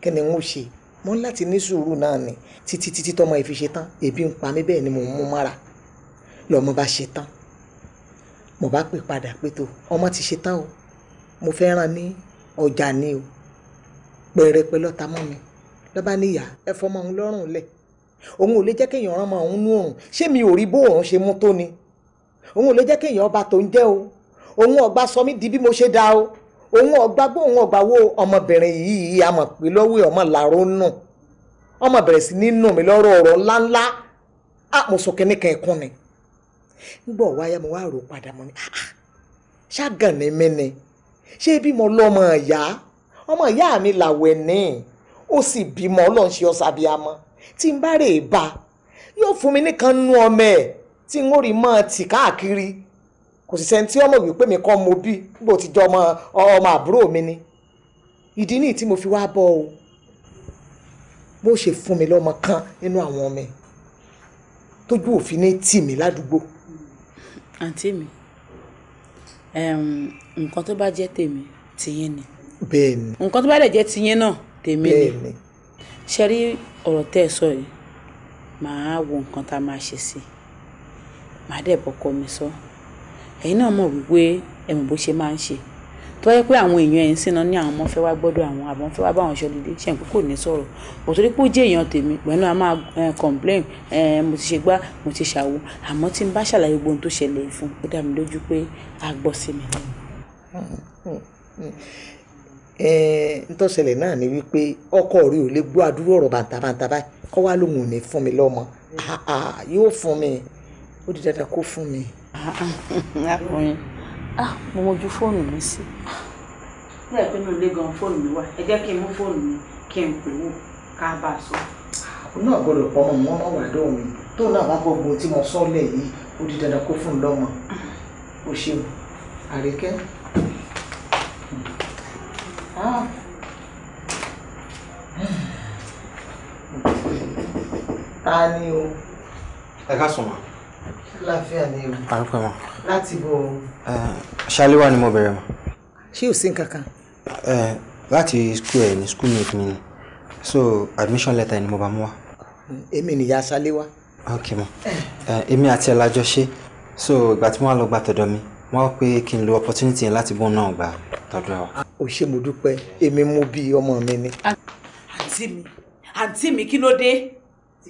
kí ni n ó ṣe mo ń láti ní sùúrù náà ni títí títí tọmọ yìí fi ṣe tán ebi ń pa mí bẹ́ẹ̀ ni mo mú mára lọ́mọ bá ṣe tán mo bá pè padà pé tó ọmọ ti ṣe tán o mo fẹ́ràn ní ọjà ni o pẹ̀rẹ̀pẹ̀ lọ́ta mọ́ mi lọ́ba níyà ẹ fọmọ òun lọ́rùn lẹ̀ òun ò lè jẹ́ kéèyàn rán ọmọ òun nú òrùn ṣé mi ò rí bó òrùn ṣe mú tó ni òun ò lè jẹ́ kéèyàn ọba tó ń jẹ́ o òun ọ̀gbá sọ mí di bí mo ṣe dá o òun ọ̀gbá bó òun ọ̀gbá wo ọmọbìnrin yìí àmọ̀ pé lọ́wọ́ ọmọ làró nù ọmọ bẹ̀rẹ̀ sí ní nù mí lọ́rọ̀ ọ̀rọ̀ ńláńlá àmọ̀sọ kẹ́nìkan ẹ̀kún ni nígbà wáyà mo wá rò padà mo ní ah, ah, ṣàgàn ní mí ni ṣé bímọ lọ́mọ ìyá ọmọ ìyá mi làwẹ̀ ní ó sì bímọ ọlọ́run ṣe ọ̀sàbíamọ́ tí n bá rè é bá yóò fún mi nìkan nú ọmọ ẹ̀ tí n ó rí mọ́ tì káàkiri kò sì sẹ́ni tí ọmọ wípé mi kọ́ mo bí bó ti jọ ọmọ àbúrò mi ni ìdí nìyí tí mo fi wá bọ́ o bó ṣe fún mi lọ́mọ kan nínú àwọn ọmọ ẹ̀ tójú òfin ní tì mí ládùúgbò. àǹtí mi nǹkan tó bá jẹ́ tèmi tìyín ni. bẹ́ẹ̀ nǹkan tó bá dẹ̀ jẹ́ tìyín náà tèmi ni. bẹ́ẹ̀ ṣe rí ọ̀rọ̀ tẹ́ ẹ sọ yìí màá wo nǹkan tá a máa ṣe sí i màá dẹ̀ bọ́kọ mi sọ ẹ̀yin náà mọ̀ wípé ẹ̀mọ̀ bó ṣe máa ń ṣe tó yẹ pé àwọn èèyàn ẹ̀yìn sínú ní àwọn ọmọ fẹ́ wá gbọ́dọ̀ àwọn àbọ̀ fẹ́ wá bá àwọn ṣọlídé ṣe nǹkan kò ní sọ̀rọ̀ bó torí pé ó jẹ́ èèyàn tèmi pẹ̀lú a máa complain mo ti ṣe gbá mo ti ṣàwo àmọ́ tí n bá ṣàlàyé gbogbo ohun tó ṣẹlẹ̀ fún ó dá mi lójú pé a gbọ́ sí mi. Hmm, hmm, hmm, ntọ́sẹ̀lẹ̀ náà ni wípé ọkọ rí ò lè gbọ́ àdúrò ọ̀rọ̀ bàǹtàbàǹtà kọ́ wá lóun ní fún mi lọ́mọ yóò fún mi ó di dandan kó fún mi. akọrin ah mo mojú fóònù mi sí. bẹ́ẹ̀ pé mi ò gan fóònù mi wá ẹ jẹ́ kí n mú fóònù mi kí n pè wò ká bá a sọ. òun náà gbọ́dọ̀ pọ ọmọ mọ wà dọ mi tóun náà bá gbọ́ gbogbo tí mo sọ lẹ yìí ó di dandan kó fún un lọ́mọ o ah. ṣeun àríkẹ́. ta ni o. ẹ ká sùn mọ́. láfíà ni o. àrùkọ mọ. láti bò ó. ṣáléwá ni mo bẹ̀rẹ̀ mọ́. ṣé ò sí nǹkan kan. láti school ẹ ní school mate mi ni so admission letter ni mo bá mú wa. èmi nìyá ṣáléwá. ok mọ èmi àti ẹ lájọ ṣe so ìgbà tí wọn lọ gba tọ̀dọ̀ mi wọn pé kí n lo opportunity yẹn láti bóun náà gbà tọ̀dọ̀ wa. ò ṣe mo dúpẹ́ èmi mú bí ọmọ mi ni. àǹtí mi àǹtí mi kí ló dé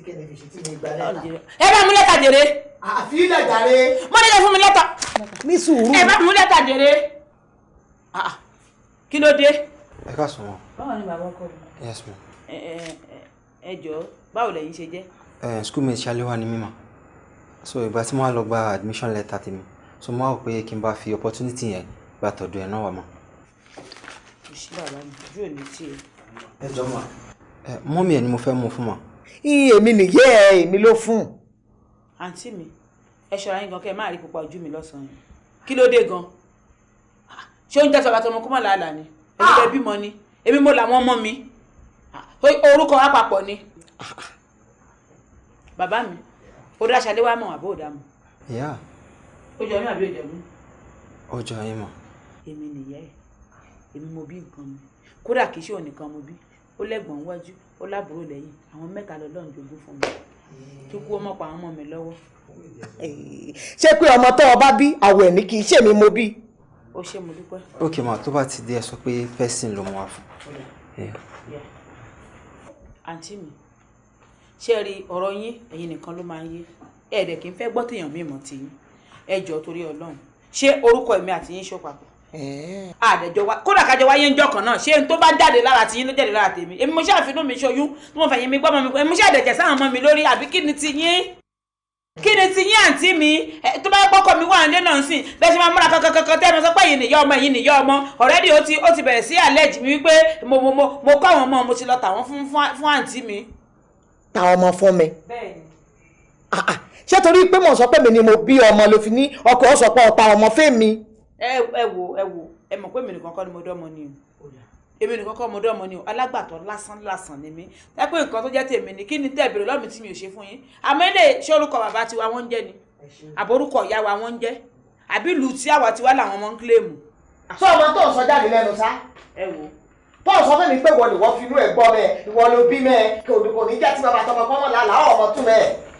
kẹ́ni fi ṣe tí mi gba lẹ́tà. ẹ bá mú lẹ́tà jèrè. àfi lẹ́tà rẹ. mo ní lè fún mi lẹ́tà. ní sùúrù. ẹ bá mú lẹ́tà jèrè. Ah, ah. kí ló dé. ẹ ká sùn wọn. báwo ni bàbá ọkọ mi. yes ma. ẹ jọ̀ọ́ báwo lẹ̀yin ṣe jẹ́. ẹ schoolmate ṣaléwá ni mímọ so ìgbà tí mo wá lọ gba admission letter tèmi so mo wá rò pé kí n bá fi opportunity yẹn gba tọ̀dọ̀ ẹ̀ náà wà mọ́. kò sí bàbá mi ojú ò ní tiẹ̀. ẹ jọ̀ọ́ ma. mọ́mí ẹ̀ ni mo fẹ́ mú fún ma iye èmi nìyẹ́ ẹ èmi ló fún. àǹtí mi ẹ ṣọ́ra yín gan kẹ́ ẹ má rí pupa ojú mi lọ́sàn-án kí ló dé gan ah, ṣé oúnjẹ tó bàtọ́ ọmọ kó mọ̀ làálà ni èmi lè ah! bímọ ni èmi mo làwọn ọmọ mi ah, orúkọ àpapọ̀ ni bàbá mi ó dá aṣáálé wá mọ̀ àbó ò dá mọ̀. ìyá ó jọ mí àbí ó jọ mí. ó jọ yín mọ̀. èmi nìyẹ́ ẹ̀ èmi mo bí nǹkan mi kódà kì í ṣe òun nìkan mo bí ó lẹ́gbọ̀n wájú ó lábúrò lẹ́yìn àwọn mẹ́ta lọ́lọ́run jogún fún mi kíkú ọmọ pa àwọn ọmọ mi lọ́wọ́. ṣé pé ọmọ tó o bá bí àwọ̀ ẹ̀mí kì í ṣe mi mo bí. ó ṣe mo dúpẹ́. ok ma tó bá ti dé ẹ sọ pé pẹ́sìn ló mú wa fún. àǹtí mi ṣé rí ọ̀rọ̀ yín ẹ̀yin nìkan ló máa ń yé ẹ̀ẹ́dẹ̀ kì í fẹ́ gbọ́ tèèyàn mímọ́ tiyín ẹ jọ̀ọ́ torí ọlọ́run ṣé orúkọ èmi àti yín ṣó papọ̀ Eh. àdẹjọ wa kódà kájọ wáyé ń jọkàn náà ṣé n tó bá jáde lára tiyín ló jáde lára tèmi èmi mo ṣe àfinú mi ṣoyún tí mo fẹ̀yìn mi gbọ́mọ mi èmi ṣe àdẹ̀jẹ̀ sáwọn ọmọ mi lórí àbí kí ni tiyín kí ni tiyín àǹtí mi tó bá gbọ́kọ̀ mi wà ń lé náà ń sìn bẹ́ẹ̀ ṣe máa múra kankankan tẹ́ ẹ sọ pé yìí nìyá ọmọ yìí ọmọ ọ̀rẹ́dì ó ó ti bẹ̀rẹ̀ sí àlẹ́jì mi wípé mo mo mo mo kọ́ àwọn ọmọ mo ti lọ tà wọ́n fún mi. ta ọmọ fún mi. bẹ́ẹ̀ni. Ah, ah. ṣé torí pé mo sọ pé mi ni mo bí ọmọ ló fi ẹ wò ẹ wò ẹ mọ̀ pé èmi nìkan kọ́ ni mo dọ́mọ ni o èmi nìkan kọ́ mo dọ́mọ ni o alágbàtọ́ lásán lásán ni mí ẹ pé nǹkan tó jẹ́ tèmi ni kí ni tẹ́ bèrè lọ́mì tí mi ò ṣe fún yín àmọ́ ilé ṣé orúkọ bàbá tiwa wọ́n ń jẹ́ ni àbórúkọ ìyá wa wọ́n ń jẹ́ àbí ìlú tí àwa tiwa làwọn ọmọ ń kílèmù. sọ ọmọ tó ń sọ jáde lẹ́nu sá. ẹ wò tó sọ fún mi pé wọ́n ni wọ́n finú ẹ̀ gbọ́ mẹ́ ìwọ ló bí mẹ́ kò ní kò ní jẹ́ tí bàbá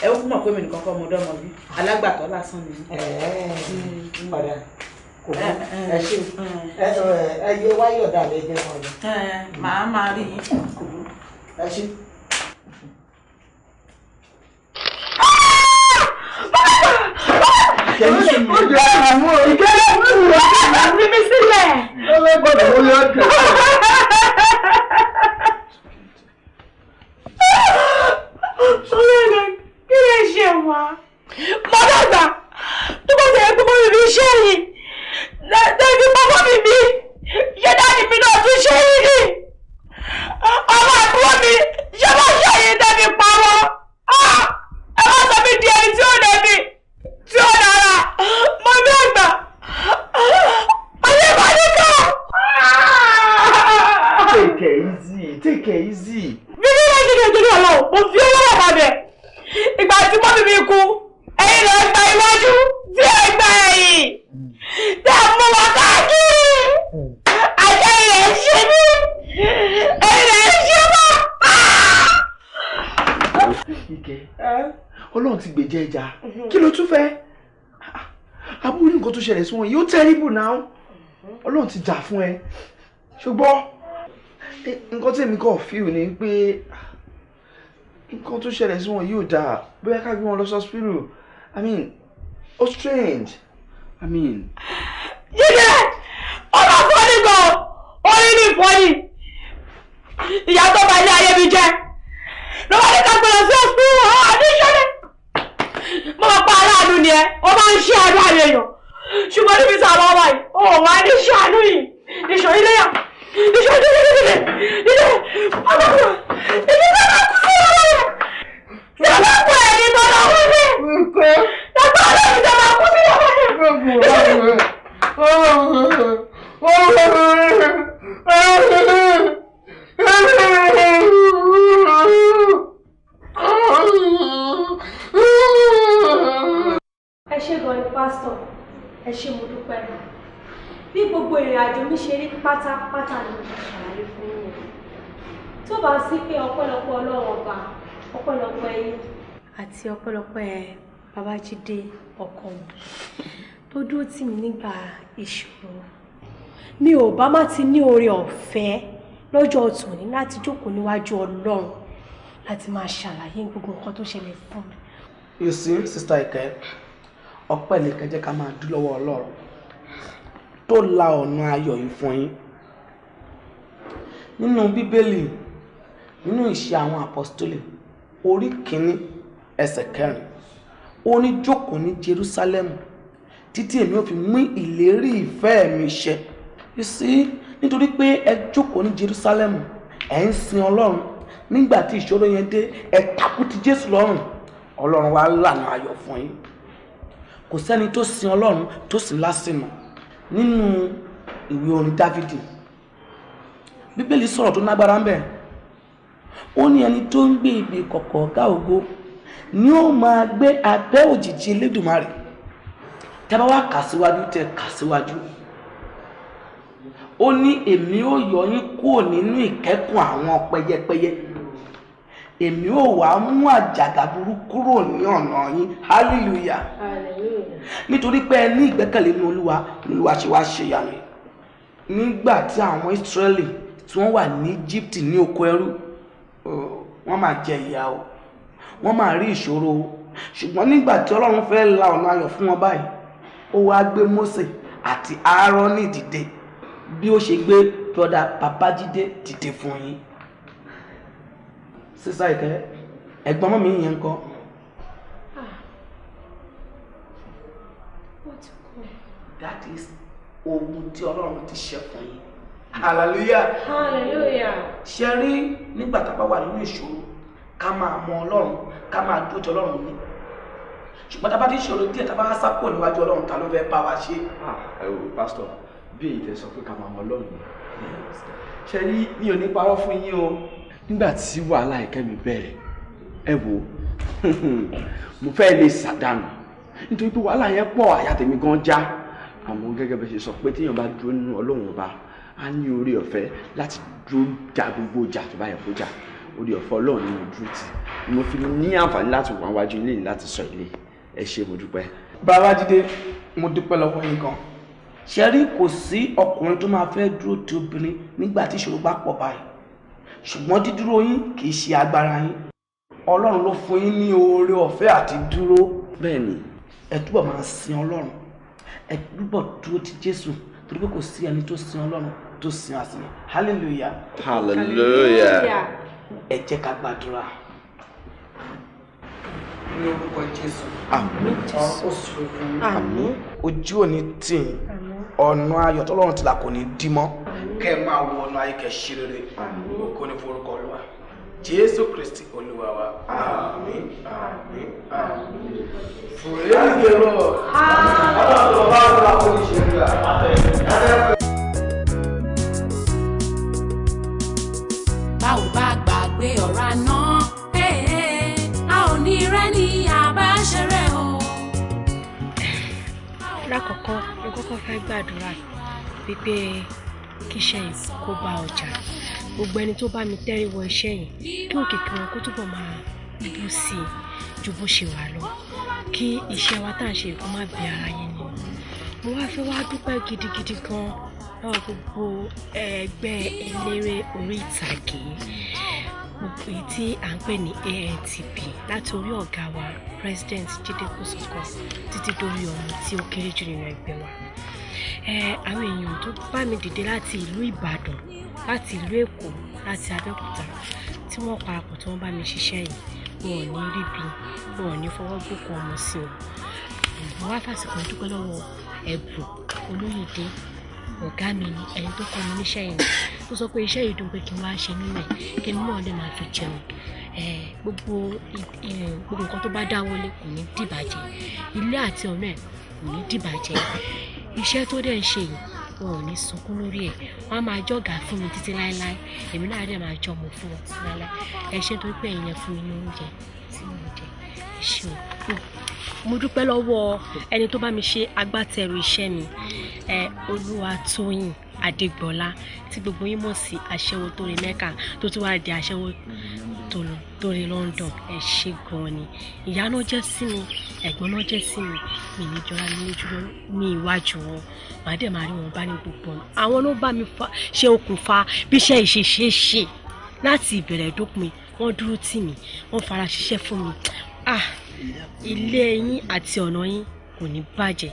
ẹ ó mọ̀ pé mi nìkan kọ́ mo dọ́mọ bí alágbàtọ́ lásán ni. Mm. ọ̀dà kò bú mm. ẹ ṣe mm. ẹ yẹ wáyọ̀ dà lẹ́jẹ̀ wọn lọ. màá máa rí i kò ẹ ṣe. kẹ́mi o. ìkẹ́lẹ́ mú iṣẹ́ wa. mo dàgbà tó bá jẹ́ pé mo rí iṣẹ́ yìí dájú bàbá mi bíi. Now, ọlọ́run ti jà fún ẹ ṣùgbọ́n nǹkan tí èmi kàn fíìl ni pé nǹkan tó ṣẹlẹ̀ sí wọn yóò dáa bóyá ká gbé wọn lọ sọ́spírù i mean ó strange i mean. jíjẹ ọ̀rọ̀ fọ́nì gan orí ní ìfọ́nì ìyá tó bá ilé ayé mi jẹ ló bá ní ká gbé lọ sí ọ̀spírù ọ̀hún àdéṣọ́lẹ̀ mo máa pa aráàlú ni ẹ ó máa ń ṣe àdó àlè ṣùgbọ́n níbi tí a lọ wáyé ó wá ní ṣàánú yìí ìṣọ̀ ilé yà ìṣọ̀ ilé ilé ilé ilé ọmọkùnrin ìdí tó bá kú sí ọmọ yẹn ìjọba kú ẹ̀ ní tọ́lá wọn ní tọ́lá wọn ní ìjọba kú sí ọmọ yẹn. ẹ ṣe gan ni pásítọ̀ ẹ ṣé mo dúpẹ́ náà bí gbogbo ìrìn àjò mi ṣe rí pátápátá ni mo ṣàlàyé fún yín tó bá sí pé ọpẹ́lọpẹ́ Ọlọ́run ọba ọpẹ́lọpẹ́ yín àti ọpẹ́lọpẹ́ Babájídé ọkọ mi tó dúró tì mí nígbà ìṣòro mi ò bá má ti ní oore ọ̀fẹ́ lọ́jọ́ tòní láti jókòó níwájú Ọlọ́run láti máa ṣàlàyé gbogbo nǹkan tó ṣẹlẹ̀ fún mi. you see sister Ike ọpẹ́ nìkan jẹ́ ká máa dú lọ́wọ́ ọlọ́run tó la ọ̀nà ayọ̀ yìí fún yín nínú bíbélì nínú ìṣe àwọn apọ́sítólì orí kìíní ẹsẹ̀ kẹrin ó ní Jerusalem títí èmi ò fi mú ìlérí ìfẹ́ mi ṣẹ you see nítorí pé ẹ jókòó ní Jerusalem ẹ ń sin ọlọ́run nígbà tí ìṣòro yẹn dé ẹ takú ti Jésù lọ́rùn ọlọ́run wa lànà ayọ̀ fún yín kò sẹ́ni tó sin ọlọ́run tó sin lásìmọ̀ nínú ìwé orin dávidi bíbélì sọ̀rọ̀ tó nágbára ń bẹ̀ ó ní ẹni tó ń gbé ibi kọ̀kọ̀ ọ̀gá ògo ni ó máa gbé abẹ́ òjìji elédùnmarè tẹ́ bá wá kà síwájú tẹ́ kà síwájú ó ní èmi ó yọ yín kúrò nínú ìkẹ́kùn àwọn pẹyẹpẹyẹ èmi ò wá mú àjàgà burú ní ọ̀nà yín hallelujah nítorí pé ẹ ní ìgbẹ́kẹ̀lé nínú olúwa olúwa ṣe wá ṣe ìyanu nígbà tí àwọn Ísírẹ́lì tí wọ́n wà ní Egypt ní oko ẹrú wọ́n máa jẹ ìyà o wọ́n máa rí ìṣòro o ṣùgbọ́n nígbà tí Ọlọ́run fẹ́ la ọ̀nà ayọ̀ fún wọn báyìí ó wá gbé Mósè àti Áárónì dìde bí ó ṣe gbé brother Babájídé dìde fún yín sísá ìkẹ́ ẹ̀gbọ́n mọ́ mi yẹn ń kọ́. Ah. that is ogun tí ọlọ́run ti ṣe fún hallelujah hallelujah ṣe rí nígbà tá a bá wà nínú ìṣòro ká máa mọ ọlọ́run ká máa dúró ti ọlọ́run ní ṣùgbọ́n tá a bá ti ṣòro díẹ̀ tá a bá sá kúrò níwájú ọlọ́run ta ló fẹ́ bá wa ṣe. Ah, ẹ pásítọ̀ bí èyí tẹ sọ pé ká máa mọ ọlọ́run ṣe rí mi ò ní parọ́ fún yín o nígbà tí wàhálà ìkẹ́mi bẹ̀rẹ̀ ẹ wo mo fẹ́ lè ṣàdánù nítorí pé wàhálà yẹn pọ̀ àyà tèmi gan já àmọ́ gẹ́gẹ́ bẹ́ẹ̀ ṣe sọ pé téèyàn bá dúró nínú ọlọ́run ọba á ní orí ọ̀fẹ́ láti dúró ja gbogbo ìjà tó bá yẹ kó jà orí ọ̀fẹ́ ọlọ́run ni mo dúró tì mo fi ní àǹfààní láti wà wájú ilé yìí láti sọ ilé ẹ ṣé mo dúpẹ́. babájídé mo dúpẹ́ lọ́wọ́ yín gan ṣe rí kò sí ọkùnrin tó máa fẹ́ dúró ti obìnrin nígbà tí ìṣòro bá pọ̀ báyìí ṣùgbọ́n dídúró yín kì í ṣe agbára yín ọlọ́run ló fún yín ní oore ọ̀fẹ́ àti dúró bẹ́ẹ̀ ni ẹ túbọ̀ máa sin ọlọ́run ẹ túbọ̀ dúró ti jésù torí pé kò sí ẹni tó sin ọlọ́run tó sin àsìnà hallelujah hallelujah ẹ jẹ́ ká gbàdúrà ní orúkọ jésù àmín oṣù àmín ojú òní tì ọ̀nà ayọ̀ tọ́lọ́run tìlà kò ní dí mọ́ kẹ́ ẹ máa wọ ọ̀nà ayé kẹ́ ṣe rere ògo ni forúkọ olúwa jésù kristi olúwa wa àmín àmín àmín fúrẹ́ẹ̀dì lọ ọlọ́dọ̀ bá ń ra oníṣẹ́ báwo bá gbàgbé ọ̀rá náà a ò ní rẹ́ ní àbáṣẹrẹ́ o. lákọ̀ọ́kọ́ mo kọ́kọ́ fẹ́ gbàdúrà wípé kíṣẹ́ yìí kó bá ọjà gbogbo ẹni tó bá mi tẹ́rí wọ iṣẹ́ yìí kí òkìkí wọn kó túbọ̀ máa bú sí i ju bó ṣe wà lọ kí iṣẹ́ wa tá à ń ṣe kó má bí ara yẹn ni mo wá fẹ́ wá dúpẹ́ gidigidi gan lọ́wọ́ gbogbo ẹgbẹ́ eléré orí ìtàgé gbogbo èyí tí à ń pè ní ANTP láti orí ọ̀gá wa president Jídé Kòsọ́kọ́ títí dórí ọ̀hún tí ó kéré jù nínú ẹgbẹ́ wa àwọn èèyàn tó bá mi dìde láti ìlú Ìbàdàn láti ìlú Èkó láti Abẹ́òkúta tí wọ́n parapọ̀ tí wọ́n bá mi ṣiṣẹ́ yìí wọn ò ní ríbi wọn ò ní fọwọ́ gbòkó ọmọ sí o ìgbọ́n wá fàṣìkò dúpẹ́ lọ́wọ́ ẹ̀bùn olóyèdè ọ̀gá mi ni ẹni tó kọ́ mi níṣẹ́ yìí tó sọ pé iṣẹ́ yìí dùn pé kí n wá ṣe nílẹ̀ kí n náà máa fi jẹun gbogbo nǹkan tó bá dáwọ́lé kò ní dìbàjẹ́ ilé àti ọ̀nà ẹ̀ kò ní dìbàjẹ́ iṣẹ́ tó dẹ̀ ń ṣe yìí wọn ò ní sunkún lórí ẹ̀ wọ́n á máa jọ̀gà fún mi títí láéláé èmi náà dẹ̀ máa jọ mọ̀ fún wọn títí láéláé ẹ tó pé ẹ̀yẹn fún mi ní oúnjẹ tí mo jẹ ẹ ṣeun mo dúpẹ́ lọ́wọ́ ẹni tó bá mi ṣe agbátẹrù iṣẹ́ mi ẹ Olúwatóyìn Adégbọlá tí gbogbo yín mọ̀ sí aṣẹ́wó tó rí mẹ́ka tó tún wá di aṣẹ́wó tó lọ torí London ẹ ṣe gan ni ìyá náà jẹ́ sí mi ẹ̀gbọ́n náà jẹ́ sí mi mi ní jọra mi lójú ní iwájú wọn màá dẹ̀ máa rí wọn bá ní gbogbo ọ̀nà àwọn ló bá mi ṣe okùnfà bí iṣẹ́ ìṣeṣe láti ìbẹ̀rẹ̀ dópin wọ́n dúró tì mí wọ́n fara ṣiṣẹ́ fún mi ah ilé yín àti ọ̀nà yín kò ní bàjẹ́.